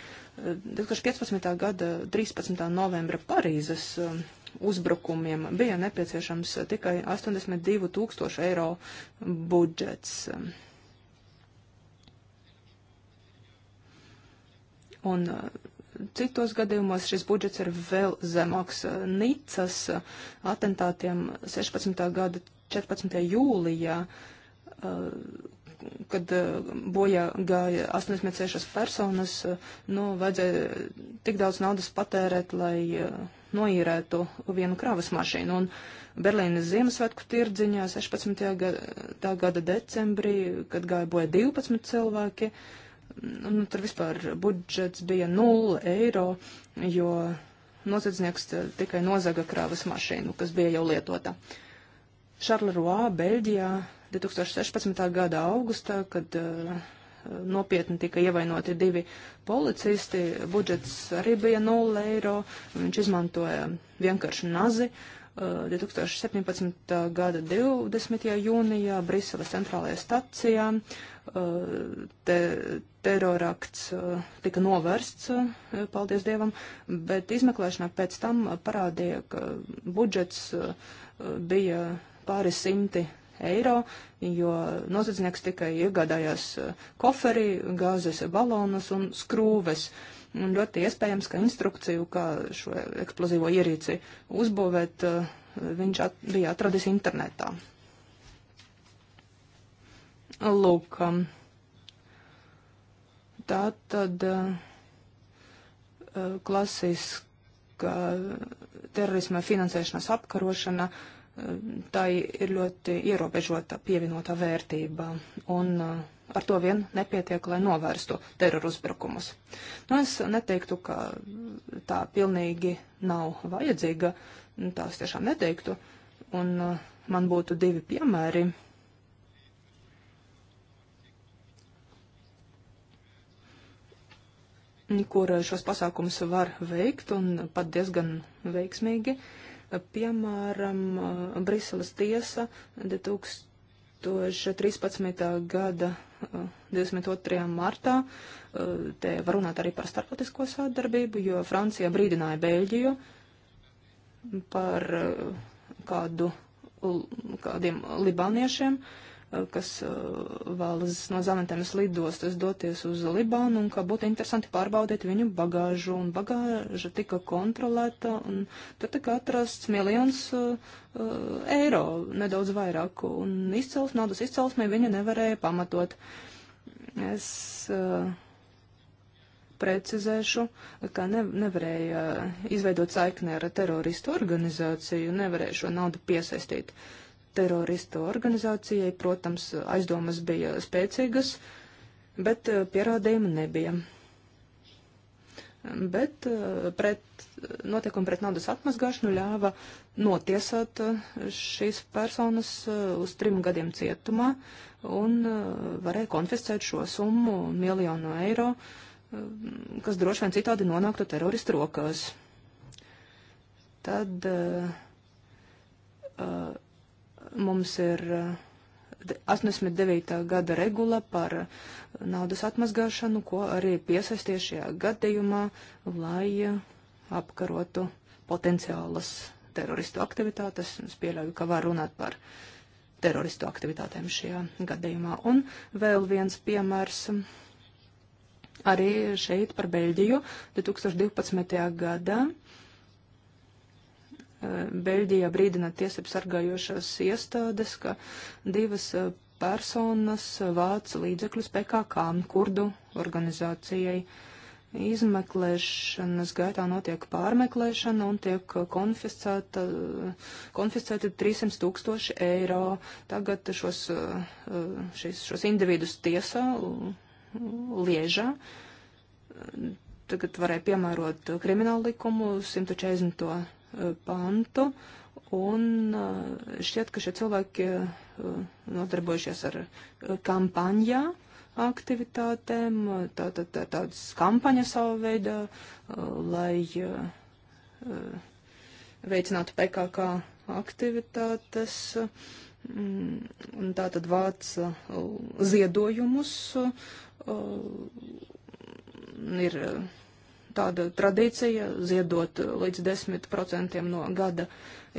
2015. Eh, gada 13. novembra Parīzes eh, uzbrukumiem bija nepieciešams tikai 82 tūkstoši eiro budžets. Un Citos gadījumos šis budžets ir vēl zemāks. Nicas atentātiem 16. gada 14. jūlijā, eh, kad eh, bojā gāja 86 personas, eh, nu, vajadzēja tik daudz naudas patērēt, lai noīrētu vienu kravas mašīnu. Un Berlīnas Ziemassvētku tirdziņā 16. Gada, gada decembrī, kad gāja bojā 12 cilvēki, uh, nu, tur vispār budžets bija 0 eiro, jo noziedznieks tikai nozaga krāvas mašīnu, kas bija jau lietota. Šarleroi, Beļģijā, 2016. gada augustā, kad uh, nopietni tika ievainoti divi policisti, budžets arī bija 0 eiro, viņš izmantoja vienkārši nazi. Uh, eh, 2017. gada 20. jūnijā Briseles centrālajā stacijā uh, te, terorakts eh, tika novērsts, eh, paldies Dievam, bet izmeklēšanā pēc tam parādīja, ka budžets eh, bija pāris simti eiro, jo noziedznieks tikai iegādājās koferi, gāzes balonus un skrūves. Un ļoti iespējams, ka instrukciju, kā šo eksplozīvo ierīci uzbūvēt, viņš at bija atradis internetā. Lūk, um, tā tad uh, uh, klasiska terorisma finansēšanas apkarošana, uh, tā ir ļoti ierobežota pievienotā vērtība, un ar to vien nepietiek, lai novērstu teroru uzbrukumus. Nu, es neteiktu, ka tā pilnīgi nav vajadzīga, tās tiešām neteiktu, un man būtu divi piemēri kur šos pasākumus var veikt un pat diezgan veiksmīgi. Piemēram, Briseles tiesa 2013. gada 22. Uh, martā, uh, te var runāt arī par starptautisko sadarbību, jo Francija brīdināja Beļģiju par uh, kādu, kādiem libāniešiem, uh, kas uh, vēlas no Zaventemes lidostas doties uz Libānu, un ka būtu interesanti pārbaudīt viņu bagāžu, un bagāža tika kontrolēta, un tur tika atrasts miljons uh, uh eiro, nedaudz vairāk, un izcels, naudas izcelsmē viņa nevarēja pamatot. Es uh, precizēšu, ka ne, nevarēja izveidot saikni ar teroristu organizāciju, nevarēja šo naudu piesaistīt. Uh, teroristu organizācijai, protams, aizdomas bija spēcīgas, bet eh, pierādījuma nebija. Bet eh, pret, notiekumi pret naudas atmazgāšanu ļāva notiesāt eh, šīs personas uz trim gadiem cietumā un varēja konfiscēt šo summu miljonu eiro, kas droši vien citādi nonāktu teroristu rokās. Tad uh, uh, Mums ir 89. Eh, gada regula par eh, naudas atmazgāšanu, ko arī piesaistīja šajā gadījumā, lai eh, apkarotu potenciālas teroristu aktivitātes. Es pieļauju, ka var runāt par teroristu aktivitātēm šajā gadījumā. Un vēl viens piemērs mm, arī šeit par Beļģiju 2012. gadā. Eh, Beļģijā brīdina tiesību sargājošās iestādes, ka divas eh, personas vāc līdzekļus PKK kurdu organizācijai. Izmeklēšanas gaitā notiek pārmeklēšana un tiek konfiscēta, konfiscēta 300 tūkstoši eiro. Tagad šos, eh, šis, šos individus tiesā liežā. Tagad varēja piemērot kriminālu likumu 140. Eh, pantu, un eh, šķiet, ka šie cilvēki eh, nodarbojušies ar kampaņā aktivitātēm, tātad tā, tā, tādas kampaņas savu veidā, lai veicinātu PKK aktivitātes, mm, un tātad vāca ziedojumus, ir tāda tradīcija ziedot līdz 10% no gada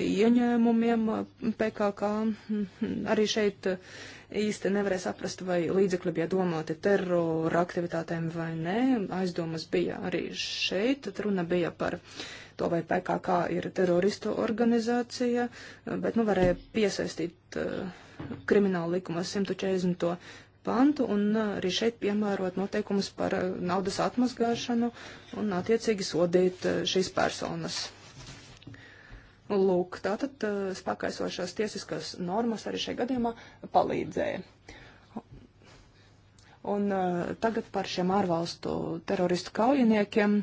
ieņēmumiem PKK. Arī šeit īsti nevarēja saprast, vai līdzekļi bija domāti terora aktivitātēm vai nē. Aizdomas bija arī šeit. Tad runa bija par to, vai PKK ir teroristu organizācija, bet nu varēja piesaistīt eh, krimināla likuma 140 pantu un uh, arī šeit piemērot noteikumus par uh, naudas atmazgāšanu un attiecīgi sodīt uh, šīs personas. Lūk, tātad spēkā esošās tiesiskās normas arī šajā gadījumā palīdzēja. Un tagad par šiem ārvalstu teroristu kaujiniekiem,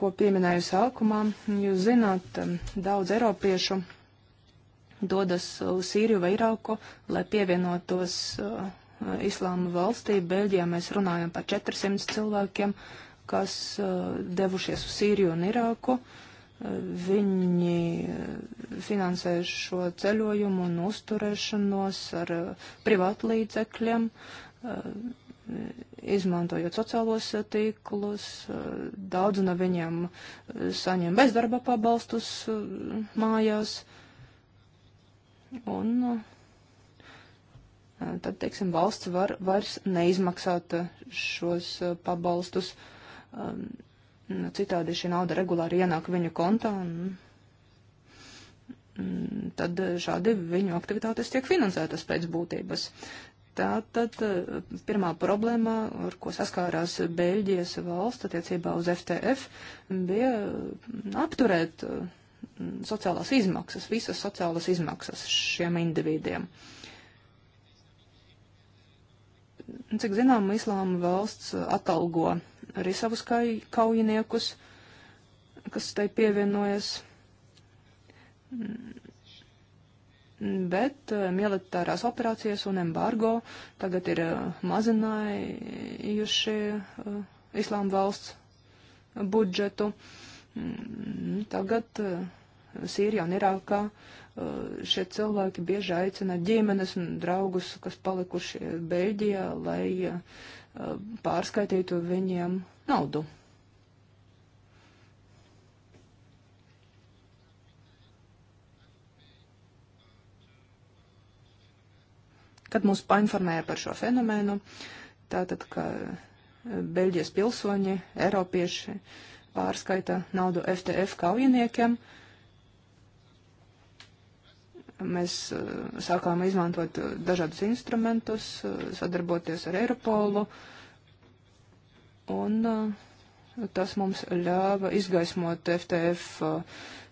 ko pieminēju sākumā. Jūs zināt, um, daudz eiropiešu dodas uz Sīriju vai Irāku, lai pievienotos uh, Islāma valstī. Beļģijā mēs runājam par 400 cilvēkiem, kas uh, devušies uz Sīriju un Irāku. Uh, viņi uh, finansē šo ceļojumu un uzturēšanos ar uh, privātu līdzekļiem, uh, izmantojot sociālos tīklus, daudz no viņiem saņem bezdarba pabalstus mājās Un uh, tad, teiksim, valsts var vairs neizmaksāt uh, šos uh, pabalstus. Um, nu, citādi šī nauda regulāri ienāk viņu kontā, un mm, tad šādi viņu aktivitātes tiek finansētas pēc būtības. Tātad pirmā problēma, ar ko saskārās Beļģijas valsts attiecībā uz FTF, bija apturēt uh, sociālās izmaksas, visas sociālās izmaksas šiem individiem. Cik zinām, Islāma valsts atalgo arī savus kaujiniekus, kas tai pievienojas, bet eh, militārās operācijas un embargo tagad ir eh, mazinājuši eh, Islāma valsts budžetu. Uh, Mm, tagad eh, Sīrijā un Irākā eh, šie cilvēki bieži aicina ģimenes un draugus, kas palikuši Beļģijā, lai eh, pārskaitītu viņiem naudu. Kad mūs painformēja par šo fenomenu, tātad, ka Beļģijas pilsoņi, Eiropieši, uh, pārskaita naudu FTF kaujiniekiem. Mēs uh, sākām izmantot uh, dažādus instrumentus, uh, sadarboties ar Eiropolu, un tas mums ļāva izgaismot FTF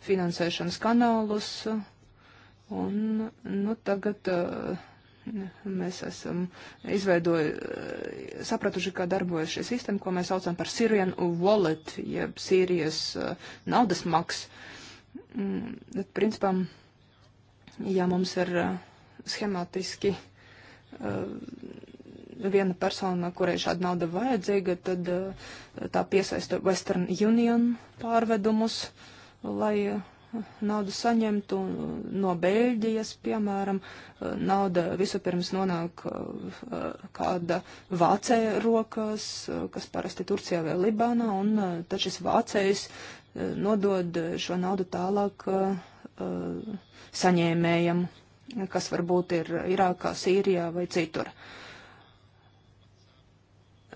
finansēšanas kanālus, un nu, tagad uh, Mēs esam izveidojuši, eh, sapratuši, kā darbojas šī sistēma, ko mēs saucam par Syrian wallet, jeb Sīrijas eh, naudas maks. Mm, bet, principā, ja mums ir eh, schematiski viena persona, kurai šāda nauda vajadzīga, tad tā piesaista Western Union pārvedumus, lai naudu saņemtu uh, no Beļģijas, piemēram, uh, nauda vispirms nonāk uh, kāda vācēja rokās, kas parasti Turcijā vai Libānā, un tad šis vācējs nodod šo naudu tālāk saņēmējam, kas varbūt ir Irākā, Sīrijā vai citur. Uh,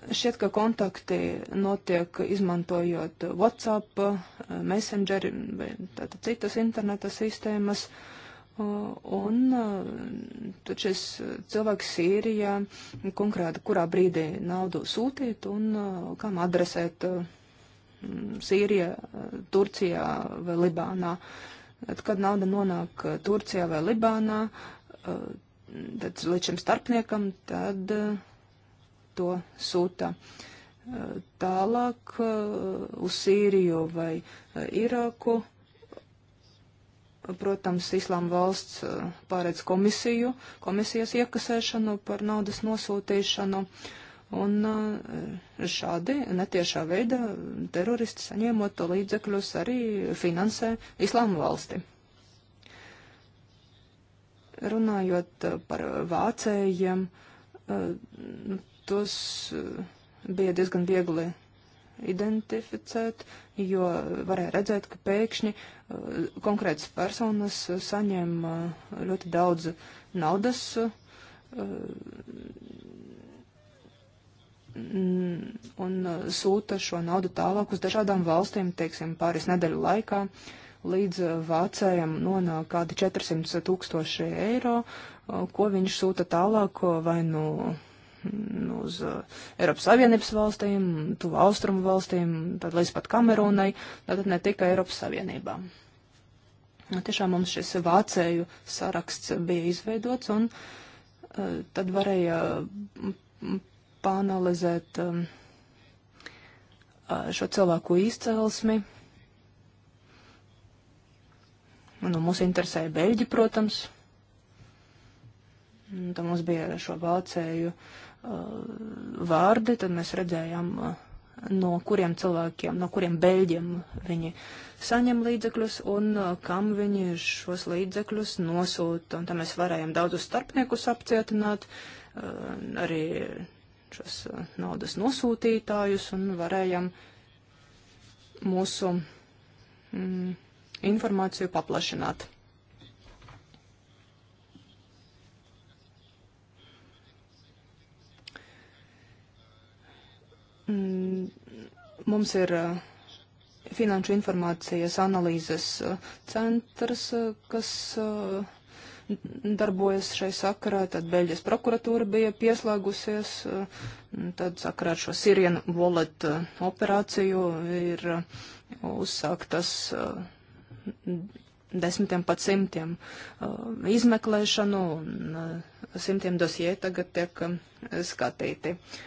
Šķiet, ka kontakti notiek izmantojot WhatsApp, Messengeri vai tātad citas interneta sistēmas. Un e, tad šis cilvēks Sīrijā konkrēti, kurā brīdī naudu sūtīt un e, kam adresēt e, Sīrijā, Turcijā vai Libānā. Tad, kad nauda nonāk Turcijā vai Libānā, tad līdz šim starpniekam, tad uh, to sūta eh, tālāk eh, uz Sīriju vai eh, Irāku. Protams, Islāma valsts pārēdz komisiju, komisijas iekasēšanu par naudas nosūtīšanu. Un šādi netiešā veidā teroristi saņēmot to līdzekļus arī finansē Islāma valsti. Runājot par vācējiem, tos eh, bija diezgan viegli identificēt, jo varēja redzēt, ka pēkšņi eh, konkrētas personas eh, saņēma ļoti daudz naudas. Mm, un sūta šo naudu tālāk uz dažādām valstīm, teiksim, pāris nedēļu laikā līdz vācējam nonāk kādi 400 tūkstoši eiro, ko viņš sūta tālāk vai nu no Nu, uz uh, Eiropas Savienības valstīm, tuvu austrumu valstīm, tad līdz pat Kamerūnai, tad ne tikai Eiropas Savienībā. Nu, tiešām mums šis vācēju saraksts bija izveidots, un uh, tad varēja pāanalizēt um, uh, šo cilvēku izcelsmi. Nu, mūs interesēja Beļģi, protams. Un, nu, tā mums bija šo vācēju uh, Uh, vārdi, tad mēs redzējām, uh, no kuriem cilvēkiem, no kuriem beļģiem viņi saņem līdzekļus un uh, kam viņi šos līdzekļus nosūta. Un tā mēs varējām daudzus starpniekus apcietināt, arī šos naudas nosūtītājus un varējām mūsu mm, informāciju paplašināt. Mm, mums ir uh, finanšu informācijas analīzes uh, centrs, uh, kas darbojas šai sakarā, tad Beļģijas prokuratūra bija pieslēgusies, tad sakarā ar šo Sirienu wallet operāciju ir uzsāktas desmitiem pat simtiem uh, izmeklēšanu un uh, simtiem dosie tagad tiek uh, skatīti. Uh,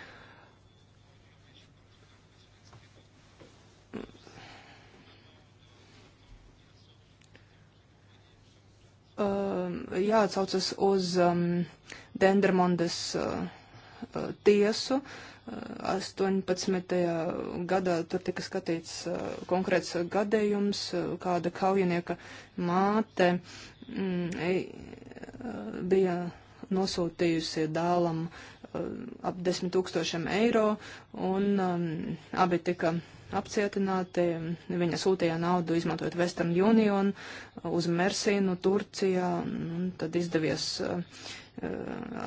Um, jāatsaucas uz um, Dendermondes uh, uh tiesu. 18. Uh, gadā tur tika skatīts uh, konkrēts gadījums, uh, kāda kaujinieka māte mm, uh, bija nosūtījusi dēlam uh, ap 10 tūkstošiem eiro, un um, abi tika apcietināti. Viņa sūtīja naudu, izmantojot Western Union uz Mersinu, Turcijā. Tad izdevies uh,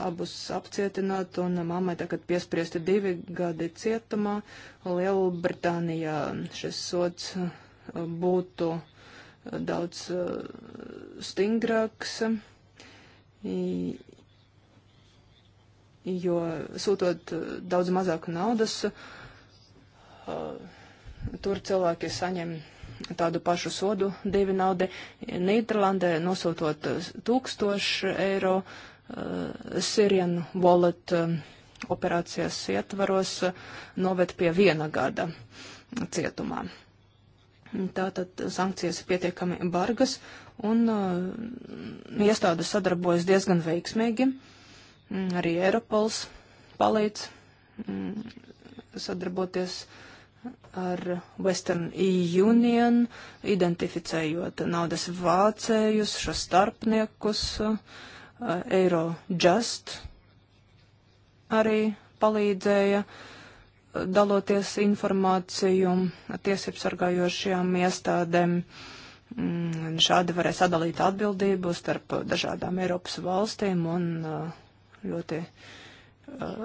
abus apcietināt, un mammai tagad piespriesti divi gadi cietumā. Lielbritānijā šis sots eh, būtu eh, daudz stingrāks, jo sūtot daudz mazāk naudas, Tur cilvēki saņem tādu pašu sodu divi naudi. Nīderlandē nosūtot eh, tūkstošu eiro uh, eh, Sirienu wallet uh, operācijas ietvaros uh, noved pie viena gada cietumā. Tātad sankcijas ir pietiekami bargas un uh, iestādes sadarbojas diezgan veiksmīgi. Mm, arī Eiropols palīdz um, sadarboties uh, ar Western Union, identificējot naudas vācējus, šos starpniekus, Eiro eh, Just arī palīdzēja eh, daloties informāciju tiesību sargājošajām iestādēm. Mm, šādi varēja sadalīt atbildību starp dažādām Eiropas valstīm un eh, ļoti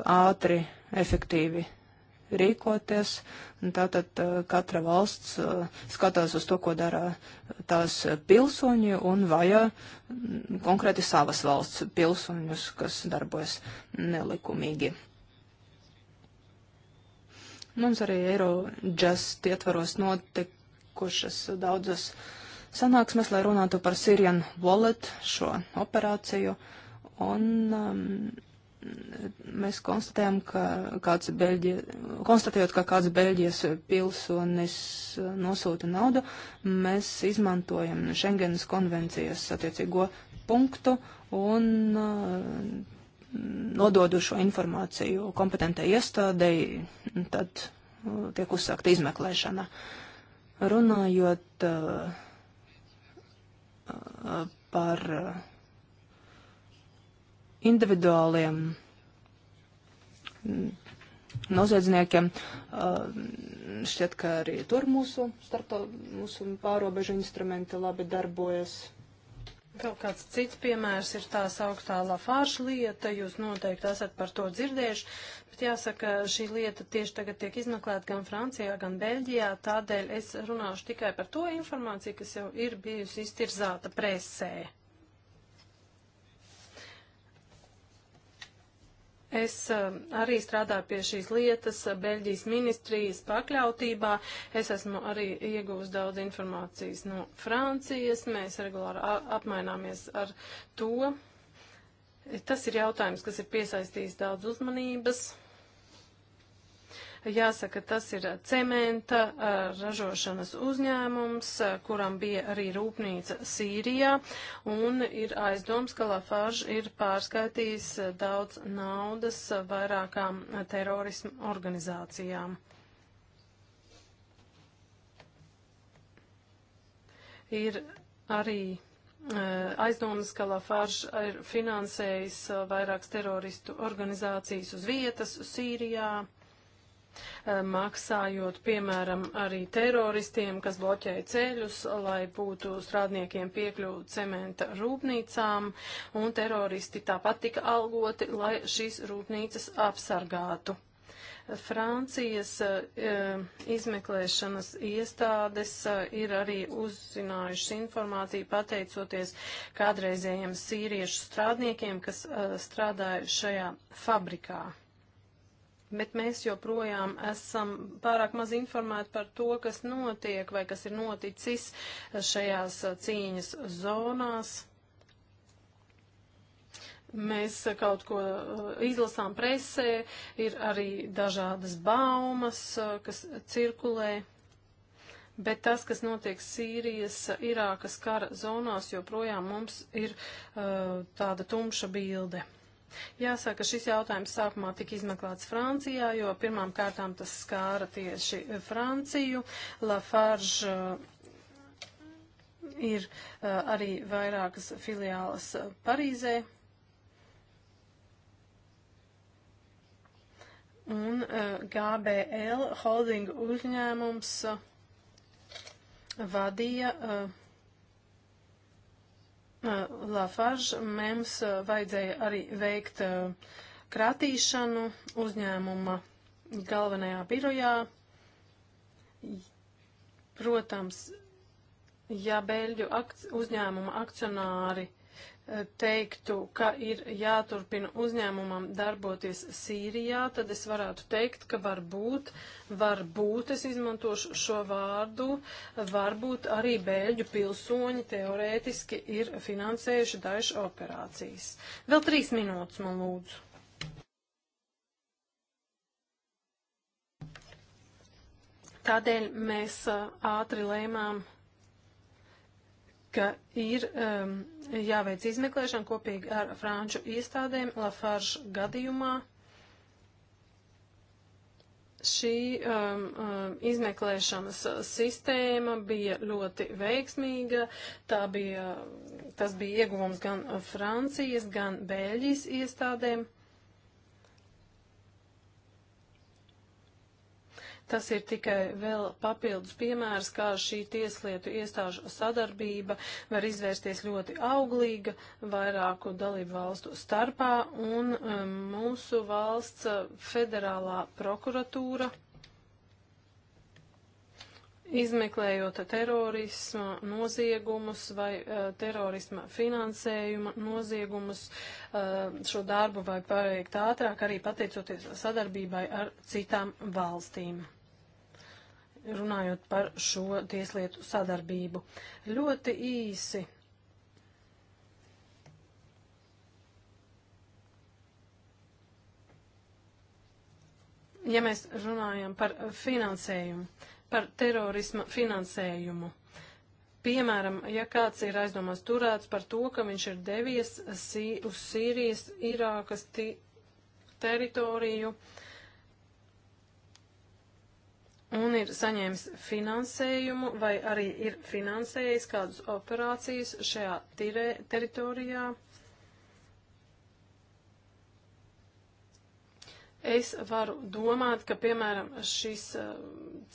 ātri, efektīvi rīkoties. Tātad uh, katra valsts uh, skatās uz to, ko dara tās pilsoņi un vajā mm, konkrēti savas valsts pilsoņus, kas darbojas nelikumīgi. Mums arī Eurojust ietvaros notikušas daudzas sanāksmes, lai runātu par Syrian Wallet šo operāciju. Un um, mēs konstatējam, ka kāds Beļģija, konstatējot, ka kāds Beļģijas pilsonis nosūta naudu, mēs izmantojam Schengenas konvencijas attiecīgo punktu un uh, nododu šo informāciju kompetentai iestādei, tad uh, tiek uzsākta izmeklēšana. Runājot uh, par individuāliem noziedzniekiem. Šķiet, ka arī tur mūsu, starto, mūsu pārobežu instrumenti labi darbojas. Vēl kāds cits piemērs ir tā sauktā Lafārša lieta, jūs noteikti esat par to dzirdējuši, bet jāsaka, šī lieta tieši tagad tiek izmeklēta gan Francijā, gan Beļģijā, tādēļ es runāšu tikai par to informāciju, kas jau ir bijusi iztirzāta presē. Es um, arī strādāju pie šīs lietas uh, Beļģijas ministrijas pakļautībā. Es esmu arī iegūst daudz informācijas no Francijas. Mēs regulāri apmaināmies ar to. Tas ir jautājums, kas ir piesaistījis daudz uzmanības. Jāsaka, tas ir cementa ražošanas uzņēmums, kuram bija arī rūpnīca Sīrijā, un ir aizdoms, ka Lafarge ir pārskaitījis daudz naudas vairākām terorismu organizācijām. ir arī uh, aizdomas, ka Lafarge ir finansējis uh, vairākas teroristu organizācijas uz vietas Sīrijā. Eh, maksājot, piemēram, arī teroristiem, kas bloķēja ceļus, lai būtu strādniekiem piekļuvu cementa rūpnīcām, un teroristi tāpat tika algoti, lai šīs rūpnīcas apsargātu. Francijas uh, izmeklēšanas iestādes uh, ir arī uzzinājušas informāciju pateicoties kādreizējiem sīriešu strādniekiem, kas uh, strādāja šajā fabrikā bet mēs joprojām esam pārāk maz informēti par to, kas notiek vai kas ir noticis šajās cīņas zonās. Mēs kaut ko eh, izlasām presē, ir arī dažādas baumas, eh, kas cirkulē, bet tas, kas notiek Sīrijas, Irākas kara zonās, joprojām mums ir uh, tāda tumša bilde. Jāsaka, šis jautājums sākumā tika izmeklēts Francijā, jo pirmām kārtām tas skāra tieši Franciju. Lafarge uh, ir uh, arī vairākas filiālas uh, Parīzē. Un GBL holdinga uzņēmums vadīja uh, Lafarge mums vajadzēja arī veikt kratīšanu uzņēmuma galvenajā birojā. Protams, ja bēļu akci uzņēmuma akcionāri teiktu, ka ir jāturpina uzņēmumam darboties Sīrijā, tad es varētu teikt, ka varbūt, varbūt es izmantošu šo vārdu, varbūt arī bēļu pilsoņi teorētiski ir finansējuši dažu operācijas. Vēl trīs minūtes, man lūdzu. Tādēļ mēs ātri lēmām ka ir um, jāveic izmeklēšana kopīgi ar franču iestādēm Lafarge gadījumā. Šī um, um, izmeklēšanas sistēma bija ļoti veiksmīga. Tā bija, tas bija ieguvums gan Francijas, gan Bēļģijas iestādēm. Tas ir tikai vēl papildus piemērs, kā šī tieslietu iestāžu sadarbība var izvērsties ļoti auglīga vairāku dalību valstu starpā un um, mūsu valsts uh, federālā prokuratūra izmeklējot terorisma noziegumus vai uh, terorisma finansējuma noziegumus, uh, šo darbu vai paveikt ātrāk, arī pateicoties sadarbībai ar citām valstīm runājot par šo tieslietu sadarbību. Ļoti īsi. Ja mēs runājam par finansējumu, par terorisma finansējumu, piemēram, ja kāds ir aizdomās turēts par to, ka viņš ir devies uz Sīrijas, Irākas teritoriju, uh, un ir saņēmis finansējumu vai arī ir finansējis kādus operācijas šajā tirē, teritorijā. Es varu domāt, ka, piemēram, šis eh,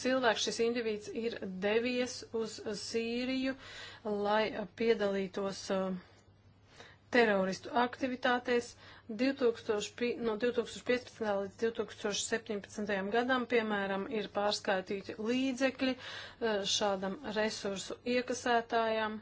cilvēks, šis individs ir devies uz Sīriju, lai piedalītos eh, teroristu aktivitātēs. Uh, 2000, no 2015. līdz 2017. gadam, piemēram, ir pārskaitīti līdzekļi eh, šādam resursu iekasētājam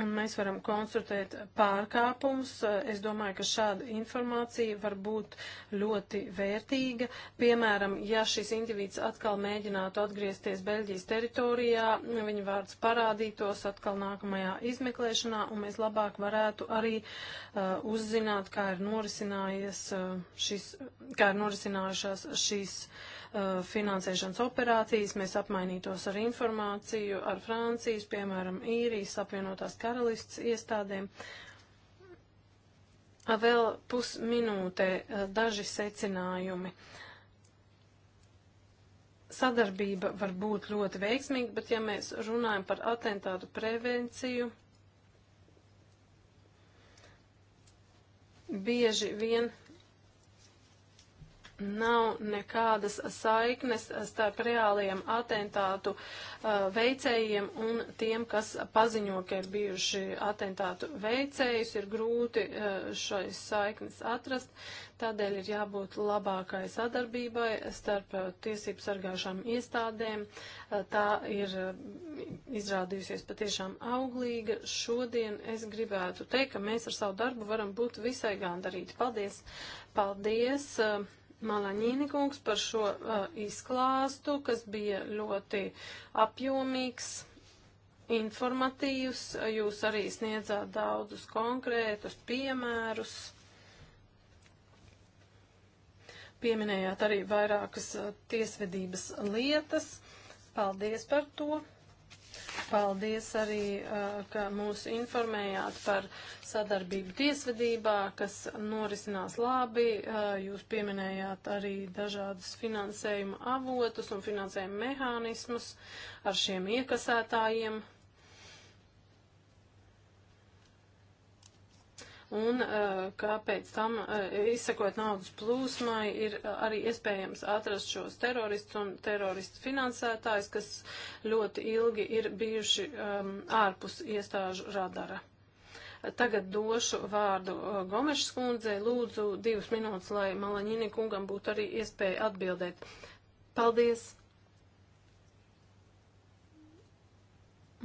un mēs varam konstatēt pārkāpumus. Es domāju, ka šāda informācija var būt ļoti vērtīga. Piemēram, ja šis individs atkal mēģinātu atgriezties Beļģijas teritorijā, viņa vārds parādītos atkal nākamajā izmeklēšanā, un mēs labāk varētu arī uh, uzzināt, kā ir norisinājies uh, šis, kā ir norisinājušās šīs. Uh, Uh, finansēšanas operācijas, mēs apmainītos ar informāciju ar Francijas, piemēram, īrijas apvienotās karalists iestādēm. Vēl pusminūtē uh, daži secinājumi sadarbība var būt ļoti veiksmīga, bet ja mēs runājam par atentātu prevenciju, bieži vien nav nekādas saiknes starp reāliem atentātu uh, veicējiem un tiem, kas paziņo, ka ir bijuši atentātu veicējus, ir grūti uh, šais saiknes atrast, tādēļ ir jābūt labākai sadarbībai starp uh, tiesību sargājušām iestādēm. Uh, tā ir uh, izrādījusies patiešām auglīga. Šodien es gribētu teikt, ka mēs ar savu darbu varam būt visai gandarīti. Paldies! Paldies! Uh, Malaņīni kungs par šo uh, izklāstu, kas bija ļoti apjomīgs, informatīvs. Jūs arī sniedzāt daudzus konkrētus piemērus. Pieminējāt arī vairākas uh, tiesvedības lietas. Paldies par to! Paldies arī, ka mūs informējāt par sadarbību tiesvedībā, kas norisinās labi. Jūs pieminējāt arī dažādas finansējuma avotus un finansējuma mehānismus ar šiem iekasētājiem. un eh, kā pēc tam, eh, izsakot naudas plūsmai, ir eh, arī iespējams atrast šos teroristus un teroristu finansētājs, kas ļoti ilgi ir bijuši um, ārpus iestāžu radara. Tagad došu vārdu Gomešas kundzei. Lūdzu, divas minūtes, lai Malaņini kungam būtu arī iespēja atbildēt. Paldies!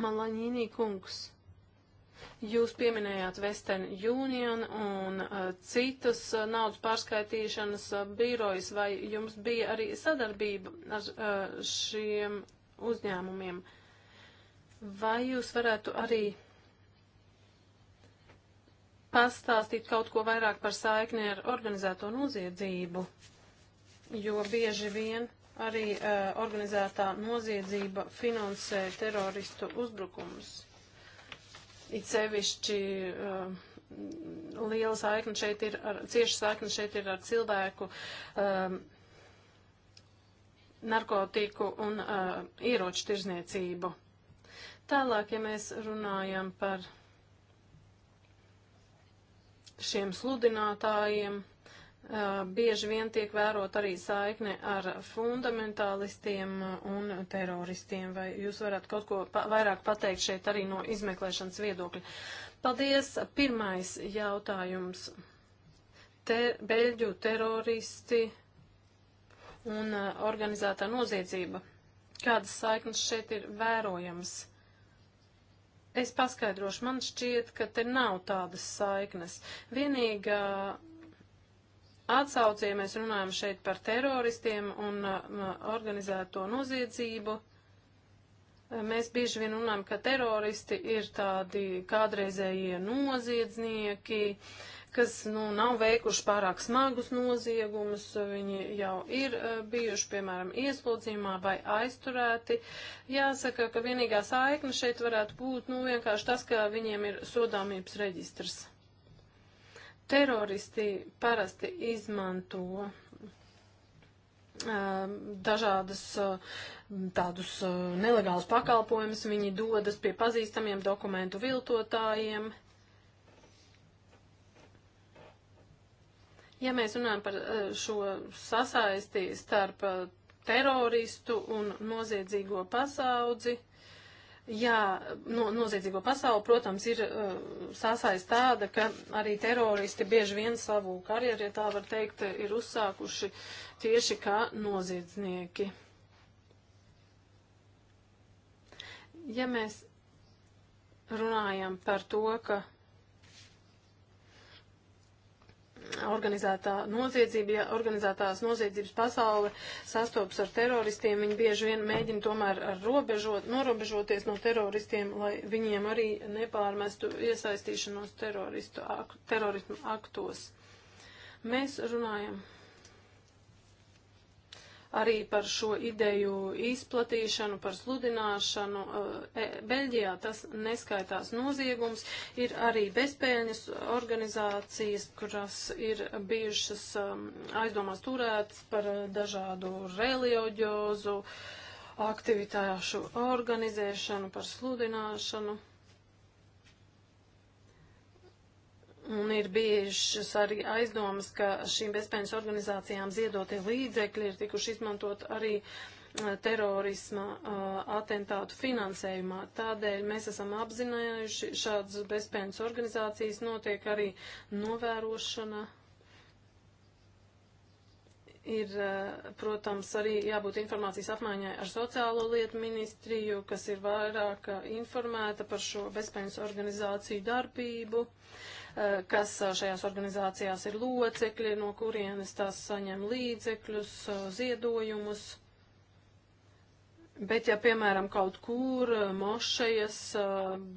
Malaņīnī kungs. Jūs pieminējāt Western Union un uh, citas uh, naudas pārskaitīšanas uh, birojas, vai jums bija arī sadarbība ar uh, šiem uzņēmumiem? Vai jūs varētu arī pastāstīt kaut ko vairāk par saikni ar organizēto noziedzību, jo bieži vien arī uh, organizētā noziedzība finansē teroristu uzbrukumus. It sevišķi uh, liela saikne šeit ir, ar, cieša saikne šeit ir ar cilvēku um, narkotiku un uh, ieroču tirzniecību. Tālāk, ja mēs runājam par šiem sludinātājiem, bieži vien tiek vērot arī saikne ar fundamentālistiem un teroristiem. Vai jūs varat kaut ko pa vairāk pateikt šeit arī no izmeklēšanas viedokļa? Paldies. Pirmais jautājums. Ter Beļģu teroristi un organizētā noziedzība. Kādas saiknes šeit ir vērojamas? Es paskaidrošu, man šķiet, ka te nav tādas saiknes. Vienīgā uh, atsauci, ja mēs runājam šeit par teroristiem un uh, organizēto noziedzību. Uh, mēs bieži vien runājam, ka teroristi ir tādi kādreizējie noziedznieki, kas nu, nav veikuši pārāk smagus noziegumus. Viņi jau ir uh, bijuši, piemēram, ieslodzījumā vai aizturēti. Jāsaka, ka vienīgā saikne šeit varētu būt nu, vienkārši tas, ka viņiem ir sodāmības reģistrs. Teroristi parasti izmanto um, dažādas um, tādus uh, nelegālus pakalpojumus. Viņi dodas pie pazīstamiem dokumentu viltotājiem. Ja mēs runājam par uh, šo sasaisti starp uh, teroristu un noziedzīgo pasaudzi, Jā, no, noziedzīgo pasauli, protams, ir uh, sasaist tāda, ka arī teroristi bieži vien savu karjeru, ja tā var teikt, ir uzsākuši tieši kā noziedznieki. Ja mēs runājam par to, ka organizētā noziedzība, ja organizētās noziedzības pasaule sastopas ar teroristiem, viņi bieži vien mēģina tomēr robežot, norobežoties no teroristiem, lai viņiem arī nepārmestu iesaistīšanos teroristu, ak, terorismu aktos. Mēs runājam arī par šo ideju izplatīšanu, par sludināšanu. Eh, e, Beļģijā tas neskaitās noziegums. Ir arī bezpēļņas organizācijas, kuras ir bijušas um, aizdomās turētas par eh, dažādu reliģiozu aktivitāšu organizēšanu, par sludināšanu. Un ir bijušas arī aizdomas, ka šīm bezpējas organizācijām ziedotie līdzekļi ir tikuši izmantot arī eh, terorisma uh, atentātu finansējumā. Tādēļ mēs esam apzinājuši šādas bezpējas organizācijas, notiek arī novērošana. Ir, uh, protams, arī jābūt informācijas apmaiņai ar sociālo lietu ministriju, kas ir vairāk informēta par šo bezpējas organizāciju darbību. Uh, Eh, kas eh, šajās organizācijās ir locekļi, no kurienes tās saņem līdzekļus, eh, ziedojumus. Bet, ja, piemēram, kaut kur mošejas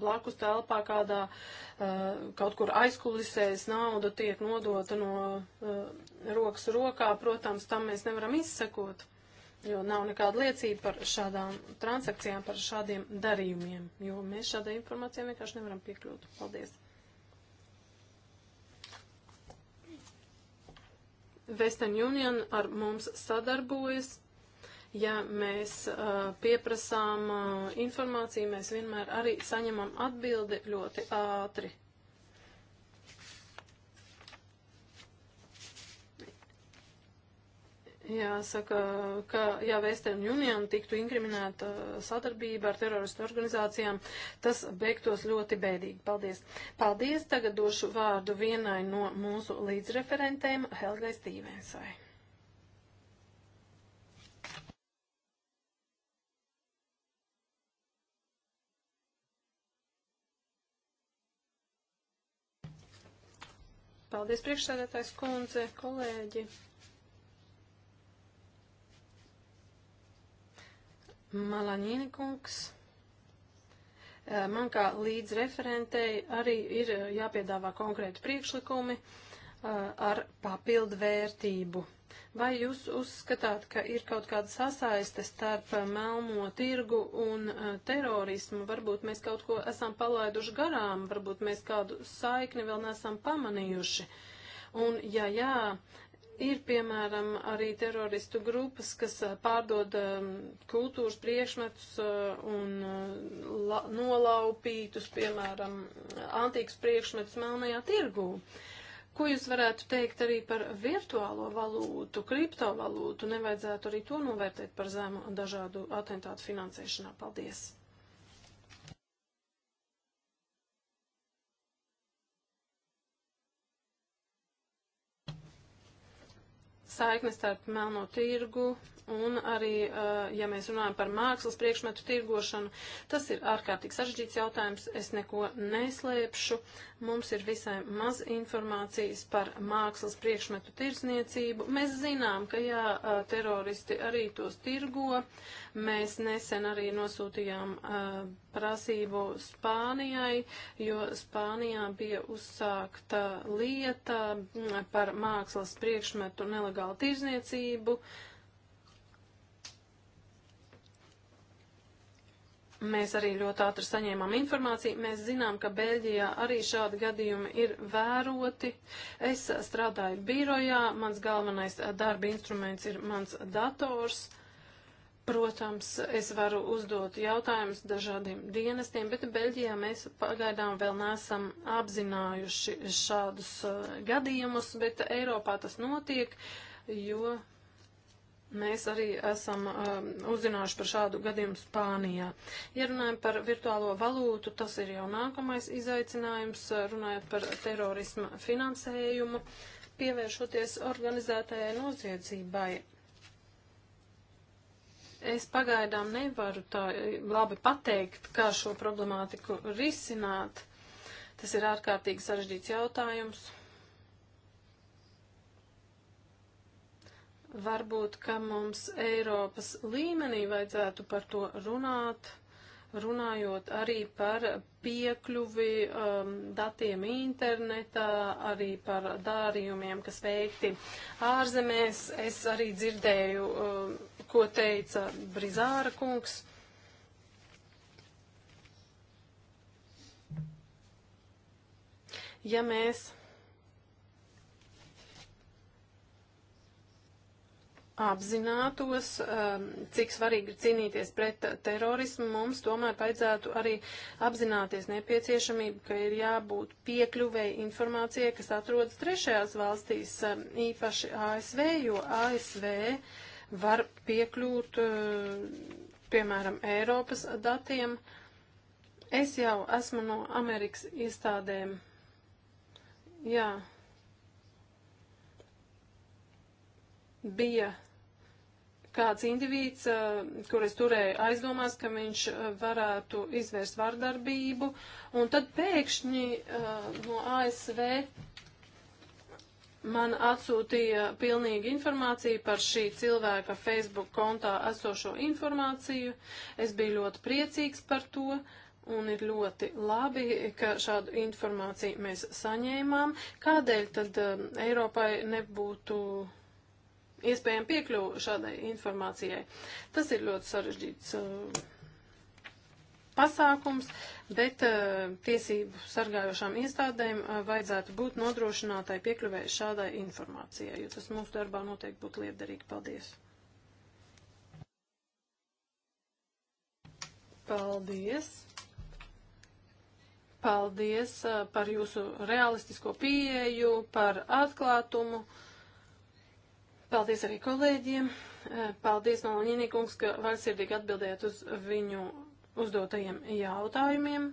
blakus telpā kādā, kaut kur aizkulisēs nauda tiek nodota no rokas rokā, protams, tam mēs nevaram izsekot, jo nav nekāda liecība par šādām transakcijām, par šādiem darījumiem, jo mēs šādai informācijai vienkārši nevaram piekļūt. Paldies! Western Union ar mums sadarbojas. Ja mēs uh, pieprasām uh, informāciju, mēs vienmēr arī saņemam atbildi ļoti ātri. Jāsaka, ka ja Western Union tiktu inkriminēta sadarbība ar teroristu organizācijām, tas beigtos ļoti bēdīgi. Paldies. Paldies. Tagad došu vārdu vienai no mūsu līdzreferentēm, Helgai Stīvensai. Paldies priekšsēdētājs kundze, kolēģi. Malaņīni kungs. Man kā līdz referentei arī ir jāpiedāvā konkrēti priekšlikumi ar papildu vērtību. Vai jūs uzskatāt, ka ir kaut kāda sasaiste starp melno tirgu un terorismu? Varbūt mēs kaut ko esam palaiduši garām, varbūt mēs kādu saikni vēl nesam pamanījuši. Un, ja jā, Ir, piemēram, arī teroristu grupas, kas pārdod kultūras priekšmetus un la, nolaupītus, piemēram, antīkus priekšmetus melnajā tirgū. Ko jūs varētu teikt arī par virtuālo valūtu, kriptovalūtu? Nevajadzētu arī to novērtēt par zemu dažādu atentātu finansēšanā. Paldies! saiknes starp melno tirgu un arī, eh, ja mēs runājam par mākslas priekšmetu tirgošanu, tas ir ārkārtīgi sažģīts jautājums, es neko neslēpšu. Mums ir visai maz informācijas par mākslas priekšmetu tirzniecību. Mēs zinām, ka jā, eh, teroristi arī tos tirgo. Mēs nesen arī nosūtījām eh, prasību Spānijai, jo Spānijā bija uzsākta lieta mm, par mākslas priekšmetu nelegālu tirzniecību. Uh, Mēs arī ļoti ātri saņēmām informāciju. Mēs zinām, ka Beļģijā arī šādi gadījumi ir vēroti. Es strādāju birojā, mans galvenais darba instruments ir mans dators. Protams, es varu uzdot jautājumus dažādiem dienestiem, bet Beļģijā mēs pagaidām vēl neesam apzinājuši šādus uh, gadījumus, bet Eiropā tas notiek, jo Mēs arī esam um, uzzinājuši par šādu gadījumu Spānijā. Ja runājam par virtuālo valūtu, tas ir jau nākamais izaicinājums, runājot par terorisma finansējumu, pievēršoties organizētajai noziedzībai. Es pagaidām nevaru tā eh, labi pateikt, kā šo problemātiku risināt. Tas ir ārkārtīgi sarežģīts jautājums. Varbūt, ka mums Eiropas līmenī vajadzētu par to runāt, runājot arī par piekļuvi um, datiem internetā, arī par dārījumiem, kas veikti ārzemēs. Es arī dzirdēju, um, ko teica Brizāra kungs. ja mēs apzinātos, um, cik svarīgi ir cīnīties pret terorismu, mums tomēr vajadzētu arī apzināties nepieciešamību, ka ir jābūt piekļuvēji informācijai, kas atrodas trešajās valstīs, um, īpaši ASV, jo ASV var piekļūt, uh, piemēram, Eiropas datiem. Es jau esmu no Amerikas iestādēm. Jā. bija kāds indivīds, eh, kur es turēju aizdomās, ka viņš eh, varētu izvērst vardarbību, un tad pēkšņi eh, no ASV man atsūtīja pilnīgi informāciju par šī cilvēka Facebook kontā esošo informāciju. Es biju ļoti priecīgs par to. Un ir ļoti labi, ka šādu informāciju mēs saņēmām. Kādēļ tad Eiropai nebūtu iespējama piekļuva šādai informācijai. Tas ir ļoti sarežģīts uh, pasākums, bet uh, tiesību sargājošām iestādēm uh, vajadzētu būt nodrošinātai piekļuvēji šādai informācijai, jo tas mūsu darbā noteikti būtu liederīgi. Paldies! Paldies! Paldies uh, par jūsu realistisko pieeju, par atklātumu. Paldies arī kolēģiem. Eh, paldies, Malaņīnī kungs, ka varsirdīgi atbildējāt uz viņu uzdotajiem jautājumiem.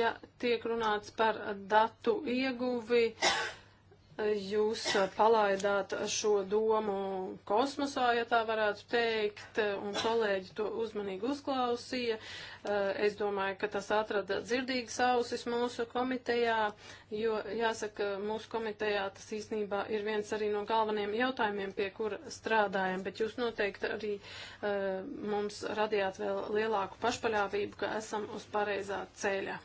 Ja tiek runāts par datu ieguvi, jūs palaidāt šo domu kosmosā, ja tā varētu teikt, un kolēģi to uzmanīgi uzklausīja. Eh, es domāju, ka tas atrada dzirdīgas ausis mūsu komitejā, jo, jāsaka, mūsu komitejā tas īstenībā ir viens arī no galvenajiem jautājumiem, pie kura strādājam, bet jūs noteikti arī eh, mums radījāt vēl lielāku pašpaļāvību, ka esam uz pareizā ceļa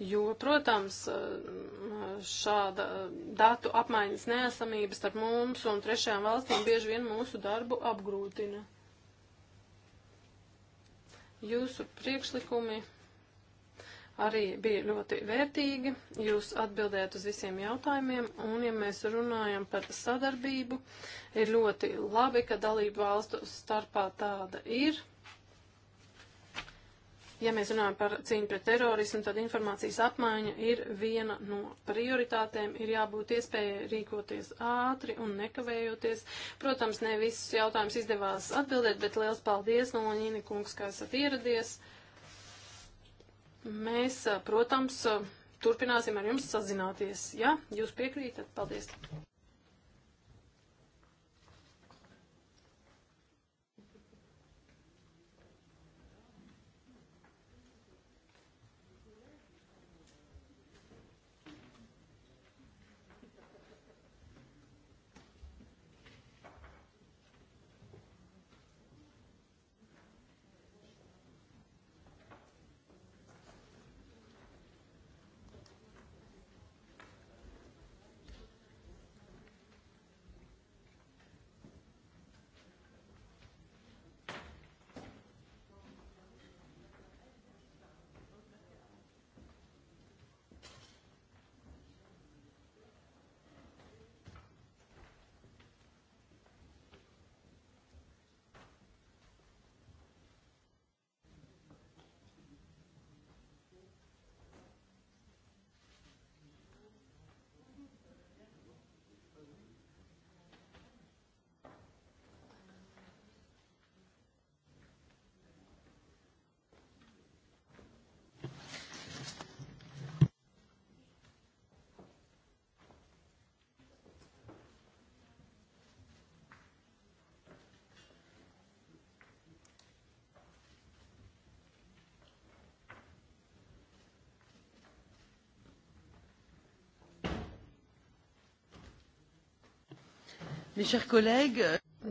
jo, protams, šāda datu apmaiņas neesamība starp mums un trešajām valstīm bieži vien mūsu darbu apgrūtina. Jūsu priekšlikumi arī bija ļoti vērtīgi. Jūs atbildējat uz visiem jautājumiem, un ja mēs runājam par sadarbību, ir ļoti labi, ka dalību valstu starpā tāda ir. Ja mēs runājam par cīņu pret terorismu, tad informācijas apmaiņa ir viena no prioritātēm. Ir jābūt iespēja rīkoties ātri un nekavējoties. Protams, ne visus jautājumus izdevās atbildēt, bet liels paldies, Nolaņīni kungs, ka esat ieradies. Mēs, protams, turpināsim ar jums sazināties. Ja jūs piekrītat, paldies!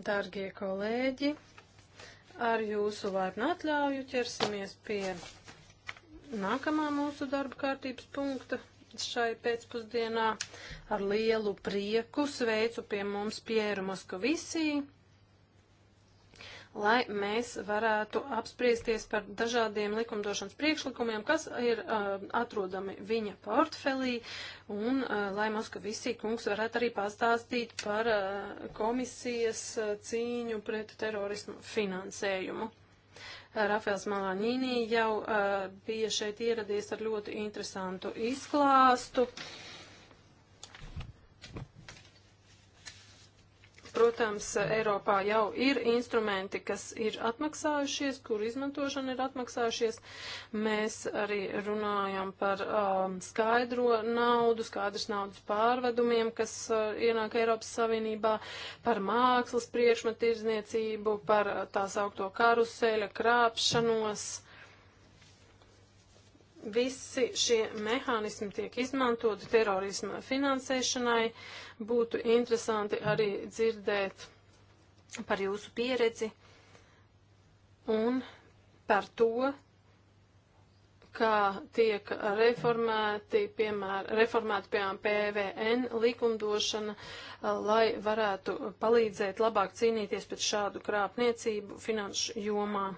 Dārgie kolēģi, ar jūsu laipnu atļauju ķersimies pie nākamā mūsu darba kārtības punkta šai pēcpusdienā. Ar lielu prieku sveicu pie mums Pieru Moskovisiju lai mēs varētu apspriesties par dažādiem likumdošanas priekšlikumiem, kas ir uh, atrodami viņa portfelī, un uh, lai Moskavisī kungs varētu arī pastāstīt par uh, komisijas uh, cīņu pret terorismu finansējumu. Uh, Rafēls Malāņīnī jau uh, bija šeit ieradies ar ļoti interesantu izklāstu. Uh, Protams, Eiropā jau ir instrumenti, kas ir atmaksājušies, kur izmantošana ir atmaksājušies. Mēs arī runājam par um, skaidro naudu, skaidrs naudas pārvedumiem, kas uh, ienāk Eiropas Savienībā, par mākslas priekšmetu izniecību, par tā saukto karuseļa krāpšanos. Uh, visi šie mehānismi tiek izmantoti terorisma finansēšanai. Būtu interesanti arī dzirdēt par jūsu pieredzi un par to, kā tiek reformēti, piemēram, reformēti, piemēram, PVN likumdošana, lai varētu palīdzēt labāk cīnīties pret šādu krāpniecību finanšu jomā.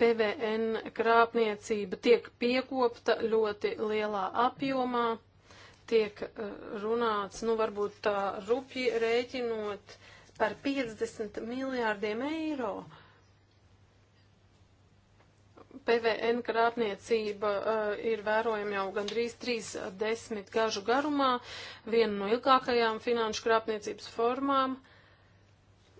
PVN krāpniecība tiek piekopta ļoti lielā apjomā, tiek eh, runāts, nu varbūt tā rupji rēķinot par 50 miljārdiem eiro. PVN krāpniecība uh, ir vērojama jau gandrīz 30 gažu garumā, viena no ilgākajām finanšu krāpniecības formām. Uh,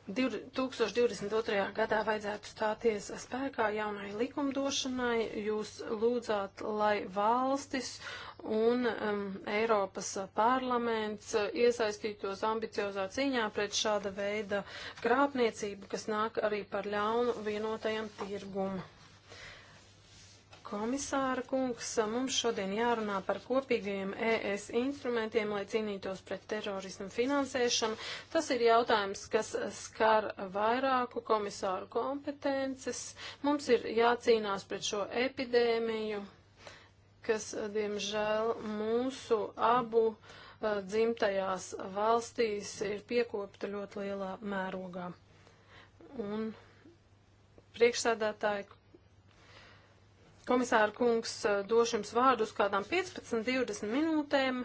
2022. gadā vajadzētu stāties spēkā jaunai likumdošanai. Jūs lūdzāt, lai valstis un um, Eiropas parlaments iesaistītos ambiciozā cīņā pret šāda veida krāpniecību, kas nāk arī par ļaunu vienotajam tirgumu. Komisāra kungs, mums šodien jārunā par kopīgajiem ES instrumentiem, lai cīnītos pret terorismu finansēšanu. Tas ir jautājums, kas skar vairāku komisāru kompetences. Mums ir jācīnās pret šo epidēmiju, kas, diemžēl, mūsu abu uh, dzimtajās valstīs ir piekopta ļoti lielā mērogā. Un priekšsēdētāja Komisāra kungs, eh, došu jums vārdu uz kādām 15-20 minūtēm,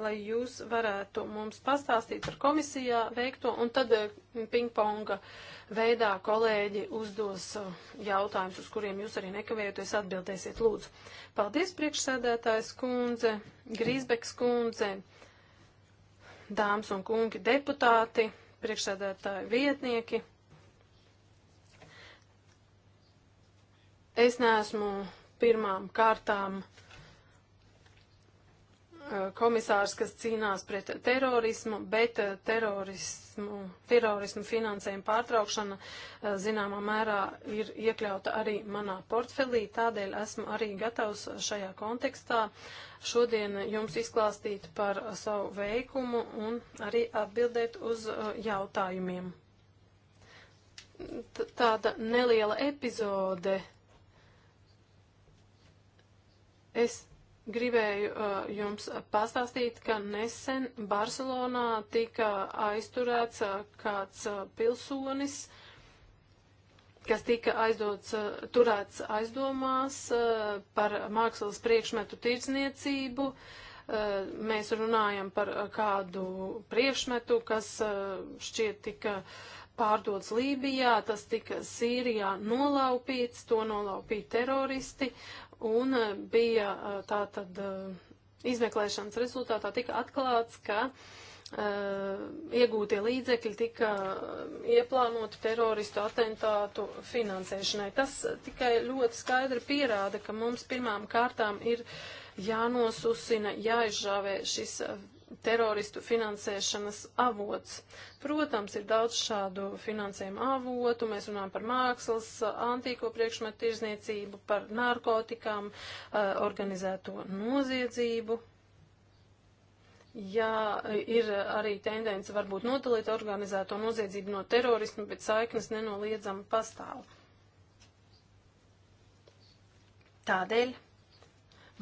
lai jūs varētu mums pastāstīt par komisijā veikto, un tad eh, pingponga veidā kolēģi uzdos eh, jautājumus, uz kuriem jūs arī nekavējoties atbildēsiet. Lūdzu, paldies priekšsēdētājs kundze, Grīsbeks kundze, dāmas un kungi deputāti, priekšsēdētāji vietnieki. Es neesmu pirmām kārtām uh, komisārs, kas cīnās pret terorismu, bet uh, terorismu, terorismu finansējuma pārtraukšana uh, zināmā mērā ir iekļauta arī manā portfelī, tādēļ esmu arī gatavs šajā kontekstā šodien jums izklāstīt par savu veikumu un arī atbildēt uz jautājumiem. T tāda neliela epizode Es gribēju uh, jums pastāstīt, ka nesen Barcelonā tika aizturēts uh, kāds uh, pilsonis, kas tika aizdots, uh, turēts aizdomās uh, par mākslas priekšmetu tirdzniecību. Uh, mēs runājam par uh, kādu priekšmetu, kas uh, šķiet tika pārdots Lībijā, tas tika Sīrijā nolaupīts, to nolaupīja teroristi, Un eh, bija eh, tā tad eh, izmeklēšanas rezultātā tika atklāts, ka uh, iegūtie līdzekļi tika ieplānoti teroristu atentātu finansēšanai. Tas tikai ļoti skaidri pierāda, ka mums pirmām kārtām ir jānosusina, jāizžāvē šis teroristu finansēšanas avots. Protams, ir daudz šādu finansējuma avotu, mēs runājam par mākslas, antīko priekšmetu tirzniecību, par narkotikām, eh, organizēto noziedzību. Jā, ir arī tendence varbūt nodalīt organizēto noziedzību no terorismu, bet saiknes nenoliedzami pastāv. Tādēļ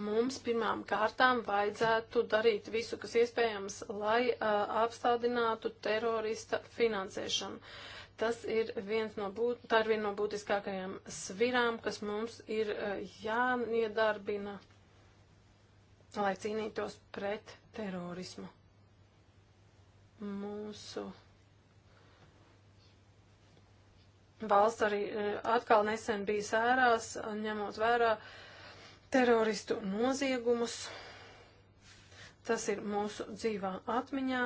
mums pirmām kārtām vajadzētu darīt visu, kas iespējams, lai uh, apstādinātu terorista finansēšanu. Tas ir viens no, būt, tā ir viena no būtiskākajām svirām, kas mums ir uh, jāniedarbina, lai cīnītos pret terorismu. Mūsu valsts arī uh, atkal nesen bija sērās, ņemot vērā uh, teroristu noziegumus. Tas ir mūsu dzīvā atmiņā.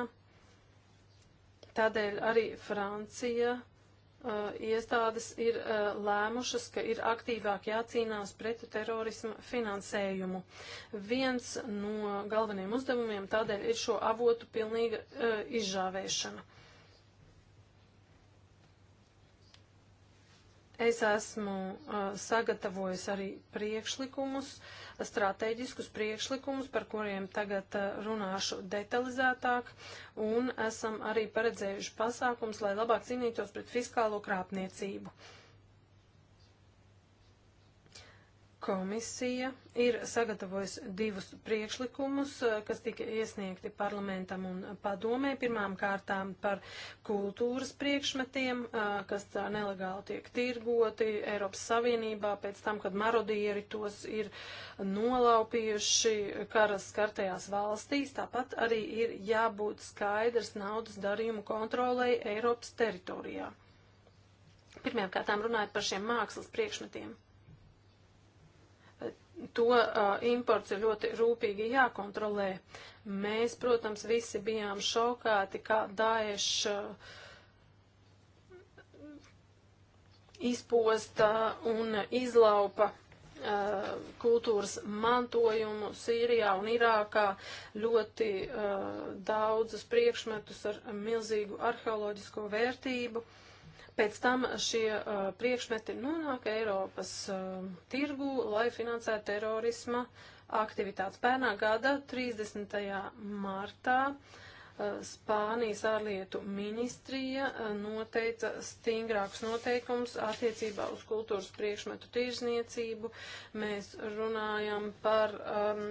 Tādēļ arī Francija uh, iestādes ir uh, lēmušas, ka ir aktīvāk jācīnās pret terorismu finansējumu. Viens no galvenajiem uzdevumiem tādēļ ir šo avotu pilnīga uh, izžāvēšana. Es esmu uh, sagatavojis arī priekšlikumus, strateģiskus priekšlikumus, par kuriem tagad uh, runāšu detalizētāk, un esam arī paredzējuši pasākums, lai labāk cīnītos pret fiskālo krāpniecību. Uh, Komisija ir sagatavojusi divus priekšlikumus, eh, kas tika iesniegti parlamentam un padomē. Pirmām kārtām par kultūras priekšmetiem, eh, kas nelegāli tiek tirgoti Eiropas Savienībā pēc tam, kad marodieri tos ir nolaupījuši karas skartajās valstīs. Tāpat arī ir jābūt skaidrs naudas darījumu kontrolei Eiropas teritorijā. Pirmkārt, runājot par šiem mākslas priekšmetiem to uh, imports ir ļoti rūpīgi jākontrolē. Mēs, protams, visi bijām šokāti, kā Daesh uh, izposta un izlaupa uh, kultūras mantojumu Sīrijā un Irākā ļoti uh, daudzus priekšmetus ar milzīgu arheoloģisko vērtību. Uh, Pēc tam šie uh, priekšmeti nonāk Eiropas uh, tirgu, lai finansētu terorisma aktivitātes. Pērnā gada 30. martā uh, Spānijas ārlietu ministrija uh, noteica stingrākus noteikumus attiecībā uz kultūras priekšmetu tirzniecību. Mēs runājam par um,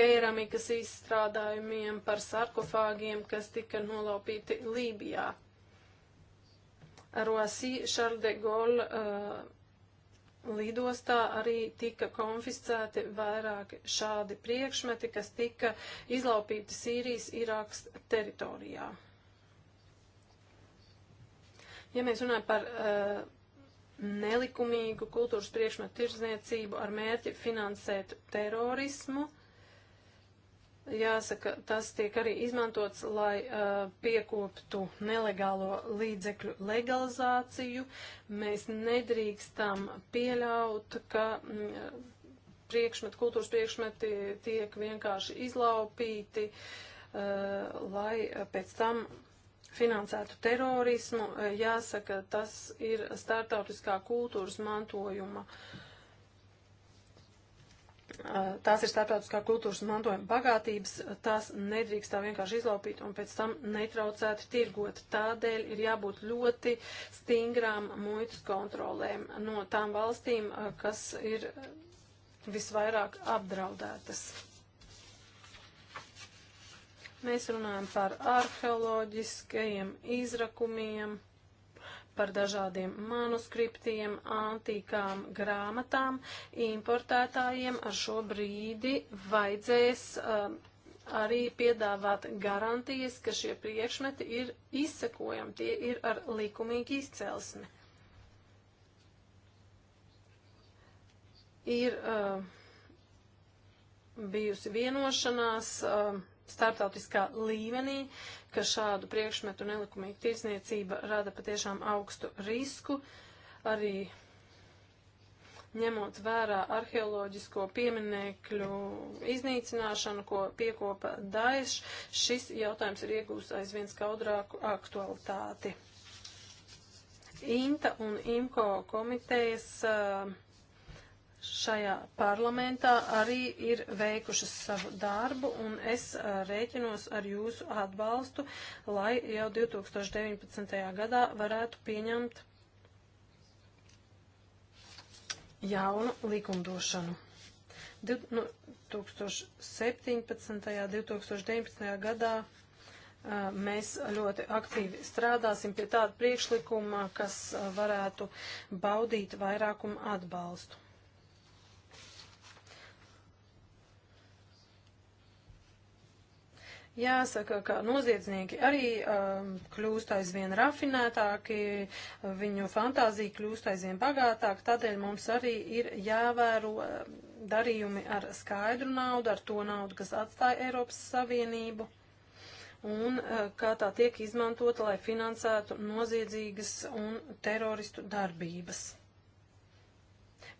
keramikas izstrādājumiem, par sarkofāgiem, kas tika nolaupīti Lībijā. Roasī Charles de Gaulle uh, lidostā arī tika konfiscēti vairāki šādi priekšmeti, kas tika izlaupīti Sīrijas Irāks teritorijā. Ja mēs runājam par uh, nelikumīgu kultūras priekšmetu tirzniecību ar mērķi finansēt terorismu, jāsaka, tas tiek arī izmantots, lai uh, piekoptu nelegālo līdzekļu legalizāciju. Mēs nedrīkstam pieļaut, ka mm, priekšmeti, kultūras priekšmeti tiek vienkārši izlaupīti, uh, lai pēc tam finansētu terorismu. Jāsaka, tas ir startautiskā kultūras mantojuma uh, tās ir starptautiskā kultūras mantojuma bagātības, tās nedrīkst tā vienkārši izlaupīt un pēc tam netraucēt tirgot. Tādēļ ir jābūt ļoti stingrām muitas kontrolēm no tām valstīm, kas ir visvairāk apdraudētas. Mēs runājam par arheoloģiskajiem izrakumiem par dažādiem manuskriptiem, antīkām grāmatām. Importētājiem ar šo brīdi vajadzēs uh, arī piedāvāt garantijas, ka šie priekšmeti ir izsekojami, tie ir ar likumīgu izcelsmi. Ir uh, bijusi vienošanās. Uh, starptautiskā līmenī, ka šādu priekšmetu nelikumīga tirsniecība rada patiešām augstu risku. Arī ņemot vērā arheoloģisko pieminekļu iznīcināšanu, ko piekopa Daesh, šis jautājums ir iegūst aizvien skaudrāku aktualitāti. INTA un IMCO komitejas uh, šajā parlamentā arī ir veikušas savu darbu, un es uh, rēķinos ar jūsu atbalstu, lai jau 2019. gadā varētu pieņemt jaunu likumdošanu. 2017. un 2019. gadā uh, mēs ļoti aktīvi strādāsim pie tāda priekšlikuma, kas uh, varētu baudīt vairākumu atbalstu. Jāsaka, ka noziedznieki arī um, kļūst aizvien rafinētāki, viņu fantāzija kļūst aizvien bagātāk, tādēļ mums arī ir jāvēro um, darījumi ar skaidru naudu, ar to naudu, kas atstāja Eiropas Savienību un uh, kā tā tiek izmantota, lai finansētu noziedzīgas un teroristu darbības.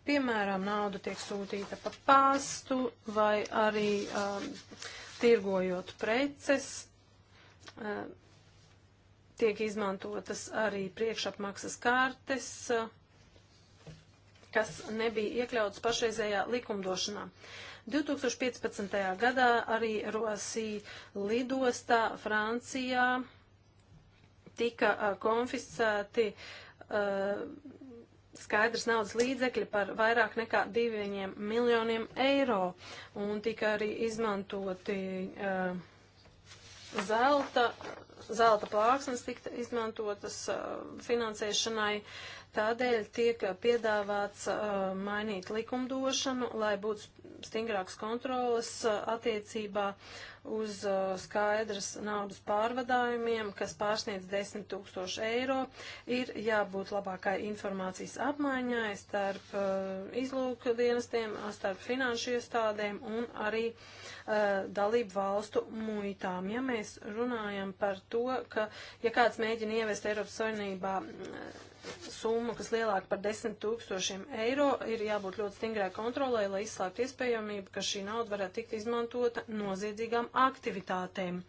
Piemēram, nauda tiek sūtīta pa pastu vai arī um, tirgojot preces, eh, tiek izmantotas arī priekšapmaksas kartes, eh, kas nebija iekļautas pašreizējā likumdošanā. 2015. gadā arī Rosī lidostā Francijā tika eh, konfiscēti uh, skaidrs naudas līdzekļi par vairāk nekā 2 miljoniem eiro un tika arī izmantoti uh, zelta, zelta plāksnes tika izmantotas uh, finansēšanai. Tādēļ tiek piedāvāts uh, mainīt likumdošanu, lai būtu stingrāks kontrolas uh, attiecībā uh, uz uh, skaidras naudas pārvadājumiem, kas pārsniedz 10 tūkstoši eiro. Ir jābūt labākai informācijas apmaiņai starp uh, izlūku dienestiem, starp finanšu iestādēm un arī uh, dalību valstu muitām. Ja mēs runājam par to, ka ja kāds mēģina ievest Eiropas Savienībā summa, kas lielāka par 10 tūkstošiem eiro, ir jābūt ļoti stingrai kontrolē, lai izslēgtu iespējamību, ka šī nauda varētu tikt izmantota noziedzīgām aktivitātēm.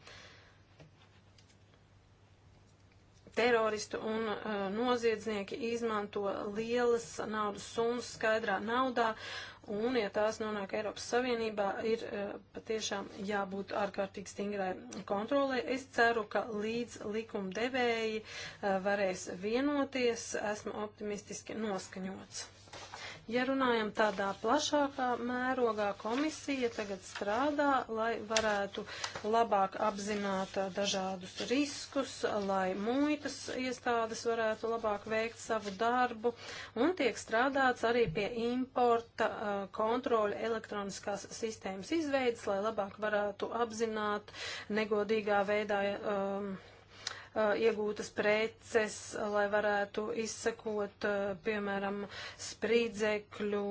Teroristu un uh, noziedznieki izmanto lielas naudas summas skaidrā naudā, uh, un, ja tās nonāk Eiropas Savienībā, ir e, patiešām jābūt ārkārtīgi stingrai kontrolē. Es ceru, ka līdz likuma devēji e, varēs vienoties. Esmu optimistiski noskaņots. Ja runājam tādā plašākā mērogā, komisija tagad strādā, lai varētu labāk apzināt uh, dažādus riskus, lai muitas iestādes varētu labāk veikt savu darbu, un tiek strādāts arī pie importa uh, kontroļa elektroniskās sistēmas izveidas, lai labāk varētu apzināt negodīgā veidā. Um, Uh, iegūtas preces, lai varētu izsekot, uh, piemēram, sprīdzekļu,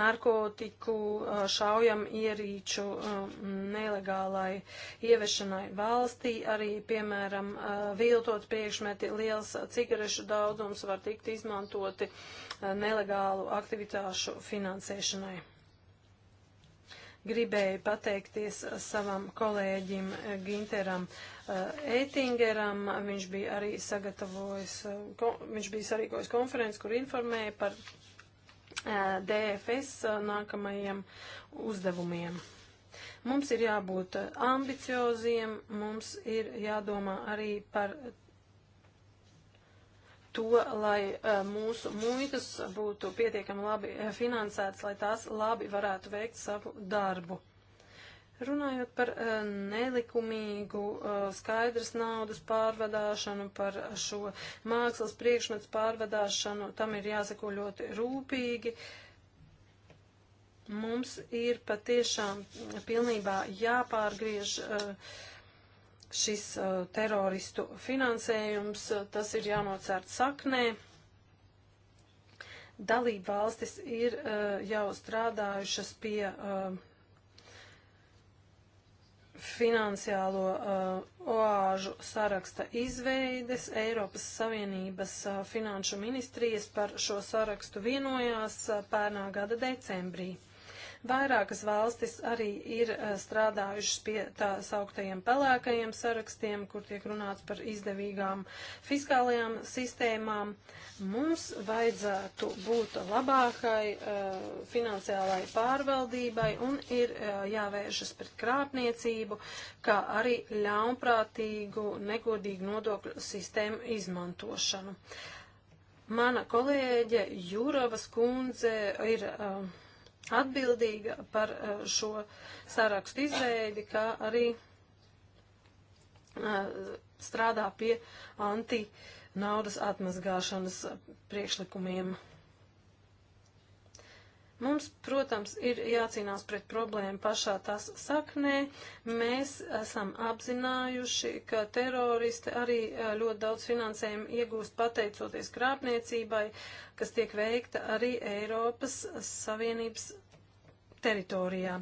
narkotiku, uh, šaujam ierīču nelegālai ievešanai valstī, arī, piemēram, viltot priekšmeti, liels cigarešu daudzums var tikt izmantoti nelegālu aktivitāšu finansēšanai gribēju pateikties uh, savam kolēģim uh, Ginteram uh, Eitingeram. Viņš bija arī sagatavojis, viņš bija sarīkojis konferenci, kur informēja par DFS nākamajiem uzdevumiem. Mums ir jābūt ambicioziem, mums ir jādomā arī par to, lai e, mūsu muitas būtu pietiekami labi e, finansētas, lai tās labi varētu veikt savu darbu. Runājot par e, nelikumīgu skaidras naudas pārvadāšanu, par šo mākslas priekšmetu pārvadāšanu, tam ir jāseko ļoti rūpīgi. Mums ir patiešām pilnībā jāpārgriež uh, šis uh, teroristu finansējums, uh, tas ir jānocērt saknē. Dalība valstis ir uh, jau strādājušas pie uh, finansiālo uh, oāžu saraksta izveides. Eiropas Savienības uh, finanšu ministrijas par šo sarakstu vienojās uh, pērnā gada decembrī. Uh, Vairākas valstis arī ir eh, strādājušas pie tā sauktajiem pelēkajiem sarakstiem, kur tiek runāts par izdevīgām fiskālajām sistēmām. Mums vajadzētu būt labākai eh, finansiālai pārvaldībai un ir eh, jāvēršas pret krāpniecību, kā arī ļaunprātīgu, negodīgu nodokļu sistēmu izmantošanu. Mana kolēģe Jūrava skundze ir uh, atbildīga par eh, šo sarakstu izveidi, kā arī eh, strādā pie antinaudas atmazgāšanas priekšlikumiem. Mums, protams, ir jācīnās pret problēmu pašā tās saknē. Mēs esam apzinājuši, ka teroristi arī eh, ļoti daudz finansējumu iegūst pateicoties krāpniecībai, kas tiek veikta arī Eiropas Savienības teritorijā.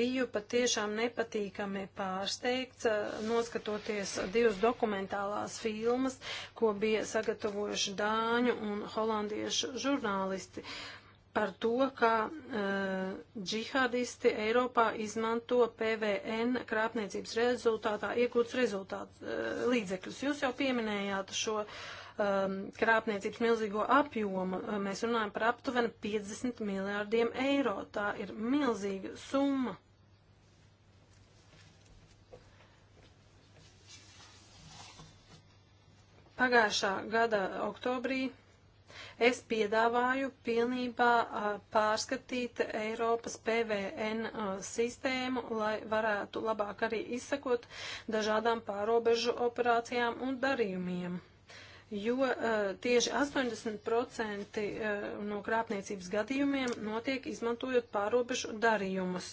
Biju patiešām nepatīkami pārsteigts, eh, noskatoties divas dokumentālās filmas, ko bija sagatavojuši dāņu un holandiešu žurnālisti. Uh, par to, ka uh, džihādisti Eiropā izmanto PVN krāpniecības rezultātā iegūtus rezultātus uh, eh, līdzekļus. Jūs jau pieminējāt šo um, krāpniecības milzīgo apjomu. Eh, mēs runājam par aptuveni 50 miljārdiem eiro. Tā ir milzīga summa. Pagājušā gada oktobrī Es piedāvāju pilnībā pārskatīt Eiropas PVN sistēmu, lai varētu labāk arī izsakot dažādām pārobežu operācijām un darījumiem jo uh, tieši 80% uh, no krāpniecības gadījumiem notiek izmantojot pārobežu darījumus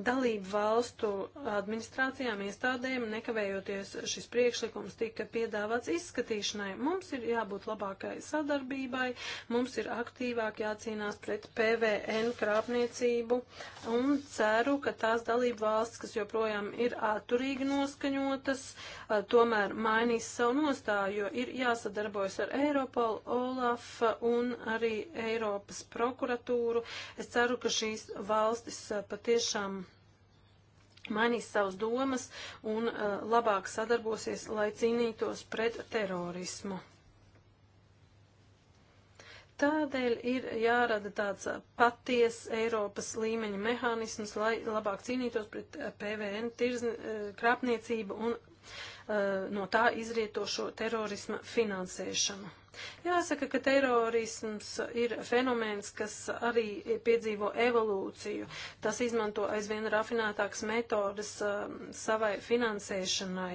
dalību valstu administrācijām iestādēm, nekavējoties šis priekšlikums tika piedāvāts izskatīšanai. Mums ir jābūt labākai sadarbībai, mums ir aktīvāk jācīnās pret PVN krāpniecību un ceru, ka tās dalību valsts, kas joprojām ir atturīgi noskaņotas, tomēr mainīs savu nostāju, jo ir jāsadarbojas ar Eiropolu, Olaf un arī Eiropas prokuratūru. Es ceru, ka šīs valstis patiešām mainīs savas domas un uh, labāk sadarbosies, lai cīnītos pret terorismu. Tādēļ ir jārada tāds uh, paties Eiropas līmeņa mehānisms, lai labāk cīnītos pret uh, PVN tirzni, uh, krāpniecību un uh, no tā izrietošo terorisma finansēšanu. Jāsaka, ka terorisms ir fenomens, kas arī piedzīvo evolūciju. Tas izmanto aizvien rafinētākas metodas uh, savai finansēšanai.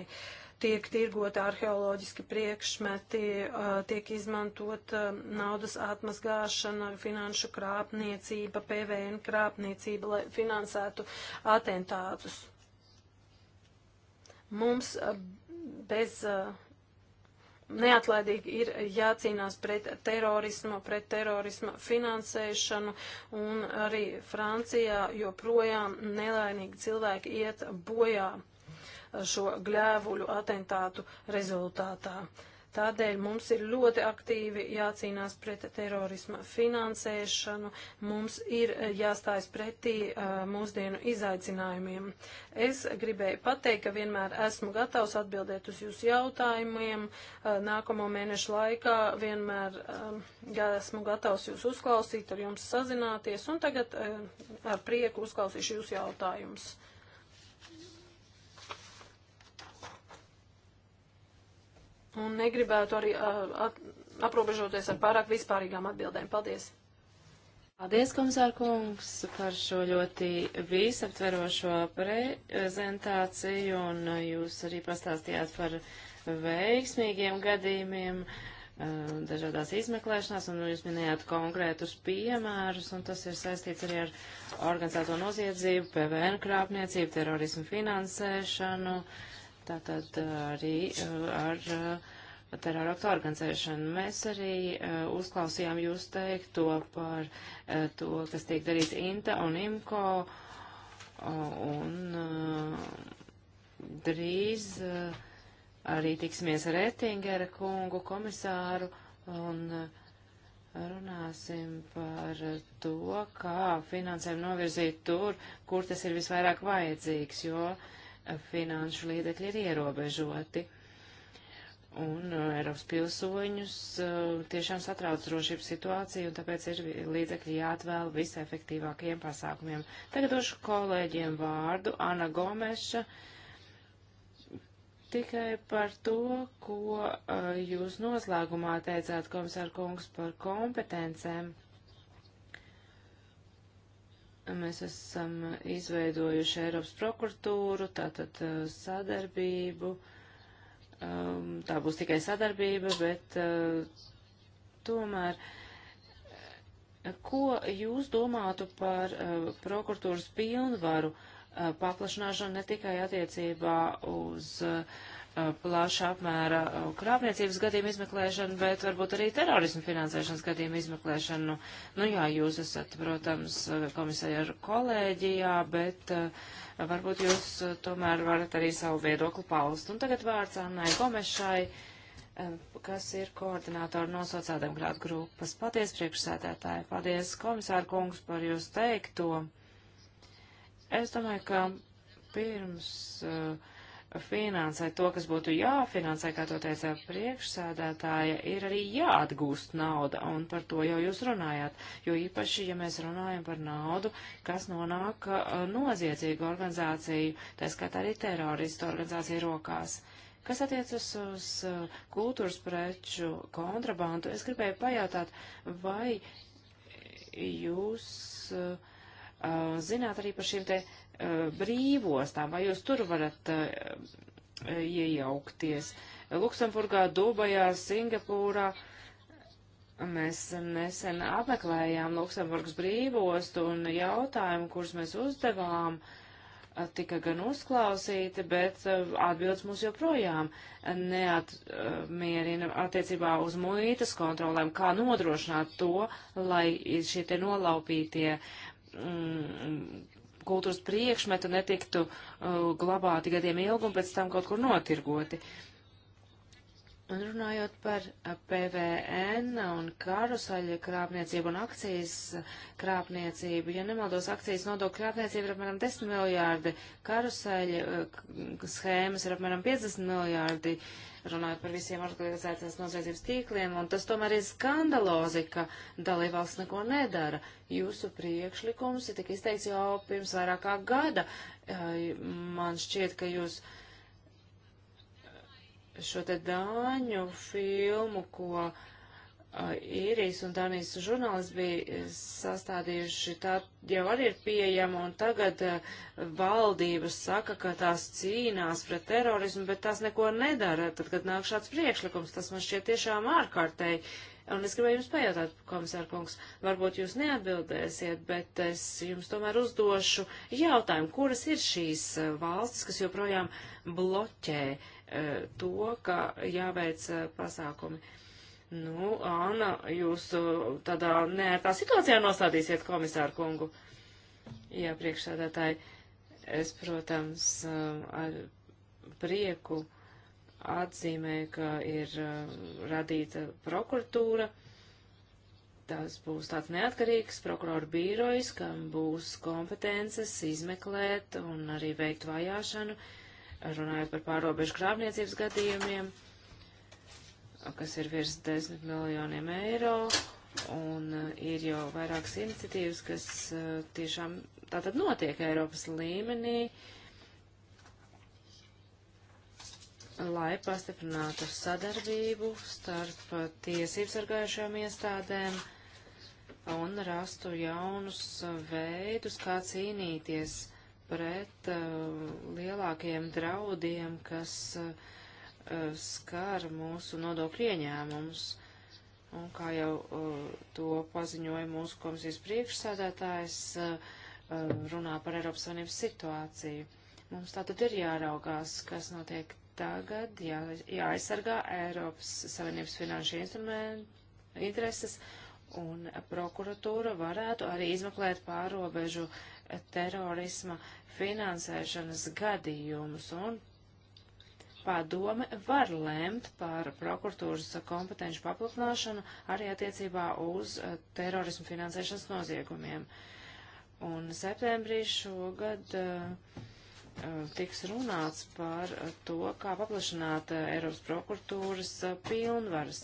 Tiek tirgota arheoloģiski priekšmeti, uh, tiek izmantot uh, naudas atmazgāšana, finanšu krāpniecība, PVN krāpniecība, lai finansētu atentātus. Mums uh, bez uh, neatlaidīgi ir jācīnās pret terorismu, pret terorisma finansēšanu, un arī Francijā joprojām nelainīgi cilvēki iet bojā šo gļēvuļu atentātu rezultātā. Tādēļ mums ir ļoti aktīvi jācīnās pret terorisma finansēšanu, mums ir eh, jāstājas pretī eh, mūsdienu izaicinājumiem. Es gribēju pateikt, ka vienmēr esmu gatavs atbildēt uz jūsu jautājumiem. Eh, nākamo mēnešu laikā vienmēr esmu gatavs jūs uzklausīt, ar jums sazināties, un tagad ar prieku uzklausīšu jūsu jautājumus. un negribētu arī uh, at, aprobežoties ar pārāk vispārīgām atbildēm. Paldies! Paldies, komisār kungs, par šo ļoti visaptverošo prezentāciju, un jūs arī pastāstījāt par veiksmīgiem gadījumiem dažādās izmeklēšanās, un jūs minējāt konkrētus piemērus, un tas ir saistīts arī ar organizēto noziedzību, PVN krāpniecību, terorismu finansēšanu, uh, tātad arī ar terorāktu organizēšanu. Mēs arī uzklausījām jūs teikto par to, kas tiek darīts INTA un IMCO, un drīz arī tiksimies ar Ettingera kungu, komisāru, un runāsim par to, kā finansējumu novirzīt tur, kur tas ir visvairāk vajadzīgs, jo uh, finanšu līdzekļi ir ierobežoti. Un uh, Eiropas pilsoņus uh, tiešām satrauc drošības situācija, un tāpēc ir līdzekļi jāatvēl visefektīvākajiem pasākumiem. Tagad došu kolēģiem vārdu Ana Gomeša tikai par to, ko uh, jūs noslēgumā teicāt, komisār kungs, par kompetencēm Mēs esam izveidojuši Eiropas prokuratūru, tātad uh, sadarbību. Um, tā būs tikai sadarbība, bet uh, tomēr. Ko jūs domātu par uh, prokuratūras pilnvaru uh, paplašināšanu ne tikai attiecībā uz uh, Uh, plaša apmēra uh, krāpniecības gadījumu izmeklēšanu, bet varbūt arī terorismu finansēšanas gadījumu izmeklēšanu. Nu jā, jūs esat, protams, komisāra kolēģijā, bet uh, varbūt jūs tomēr varat arī savu viedokli paust. Un tagad vārds Annai Gomešai, kas ir koordinātori no sociāldemokrāta grupas. Paldies, priekšsēdētāji, paldies, komisāra kungs, par jūs teikto. Es domāju, ka pirms uh, finansē to, kas būtu jāfinansē, kā to teica priekšsēdētāja, ir arī jāatgūst nauda, un par to jau jūs runājāt, jo īpaši, ja mēs runājam par naudu, kas nonāk uh, noziedzīgu organizāciju, tā skatā arī teroristu organizāciju rokās. Kas attiecas uz uh, kultūras preču kontrabandu, es gribēju pajautāt, vai jūs uh, zināt arī par šīm te Eh, brīvostām, vai jūs tur varat eh, iejaukties. Luksemburgā, Dubajā, Singapūrā. Mēs nesen apmeklējām Luksemburgas brīvostu un jautājumu, kurus mēs uzdevām, eh, tika gan uzklausīti, bet atbildes mūs joprojām neatmierina attiecībā uz muitas kontrolēm, kā nodrošināt to, lai šie te nolaupītie mm, kultūras priekšmetu netiktu uh, glabāti gadiem ilgi un pēc tam kaut kur notirgoti. Un runājot par uh, PVN un karusaļa krāpniecību un akcijas uh, krāpniecību, ja nemaldos, akcijas nodokļu krāpniecība ir apmēram 10 miljārdi, karusaļa uh, schēmas ir apmēram 50 miljārdi. Uh, runājot par visiem organizētās noziedzības tīkliem, un tas tomēr ir skandalozi, ka dalībvalsts neko nedara. Jūsu priekšlikums ir tik izteikts jau pirms vairākā gada. Man šķiet, ka jūs eh, šo te dāņu filmu, ko uh, īrijas un Danijas žurnālisti bija e, sastādījuši, tā jau arī ir pieejama, un tagad e, valdības saka, ka tās cīnās pret terorismu, bet tās neko nedara. Tad, kad nāk šāds priekšlikums, tas man šķiet tiešām ārkārtēji. Un es gribēju jums pajautāt, komisār kungs, varbūt jūs neatbildēsiet, bet es jums tomēr uzdošu jautājumu, kuras ir šīs e, valstis, kas joprojām bloķē to, ka jāveic pasākumi. Uh, Nu, Āna, jūs uh, tādā neērtā situācijā nostādīsiet komisāru kungu. Jā, priekšsēdētāji, es, protams, uh, ar prieku atzīmēju, ka ir uh, radīta prokuratūra. Tas būs tāds neatkarīgs prokuroru bīrojs, kam būs kompetences izmeklēt un arī veikt vajāšanu, runājot par pārobežu krāpniecības gadījumiem kas ir virs 10 miljoniem eiro, un uh, ir jau vairākas iniciatīvas, kas uh, tiešām tātad notiek Eiropas līmenī, lai pastiprinātu sadarbību starp tiesību sargājušajām iestādēm un rastu jaunus veidus, kā cīnīties pret uh, lielākiem draudiem, kas uh, Eh, skar mūsu nodokļu ieņēmumus. Un kā jau eh, to paziņoja mūsu komisijas priekšsēdētājs, eh, runā par Eiropas Savienības situāciju. Mums tātad ir jāraugās, kas notiek tagad, jā, jāaizsargā Eiropas Savienības finanšu instrumentu intereses, un prokuratūra varētu arī izmeklēt pārobežu terorisma finansēšanas gadījumus un Padome var lemt par prokuratūras kompetenci paplašināšanu arī attiecībā uz eh, terorismu finansēšanas noziegumiem. Un septembrī šogad uh, tiks runāts par to, kā paplašināt Eiropas prokuratūras pilnvaras.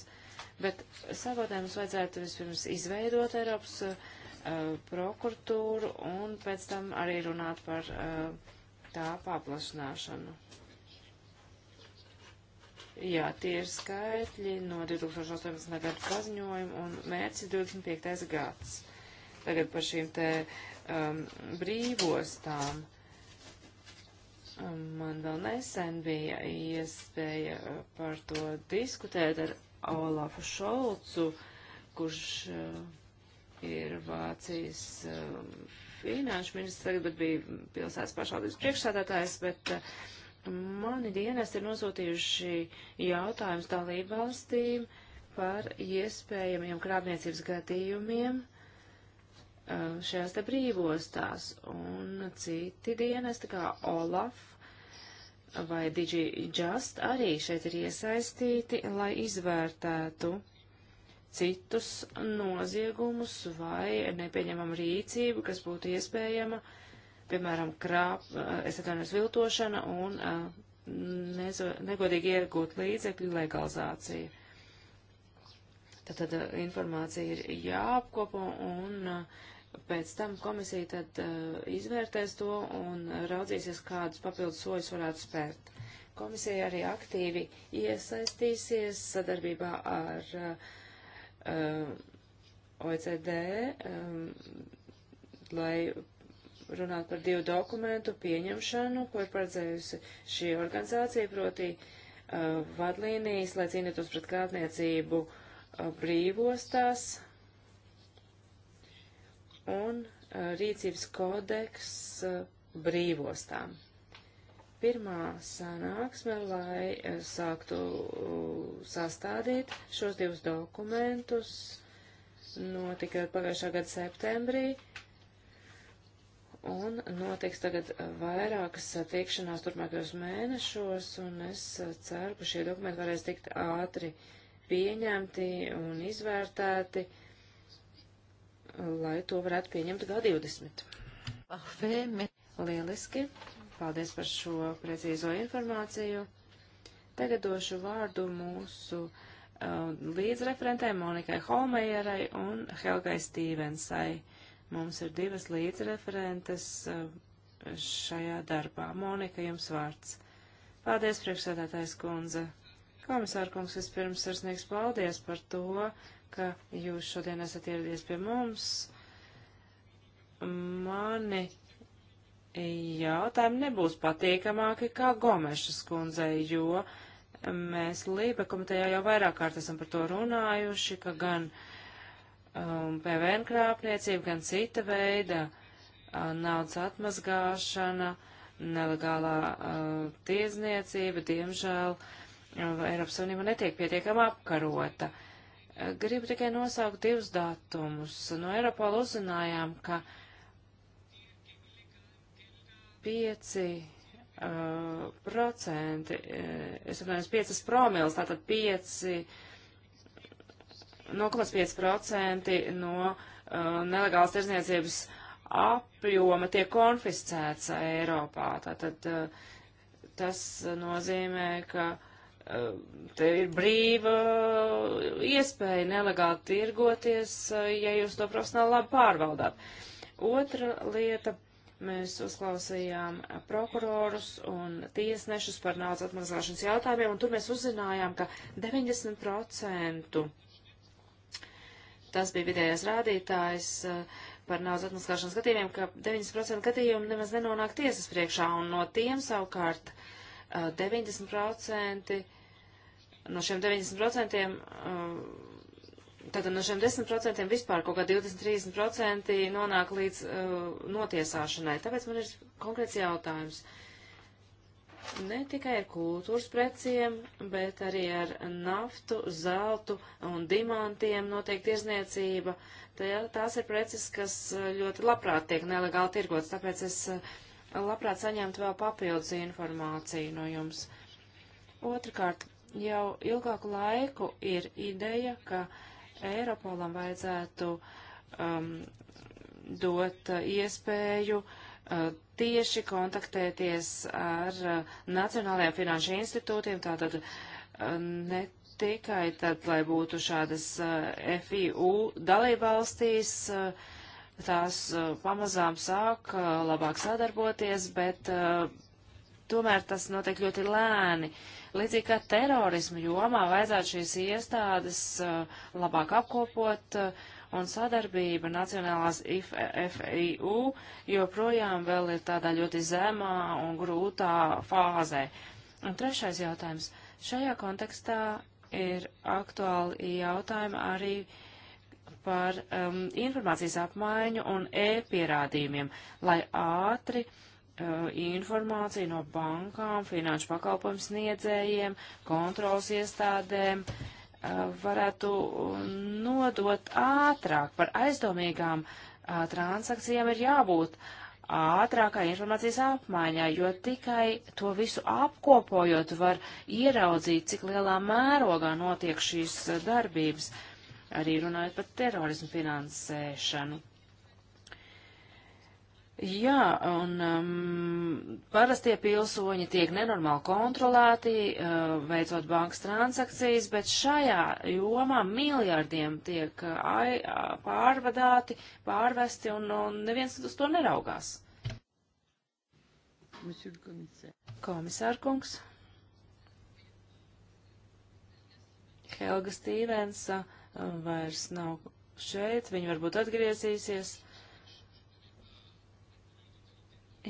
Bet savādāk mums vajadzētu vispirms izveidot Eiropas uh, prokuratūru un pēc tam arī runāt par uh, tā paplašināšanu. Jā, tie ir skaitļi no 2018. gada paziņojuma un mērķis 25. gads. Tagad par šīm te um, brīvostām. Um, man vēl nesen bija iespēja uh, par to diskutēt ar Olafu Šolcu, kurš uh, ir Vācijas uh, finanšu ministrs, bet bija pilsētas pašvaldības priekšsādātājs, bet uh, Mani dienas ir nosūtījuši jautājums dalību valstīm par iespējamiem krāpniecības gadījumiem uh, šajās te brīvostās, un citi dienesti, kā Olaf vai DigiJust, arī šeit ir iesaistīti, lai izvērtētu citus noziegumus vai nepieņemam rīcību, kas būtu iespējama uh, piemēram, krāp, eh, es atvainojos viltošana un eh, nezo, negodīgi iegūt līdzekļu legalizācija. Tātad eh, informācija ir jāapkopo un pēc tam komisija tad izvērtēs to un raudzīsies, kādus papildus soļus varētu spērt. Komisija arī aktīvi iesaistīsies sadarbībā ar uh, OECD, um, lai runāt par divu dokumentu pieņemšanu, ko ir paredzējusi šī organizācija, proti uh, vadlīnijas, lai cīnītos pret krāpniecību uh, brīvostās un uh, rīcības kodeks uh, brīvostām. Pirmā sanāksme, lai uh, sāktu uh, sastādīt šos divus dokumentus, notika pagājušā gada septembrī. Uh, un notiks tagad vairākas tiekšanās turpmākajos mēnešos, un es ceru, ka šie dokumenti varēs tikt ātri pieņemti un izvērtēti, lai to varētu pieņemt G20. Lieliski! Paldies par šo precīzo informāciju. Tagad došu vārdu mūsu uh, līdzreferentē Monikai Holmejerai un Helgai Stīvensai. Mums ir divas līdzreferentes eh, šajā darbā. Monika, jums vārds. Paldies, priekšsēdētājs kundze. Komisārkungs vispirms sirsnīgs paldies par to, ka jūs šodien esat ieradies pie mums. Mani jautājumi nebūs patīkamāki kā Gomešas kundzei, jo mēs Lībe komitejā jau vairāk kārt esam par to runājuši, ka gan uh, um, PVN krāpniecība, gan cita veida uh, naudas atmazgāšana, nelegālā uh, tiesniecība, diemžēl uh, Eiropas Savienība netiek pietiekami apkarota. Uh, gribu tikai nosaukt divus datumus. No Eiropola uzzinājām, ka pieci uh, procenti, uh, es runāju, piecas promils, tātad pieci uh, 0,5% no uh, nelegālas tirzniecības apjoma tiek konfiscēts uh, Eiropā. Tātad uh, tas nozīmē, ka uh, te ir brīva iespēja nelegāli tirgoties, uh, ja jūs to profesionāli labi pārvaldāt. Otra lieta mēs uzklausījām prokurorus un tiesnešus par naudas atmazgāšanas jautājumiem, un tur mēs uzzinājām, ka 90% Tas bija vidējais rādītājs eh, par naudas atmaskāšanas gadījumiem, ka 90% gadījumu nemaz nenonāk tiesas priekšā, un no tiem savukārt 90% eh, no šiem 90% eh, Tātad no šiem 10% vispār kaut kā 20-30% nonāk līdz uh, notiesāšanai. Tāpēc man ir konkrēts jautājums. Uh, ne tikai ar kultūras preciem, bet arī ar naftu, zeltu un dimantiem notiek tirzniecība. Tās ir preces, kas eh, ļoti labprāt tiek nelegāli tirgots, tāpēc es eh, labprāt saņemtu vēl papildus informāciju no jums. Otrakārt, jau ilgāku laiku ir ideja, ka Eiropolam vajadzētu um, dot eh, iespēju uh, Uh, tieši kontaktēties ar uh, Nacionālajiem finanšu institūtiem, tātad uh, ne tikai tad, lai būtu šādas FIU dalībvalstīs, tās pamazām sāk labāk sadarboties, bet tomēr tas notiek ļoti lēni. Līdzīgi kā terorismu jomā vajadzētu šīs iestādes labāk apkopot un sadarbība Nacionālās FIU joprojām vēl ir tādā ļoti zemā un grūtā fāzē. Un trešais jautājums. Šajā kontekstā ir aktuāli jautājumi arī par um, informācijas apmaiņu un e-pierādījumiem, lai ātri uh, informāciju no bankām, finanšu pakalpojumu sniedzējiem, kontrols iestādēm, uh, varētu uh, nodot ātrāk par aizdomīgām uh, transakcijām ir jābūt ātrākai informācijas apmaiņai, jo tikai to visu apkopojot var ieraudzīt, cik lielā mērogā notiek šīs darbības, arī runājot par terorismu finansēšanu. Jā, un um, parastie pilsoņi tiek nenormāli kontrolēti, uh, veicot bankas transakcijas, bet šajā jomā miljardiem tiek uh, ai, uh, pārvadāti, pārvesti, un, un neviens uz to neraugās. Komisārkungs. Helga Stīvensa uh, vairs nav šeit, viņa varbūt atgriezīsies.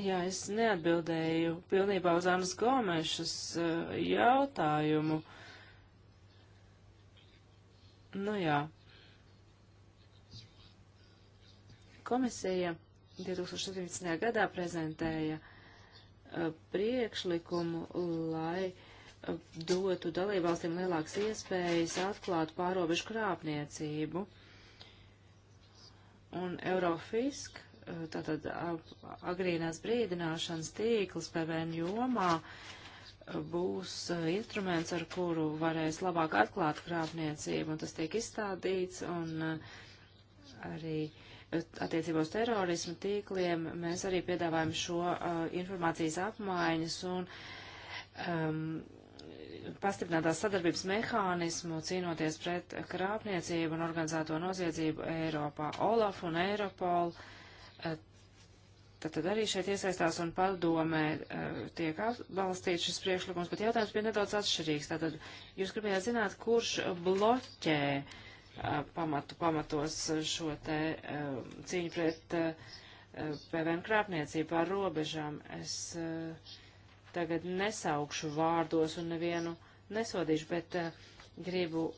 Jā, es neatbildēju pilnībā uz Annas Gomešas eh, jautājumu. Nu jā. Komisija 2017. gadā prezentēja eh, priekšlikumu, lai eh, dotu dalībvalstīm lielākas iespējas atklāt pārobežu krāpniecību. Un Eurofisk tātad agrīnās brīdināšanas tīkls PVN jomā būs uh, instruments, ar kuru varēs labāk atklāt krāpniecību, un tas tiek izstādīts, un uh, arī uh, attiecībos terorismu tīkliem mēs arī piedāvājam šo uh, informācijas apmaiņas un um, pastiprinātās sadarbības mehānismu cīnoties pret krāpniecību un organizēto noziedzību Eiropā. Olaf un Eiropol uh, Eh, tad, tad arī šeit iesaistās un padomē eh, tiek atbalstīts šis priekšlikums, bet jautājums bija nedaudz atšķirīgs. Tātad jūs gribējāt zināt, kurš bloķē eh, pamatu, pamatos šo te cīņu pret PVN krāpniecību pār robežām. Es tagad nesaukšu vārdos un nevienu nesodīšu, bet gribu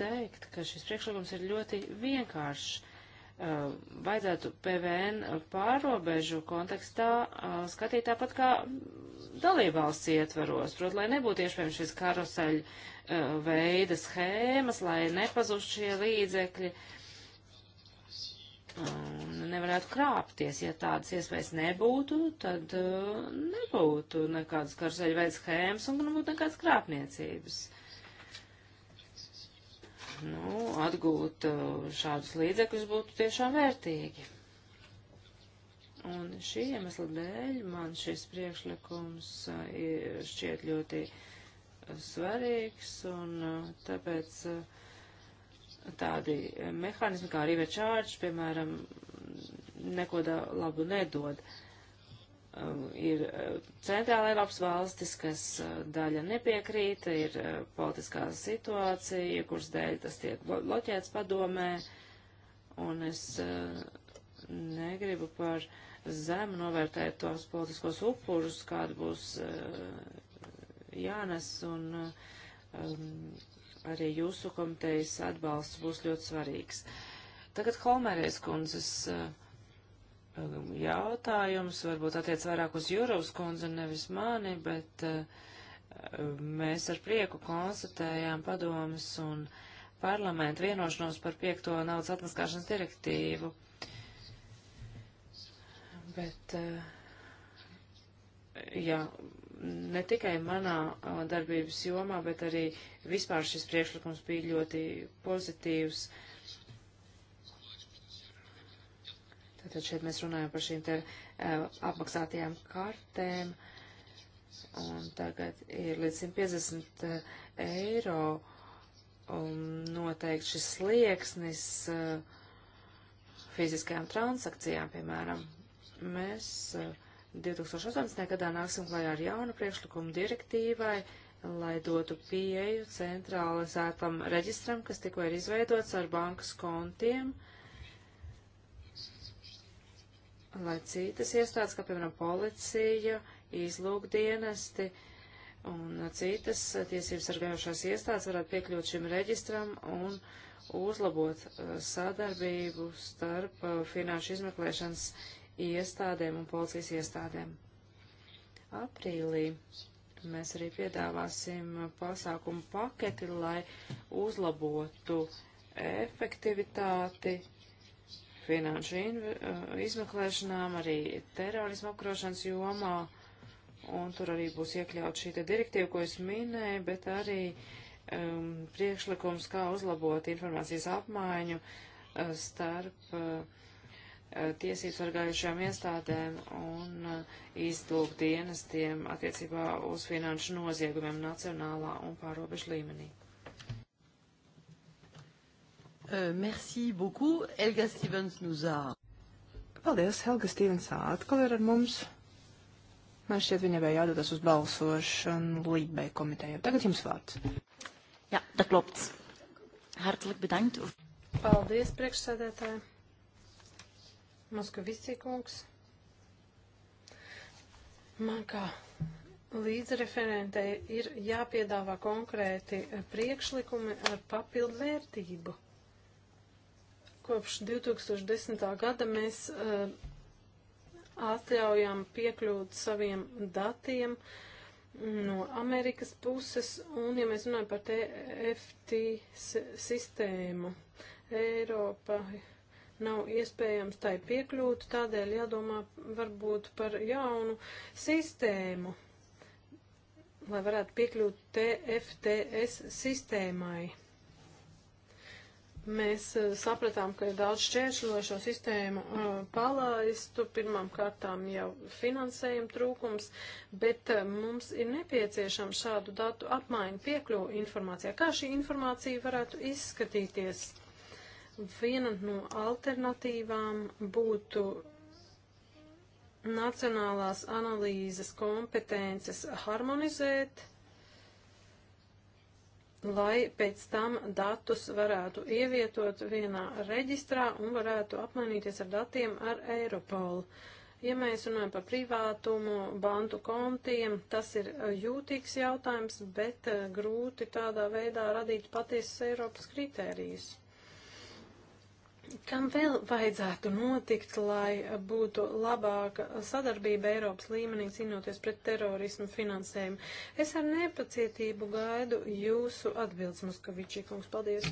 teikt, ka šis priekšlikums ir ļoti vienkāršs vajadzētu PVN pārobežu kontekstā skatīt tāpat kā dalībvalsts ietvaros, proti, lai nebūtu iespējams šis karuseļu veida schēmas, lai nepazustu šie līdzekļi nevarētu krāpties. Ja tādas iespējas nebūtu, tad nebūtu nekādas karuseļu veida schēmas un nebūtu nekādas krāpniecības nu, atgūt uh, šādus līdzekļus būtu tiešām vērtīgi. Un šī iemesla dēļ man šis priekšlikums uh, šķiet ļoti uh, svarīgs, un tāpēc tādi mehānismi kā River Charge, piemēram, neko labu nedod. Uh, Um, ir uh, centrāla Eiropas valstis, kas uh, daļa nepiekrīta, ir uh, politiskā situācija, kuras dēļ tas tiek bloķēts padomē, un es negribu par zemu novērtēt tos politiskos upurus, kādi būs jānes, un um, arī jūsu komitejas atbalsts būs ļoti svarīgs. Tagad Holmērēs kundzes. Uh, Um, jautājums, varbūt attiec vairāk uz Jūrovas kundzi un nevis mani, bet uh, mēs ar prieku konstatējām padomas un parlamentu vienošanos par piekto naudas atmaskāšanas direktīvu. Bet, uh, jā, ne tikai manā uh, darbības jomā, bet arī vispār šis priekšlikums bija ļoti pozitīvs. Uh, Tātad šeit mēs runājam par šīm te uh, apmaksātajām kartēm, un tagad ir līdz 150 eiro um, noteikti šis slieksnis uh, fiziskajām transakcijām, piemēram. Mēs uh, 2018. gadā nāksim klajā ar jaunu priekšlikumu direktīvai, lai dotu pieeju centralizētam reģistram, kas tikko ir izveidots ar bankas kontiem. Uh, lai citas iestādes, kā piemēram policija, izlūkdienesti un citas tiesības sargājošās iestādes varētu piekļūt šim reģistram un uzlabot uh, sadarbību starp uh, finanšu izmeklēšanas iestādēm un policijas iestādēm. Aprīlī mēs arī piedāvāsim pasākumu paketi, lai uzlabotu efektivitāti finanšu eh, izmeklēšanām, arī terorismu apkarošanas jomā, un tur arī būs iekļaut šī te direktīva, ko es minēju, bet arī um, priekšlikums, kā uzlabot informācijas apmaiņu uh, starp uh, eh, tiesības vargājušajām iestādēm un uh, izlūk dienestiem attiecībā uz finanšu noziegumiem nacionālā un pārobežu līmenī. Euh, merci beaucoup. Helga Stevens nous a. Paldies, Helga Stevens atkal ir ar mums. Man šķiet, viņai bija jādodas uz balsošanu Lībai komitējai. Tagad jums vārds. Jā, tā klopts. Hartlik bedankt. Paldies, priekšsēdētāji. Moskavici kungs. Man kā līdzreferentei ir jāpiedāvā konkrēti eh, priekšlikumi ar eh, papildu vērtību. Kopš 2010. gada mēs uh, eh, atļaujām piekļūt saviem datiem mm, no Amerikas puses, un ja mēs runājam par TFT sistēmu, Eiropa nav iespējams tai piekļūt, tādēļ jādomā varbūt par jaunu sistēmu, lai varētu piekļūt TFTS sistēmai. Mēs eh, sapratām, ka ir daudz šķēršļu, lai šo sistēmu eh, palaistu. Pirmām kārtām jau finansējuma trūkums, bet eh, mums ir nepieciešama šādu datu apmaiņa piekļuva informācijā. Kā šī informācija varētu izskatīties? Viena no alternatīvām būtu nacionālās analīzes kompetences harmonizēt lai pēc tam datus varētu ievietot vienā reģistrā un varētu apmainīties ar datiem ar Eiropolu. Ja mēs runājam par privātumu, bantu kontiem, tas ir eh, jūtīgs jautājums, bet eh, grūti tādā veidā radīt patiesas Eiropas kritērijas. Kam vēl vajadzētu notikt, lai būtu labāka sadarbība Eiropas līmenī cīnoties pret terorismu finansējumu? Es ar nepacietību gaidu jūsu atbildes, Muskavičī kungs. Paldies!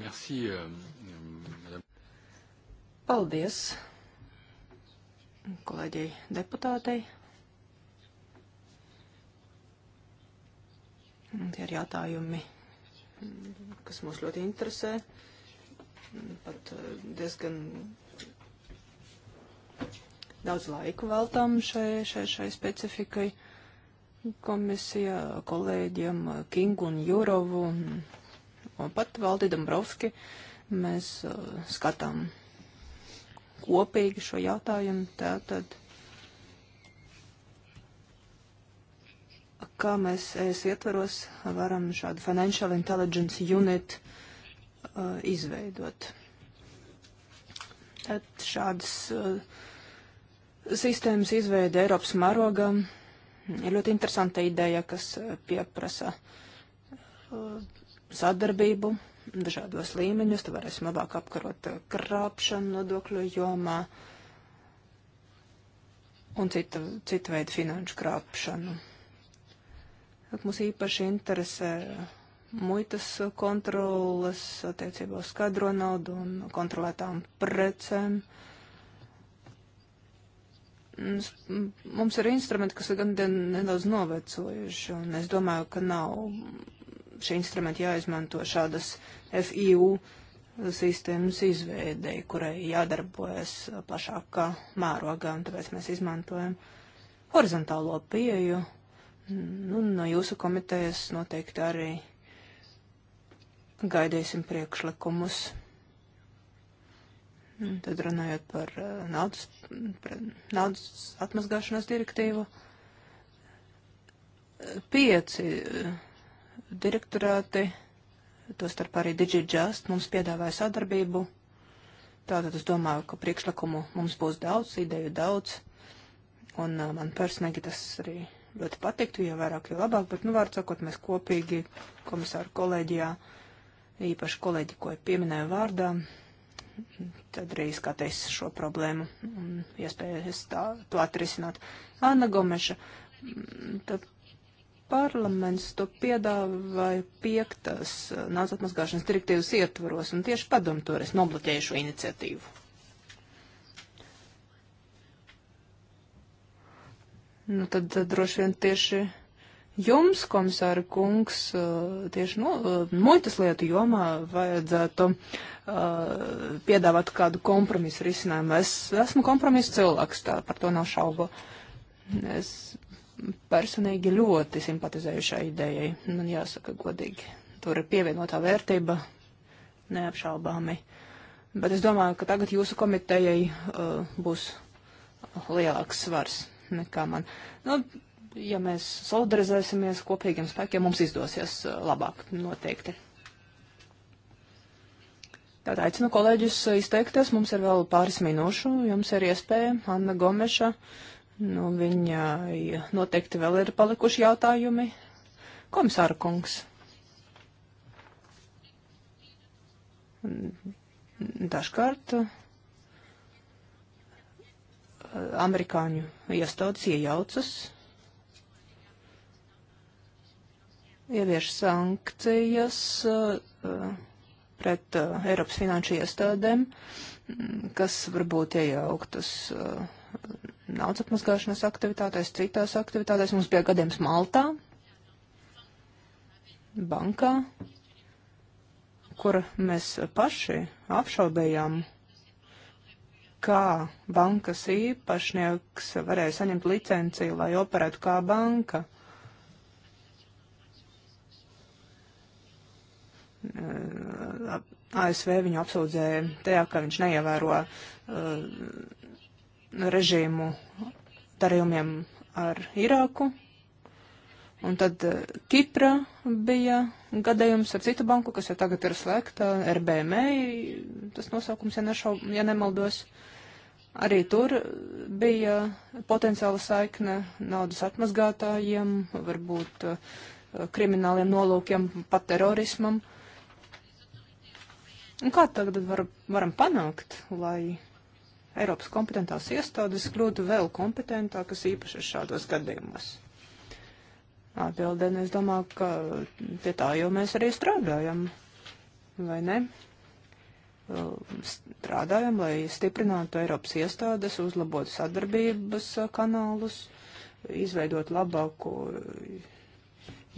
Merci, euh, madame. Paldies kolēģei deputātei. Tie ir jautājumi kas mūs ļoti interesē, pat eh, diezgan daudz laiku veltām šai, šai, šai specifikai komisija kolēģiem Kingu un Jurovu un, un pat Valdi Dombrovski. Mēs uh, skatām kopīgi šo jautājumu, tātad. Tā kā mēs es ietvaros varam šādu Financial Intelligence Unit uh, izveidot. Tad šādas uh, sistēmas izveida Eiropas mērogā ir ļoti interesanta ideja, kas uh, pieprasa uh, sadarbību dažādos līmeņos, tad varēsim labāk apkarot uh, krāpšanu nodokļu jomā un cita, cita veida finanšu krāpšanu. Mums īpaši interesē muitas kontrolas attiecībā uz skadro naudu un kontrolētām precēm. Mums ir instrumenti, kas ir gan nedaudz novecojuši, un es domāju, ka nav šie instrumenti jāizmanto šādas FIU sistēmas izveidei, kurai jādarbojas plašākā mērogā, un tāpēc mēs izmantojam horizontālo pieju Nu, no jūsu komitejas noteikti arī gaidīsim priekšlikumus. Un tad runājot par uh, naudas, par naudas atmazgāšanās direktīvu, pieci uh, direktorāti, tostarp arī DigiJust, mums piedāvāja sadarbību. Tātad es domāju, ka priekšlikumu mums būs daudz, ideju daudz, un uh, man personīgi tas arī ļoti patiktu, jo vairāk, jo labāk, bet, nu, var sakot, mēs kopīgi komisāru kolēģijā, īpaši kolēģi, ko pieminēju vārdā, tad arī skatīs šo problēmu un iespējas tā, to atrisināt. Anna Gomeša, mm, tad parlaments to piedāvāja piektas nāca atmaskāšanas direktīvas ietvaros, un tieši padomu toreiz nobloķēju šo iniciatīvu. Nu, tad droši vien tieši jums, komisāra kungs, uh, tieši no, nu, uh, muitas lietu jomā vajadzētu uh, piedāvāt kādu kompromisu risinājumu. Es esmu kompromisu cilvēks, tā par to nav šaubu. Es personīgi ļoti simpatizēju šai idejai, man jāsaka godīgi. Tur ir pievienotā vērtība neapšaubāmi. Bet es domāju, ka tagad jūsu komitejai uh, būs lielāks svars nekā man. Nu, ja mēs solidarizēsimies kopīgiem spēkiem, mums izdosies eh, labāk noteikti. Tātad aicinu kolēģus eh, izteikties, mums ir vēl pāris minūšu, jums ir iespēja, Anna Gomeša, nu viņai eh, noteikti vēl ir palikuši jautājumi. Komisāra kungs. Dažkārt amerikāņu iestādes iejaucas, ievieš sankcijas uh, pret uh, Eiropas finanšu iestādēm, mm, kas varbūt iejauktas uh, naudas apmazgāšanas aktivitātēs, citās aktivitātēs. Mums bija gadījums Maltā, bankā, kur mēs paši apšaubējām kā bankas īpašnieks varēja saņemt licenciju, lai operētu kā banka. ASV viņu apsūdzēja tajā, ka viņš neievēro uh, režīmu darījumiem ar Irāku. Un tad Kipra bija gadījums ar citu banku, kas jau tagad ir slēgta, RBME, tas nosaukums, ja, nešau, ja nemaldos. Uh, Arī tur bija potenciāla saikne naudas atmazgātājiem, varbūt uh, krimināliem nolūkiem, pat terorismam. Un kā tagad var, varam panākt, lai Eiropas kompetentās iestādes kļūtu vēl kompetentākas īpaši šādos gadījumos? Atbildēn, es domāju, ka pie tā jau mēs arī strādājam, vai ne? Um, strādājam, lai stiprinātu Eiropas iestādes, uzlabotu sadarbības uh, kanālus, izveidot labāku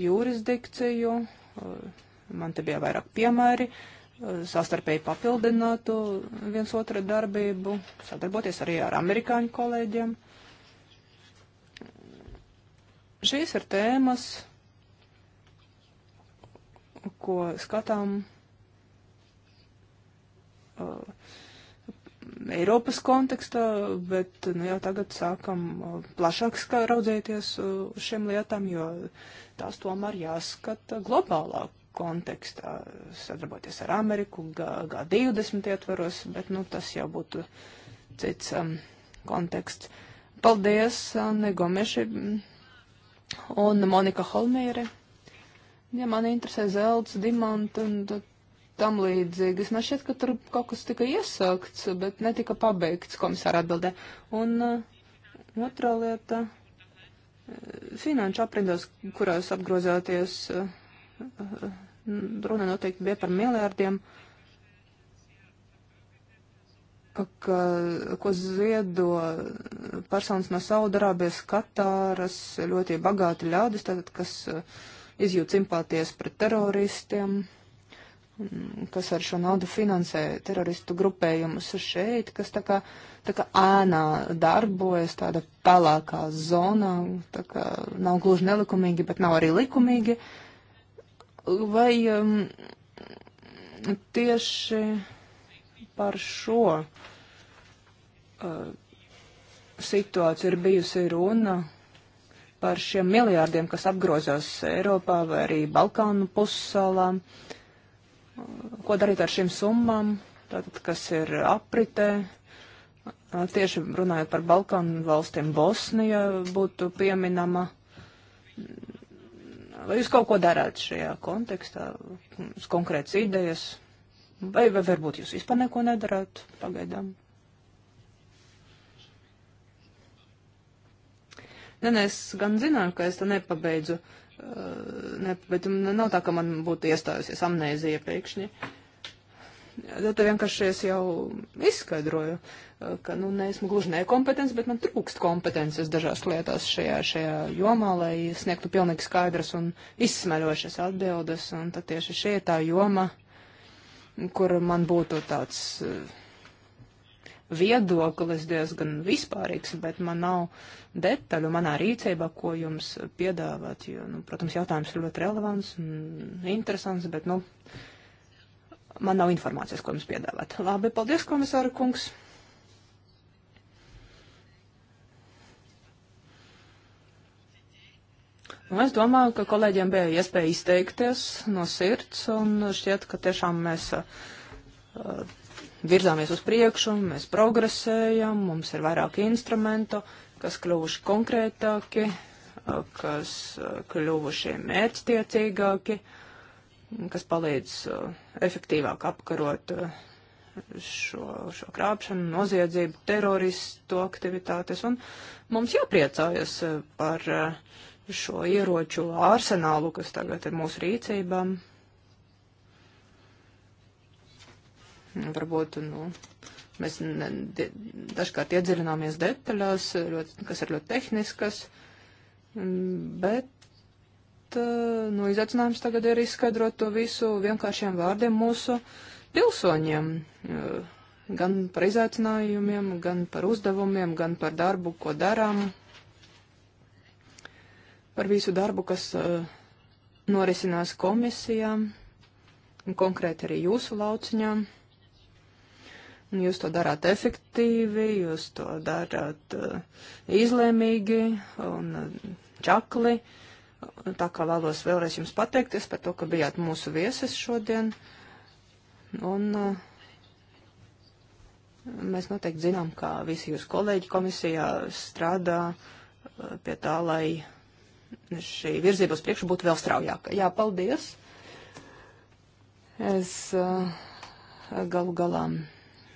jurisdikciju. Uh, man te bija vairāk piemēri, uh, sastarpēji papildinātu viens otra darbību, sadarboties arī ar amerikāņu kolēģiem. Šīs ir tēmas, ko skatām uh, Eiropas kontekstā, bet nu, jau tagad sākam uh, plašāk raudzēties uz uh, šiem lietām, jo tās tomēr jāskata globālā kontekstā, sadarboties ar Ameriku, G20 ietvaros, bet nu, tas jau būtu cits um, konteksts. Paldies, Anne Gomeši un Monika Holmēre. Ja man interesē zelts, dimants un tam līdzīgas. Man šķiet, ka tur kaut kas tika iesākts, bet netika pabeigts komisāra atbildē. Un uh, otrā lieta uh, - finanšu aprindās, kurās apgrozāties, uh, uh, runa noteikti bija par miljārdiem, ka, ko ziedo personas no Saudarābijas, Katāras, ļoti bagāti ļaudis, tātad, kas uh, izjūt simpātijas pret teroristiem. Mm kas ar šo naudu finansē teroristu grupējumus šeit, kas tā kā, tā kā ēnā darbojas tāda pelēkā zonā, tā kā nav gluži nelikumīgi, bet nav arī likumīgi. Vai um, tieši par šo uh, situāciju ir bijusi runa par šiem miljārdiem, kas apgrozās Eiropā vai arī Balkānu pussalām? Uh, ko darīt ar šīm summām, tātad, kas ir apritē. Tieši runājot par Balkānu valstiem, Bosnija būtu pieminama. Vai jūs kaut ko darāt šajā kontekstā, konkrētas idejas, vai, vai varbūt jūs vispār neko nedarāt pagaidām? Nē, nē, es gan zināju, ka es to nepabeidzu. Uh, Ne, bet nav tā, ka man būtu iestājusies amnēzija pēkšņi. Nu, tad vienkārši es jau izskaidroju, ka, nu, neesmu gluži nekompetents, bet man trūkst kompetences dažās lietās šajā, šajā jomā, lai sniegtu pilnīgi skaidras un izsmeļošas atbildes. Un tad tieši šī ir tā joma, kur man būtu tāds uh, viedoklis diezgan vispārīgs, bet man nav detaļu manā rīcībā, ko jums piedāvāt. Jo, nu, protams, jautājums ir ļoti relevants un interesants, bet nu, man nav informācijas, ko jums piedāvāt. Labi, paldies, komisāra kungs! Nu, es domāju, ka kolēģiem bija iespēja izteikties no sirds, un šķiet, ka tiešām mēs uh, virzāmies uz priekšu, mēs progresējam, mums ir vairāk instrumentu, kas kļuvuši konkrētāki, kas kļuvuši mērķtiecīgāki, kas palīdz efektīvāk apkarot šo, šo krāpšanu, noziedzību, teroristu aktivitātes. Un mums jāpriecājas par šo ieroču arsenālu, kas tagad ir mūsu rīcībām. varbūt, nu, mēs ne, die, dažkārt iedziļināmies detaļās, ļoti, kas ir ļoti tehniskas, mm, bet, nu, izaicinājums tagad ir izskaidrot to visu vienkāršiem vārdiem mūsu pilsoņiem, gan par izaicinājumiem, gan par uzdevumiem, gan par darbu, ko darām, par visu darbu, kas norisinās komisijām, konkrēti arī jūsu lauciņām. Jūs to darāt efektīvi, jūs to darāt uh, izlēmīgi un uh, čakli. Tā kā vēlos vēlreiz jums pateikties par to, ka bijāt mūsu viesis šodien. Un uh, mēs noteikti zinām, ka visi jūs kolēģi komisijā strādā uh, pie tā, lai šī virzība uz priekšu būtu vēl straujāka. Jā, paldies! Es uh, galu galām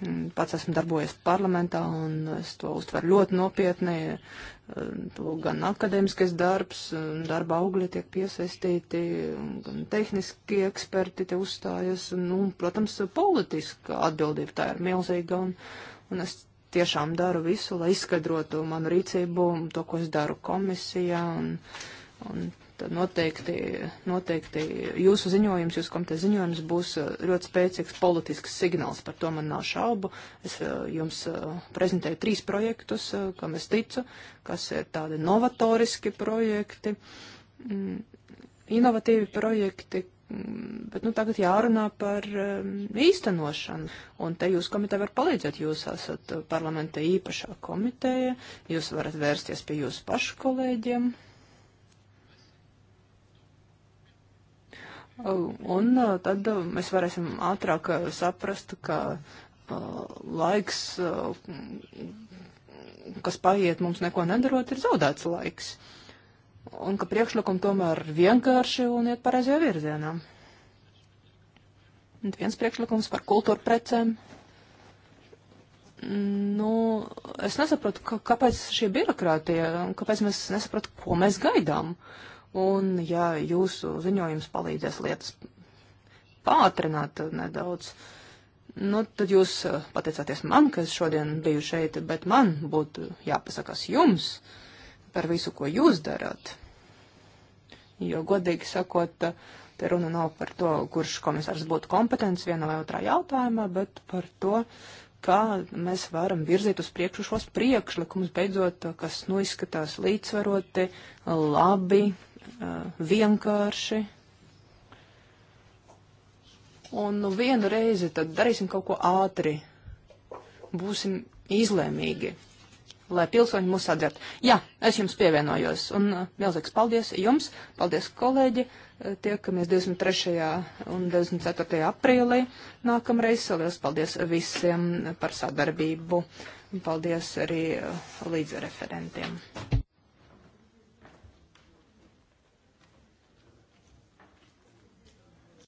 Mm, pats esmu darbojies parlamentā un es to uztveru ļoti nopietni. Mm, to gan akadēmiskais darbs, mm, darba augļi tiek piesaistīti, gan tehniski eksperti te uzstājas. Nu, protams, politiska atbildība tā ir milzīga un, un es tiešām daru visu, lai izskaidrotu manu rīcību, to, ko es daru komisijā un, un Tad noteikti, noteikti jūsu ziņojums, jūsu komitejas ziņojums būs eh, ļoti spēcīgs politisks signāls, par to man nav šaubu. Es eh, jums eh, prezentēju trīs projektus, kam es ticu, kas ir tādi novatoriski projekti, mm, inovatīvi projekti, mm, bet nu, tagad jārunā par īstenošanu. Un te jūs komiteja var palīdzēt. Jūs esat parlamenta īpašā komiteja, jūs varat vērsties pie jūsu pašu kolēģiem. Oh, un uh, tad uh, mēs varēsim ātrāk uh, saprast, ka laiks, kas paiet mums neko nedarot, ir zaudēts laiks. Un ka priekšlikumi tomēr vienkārši un iet pareizajā virzienā. Un viens priekšlikums par kultūra precēm. Nu, es nesaprotu, ka, kāpēc šī birokrātija, kāpēc mēs nesaprotu, ko mēs gaidām. Uh, Un ja jūsu ziņojums palīdzēs lietas pātrināt nedaudz, nu, tad jūs eh, pateicāties man, kas šodien biju šeit, bet man būtu jāpasakās jums par visu, ko jūs darāt. Jo, godīgi sakot, te runa nav par to, kurš komisārs būtu kompetents vienā vai otrā jautājumā, bet par to, kā mēs varam virzīt uz priekšu šos priekšlikumus beidzot, kas, nu, izskatās līdzsvaroti, labi, Uh, vienkārši. Un nu vienu reizi tad darīsim kaut ko ātri. Būsim izlēmīgi, lai pilsoņi mūs atdzert. Jā, es jums pievienojos. Un uh, milzīgs paldies jums, paldies kolēģi. Uh, tiekamies 23. un 24. aprīlī nākamreiz. Liels paldies visiem par sadarbību. Paldies arī līdzreferentiem.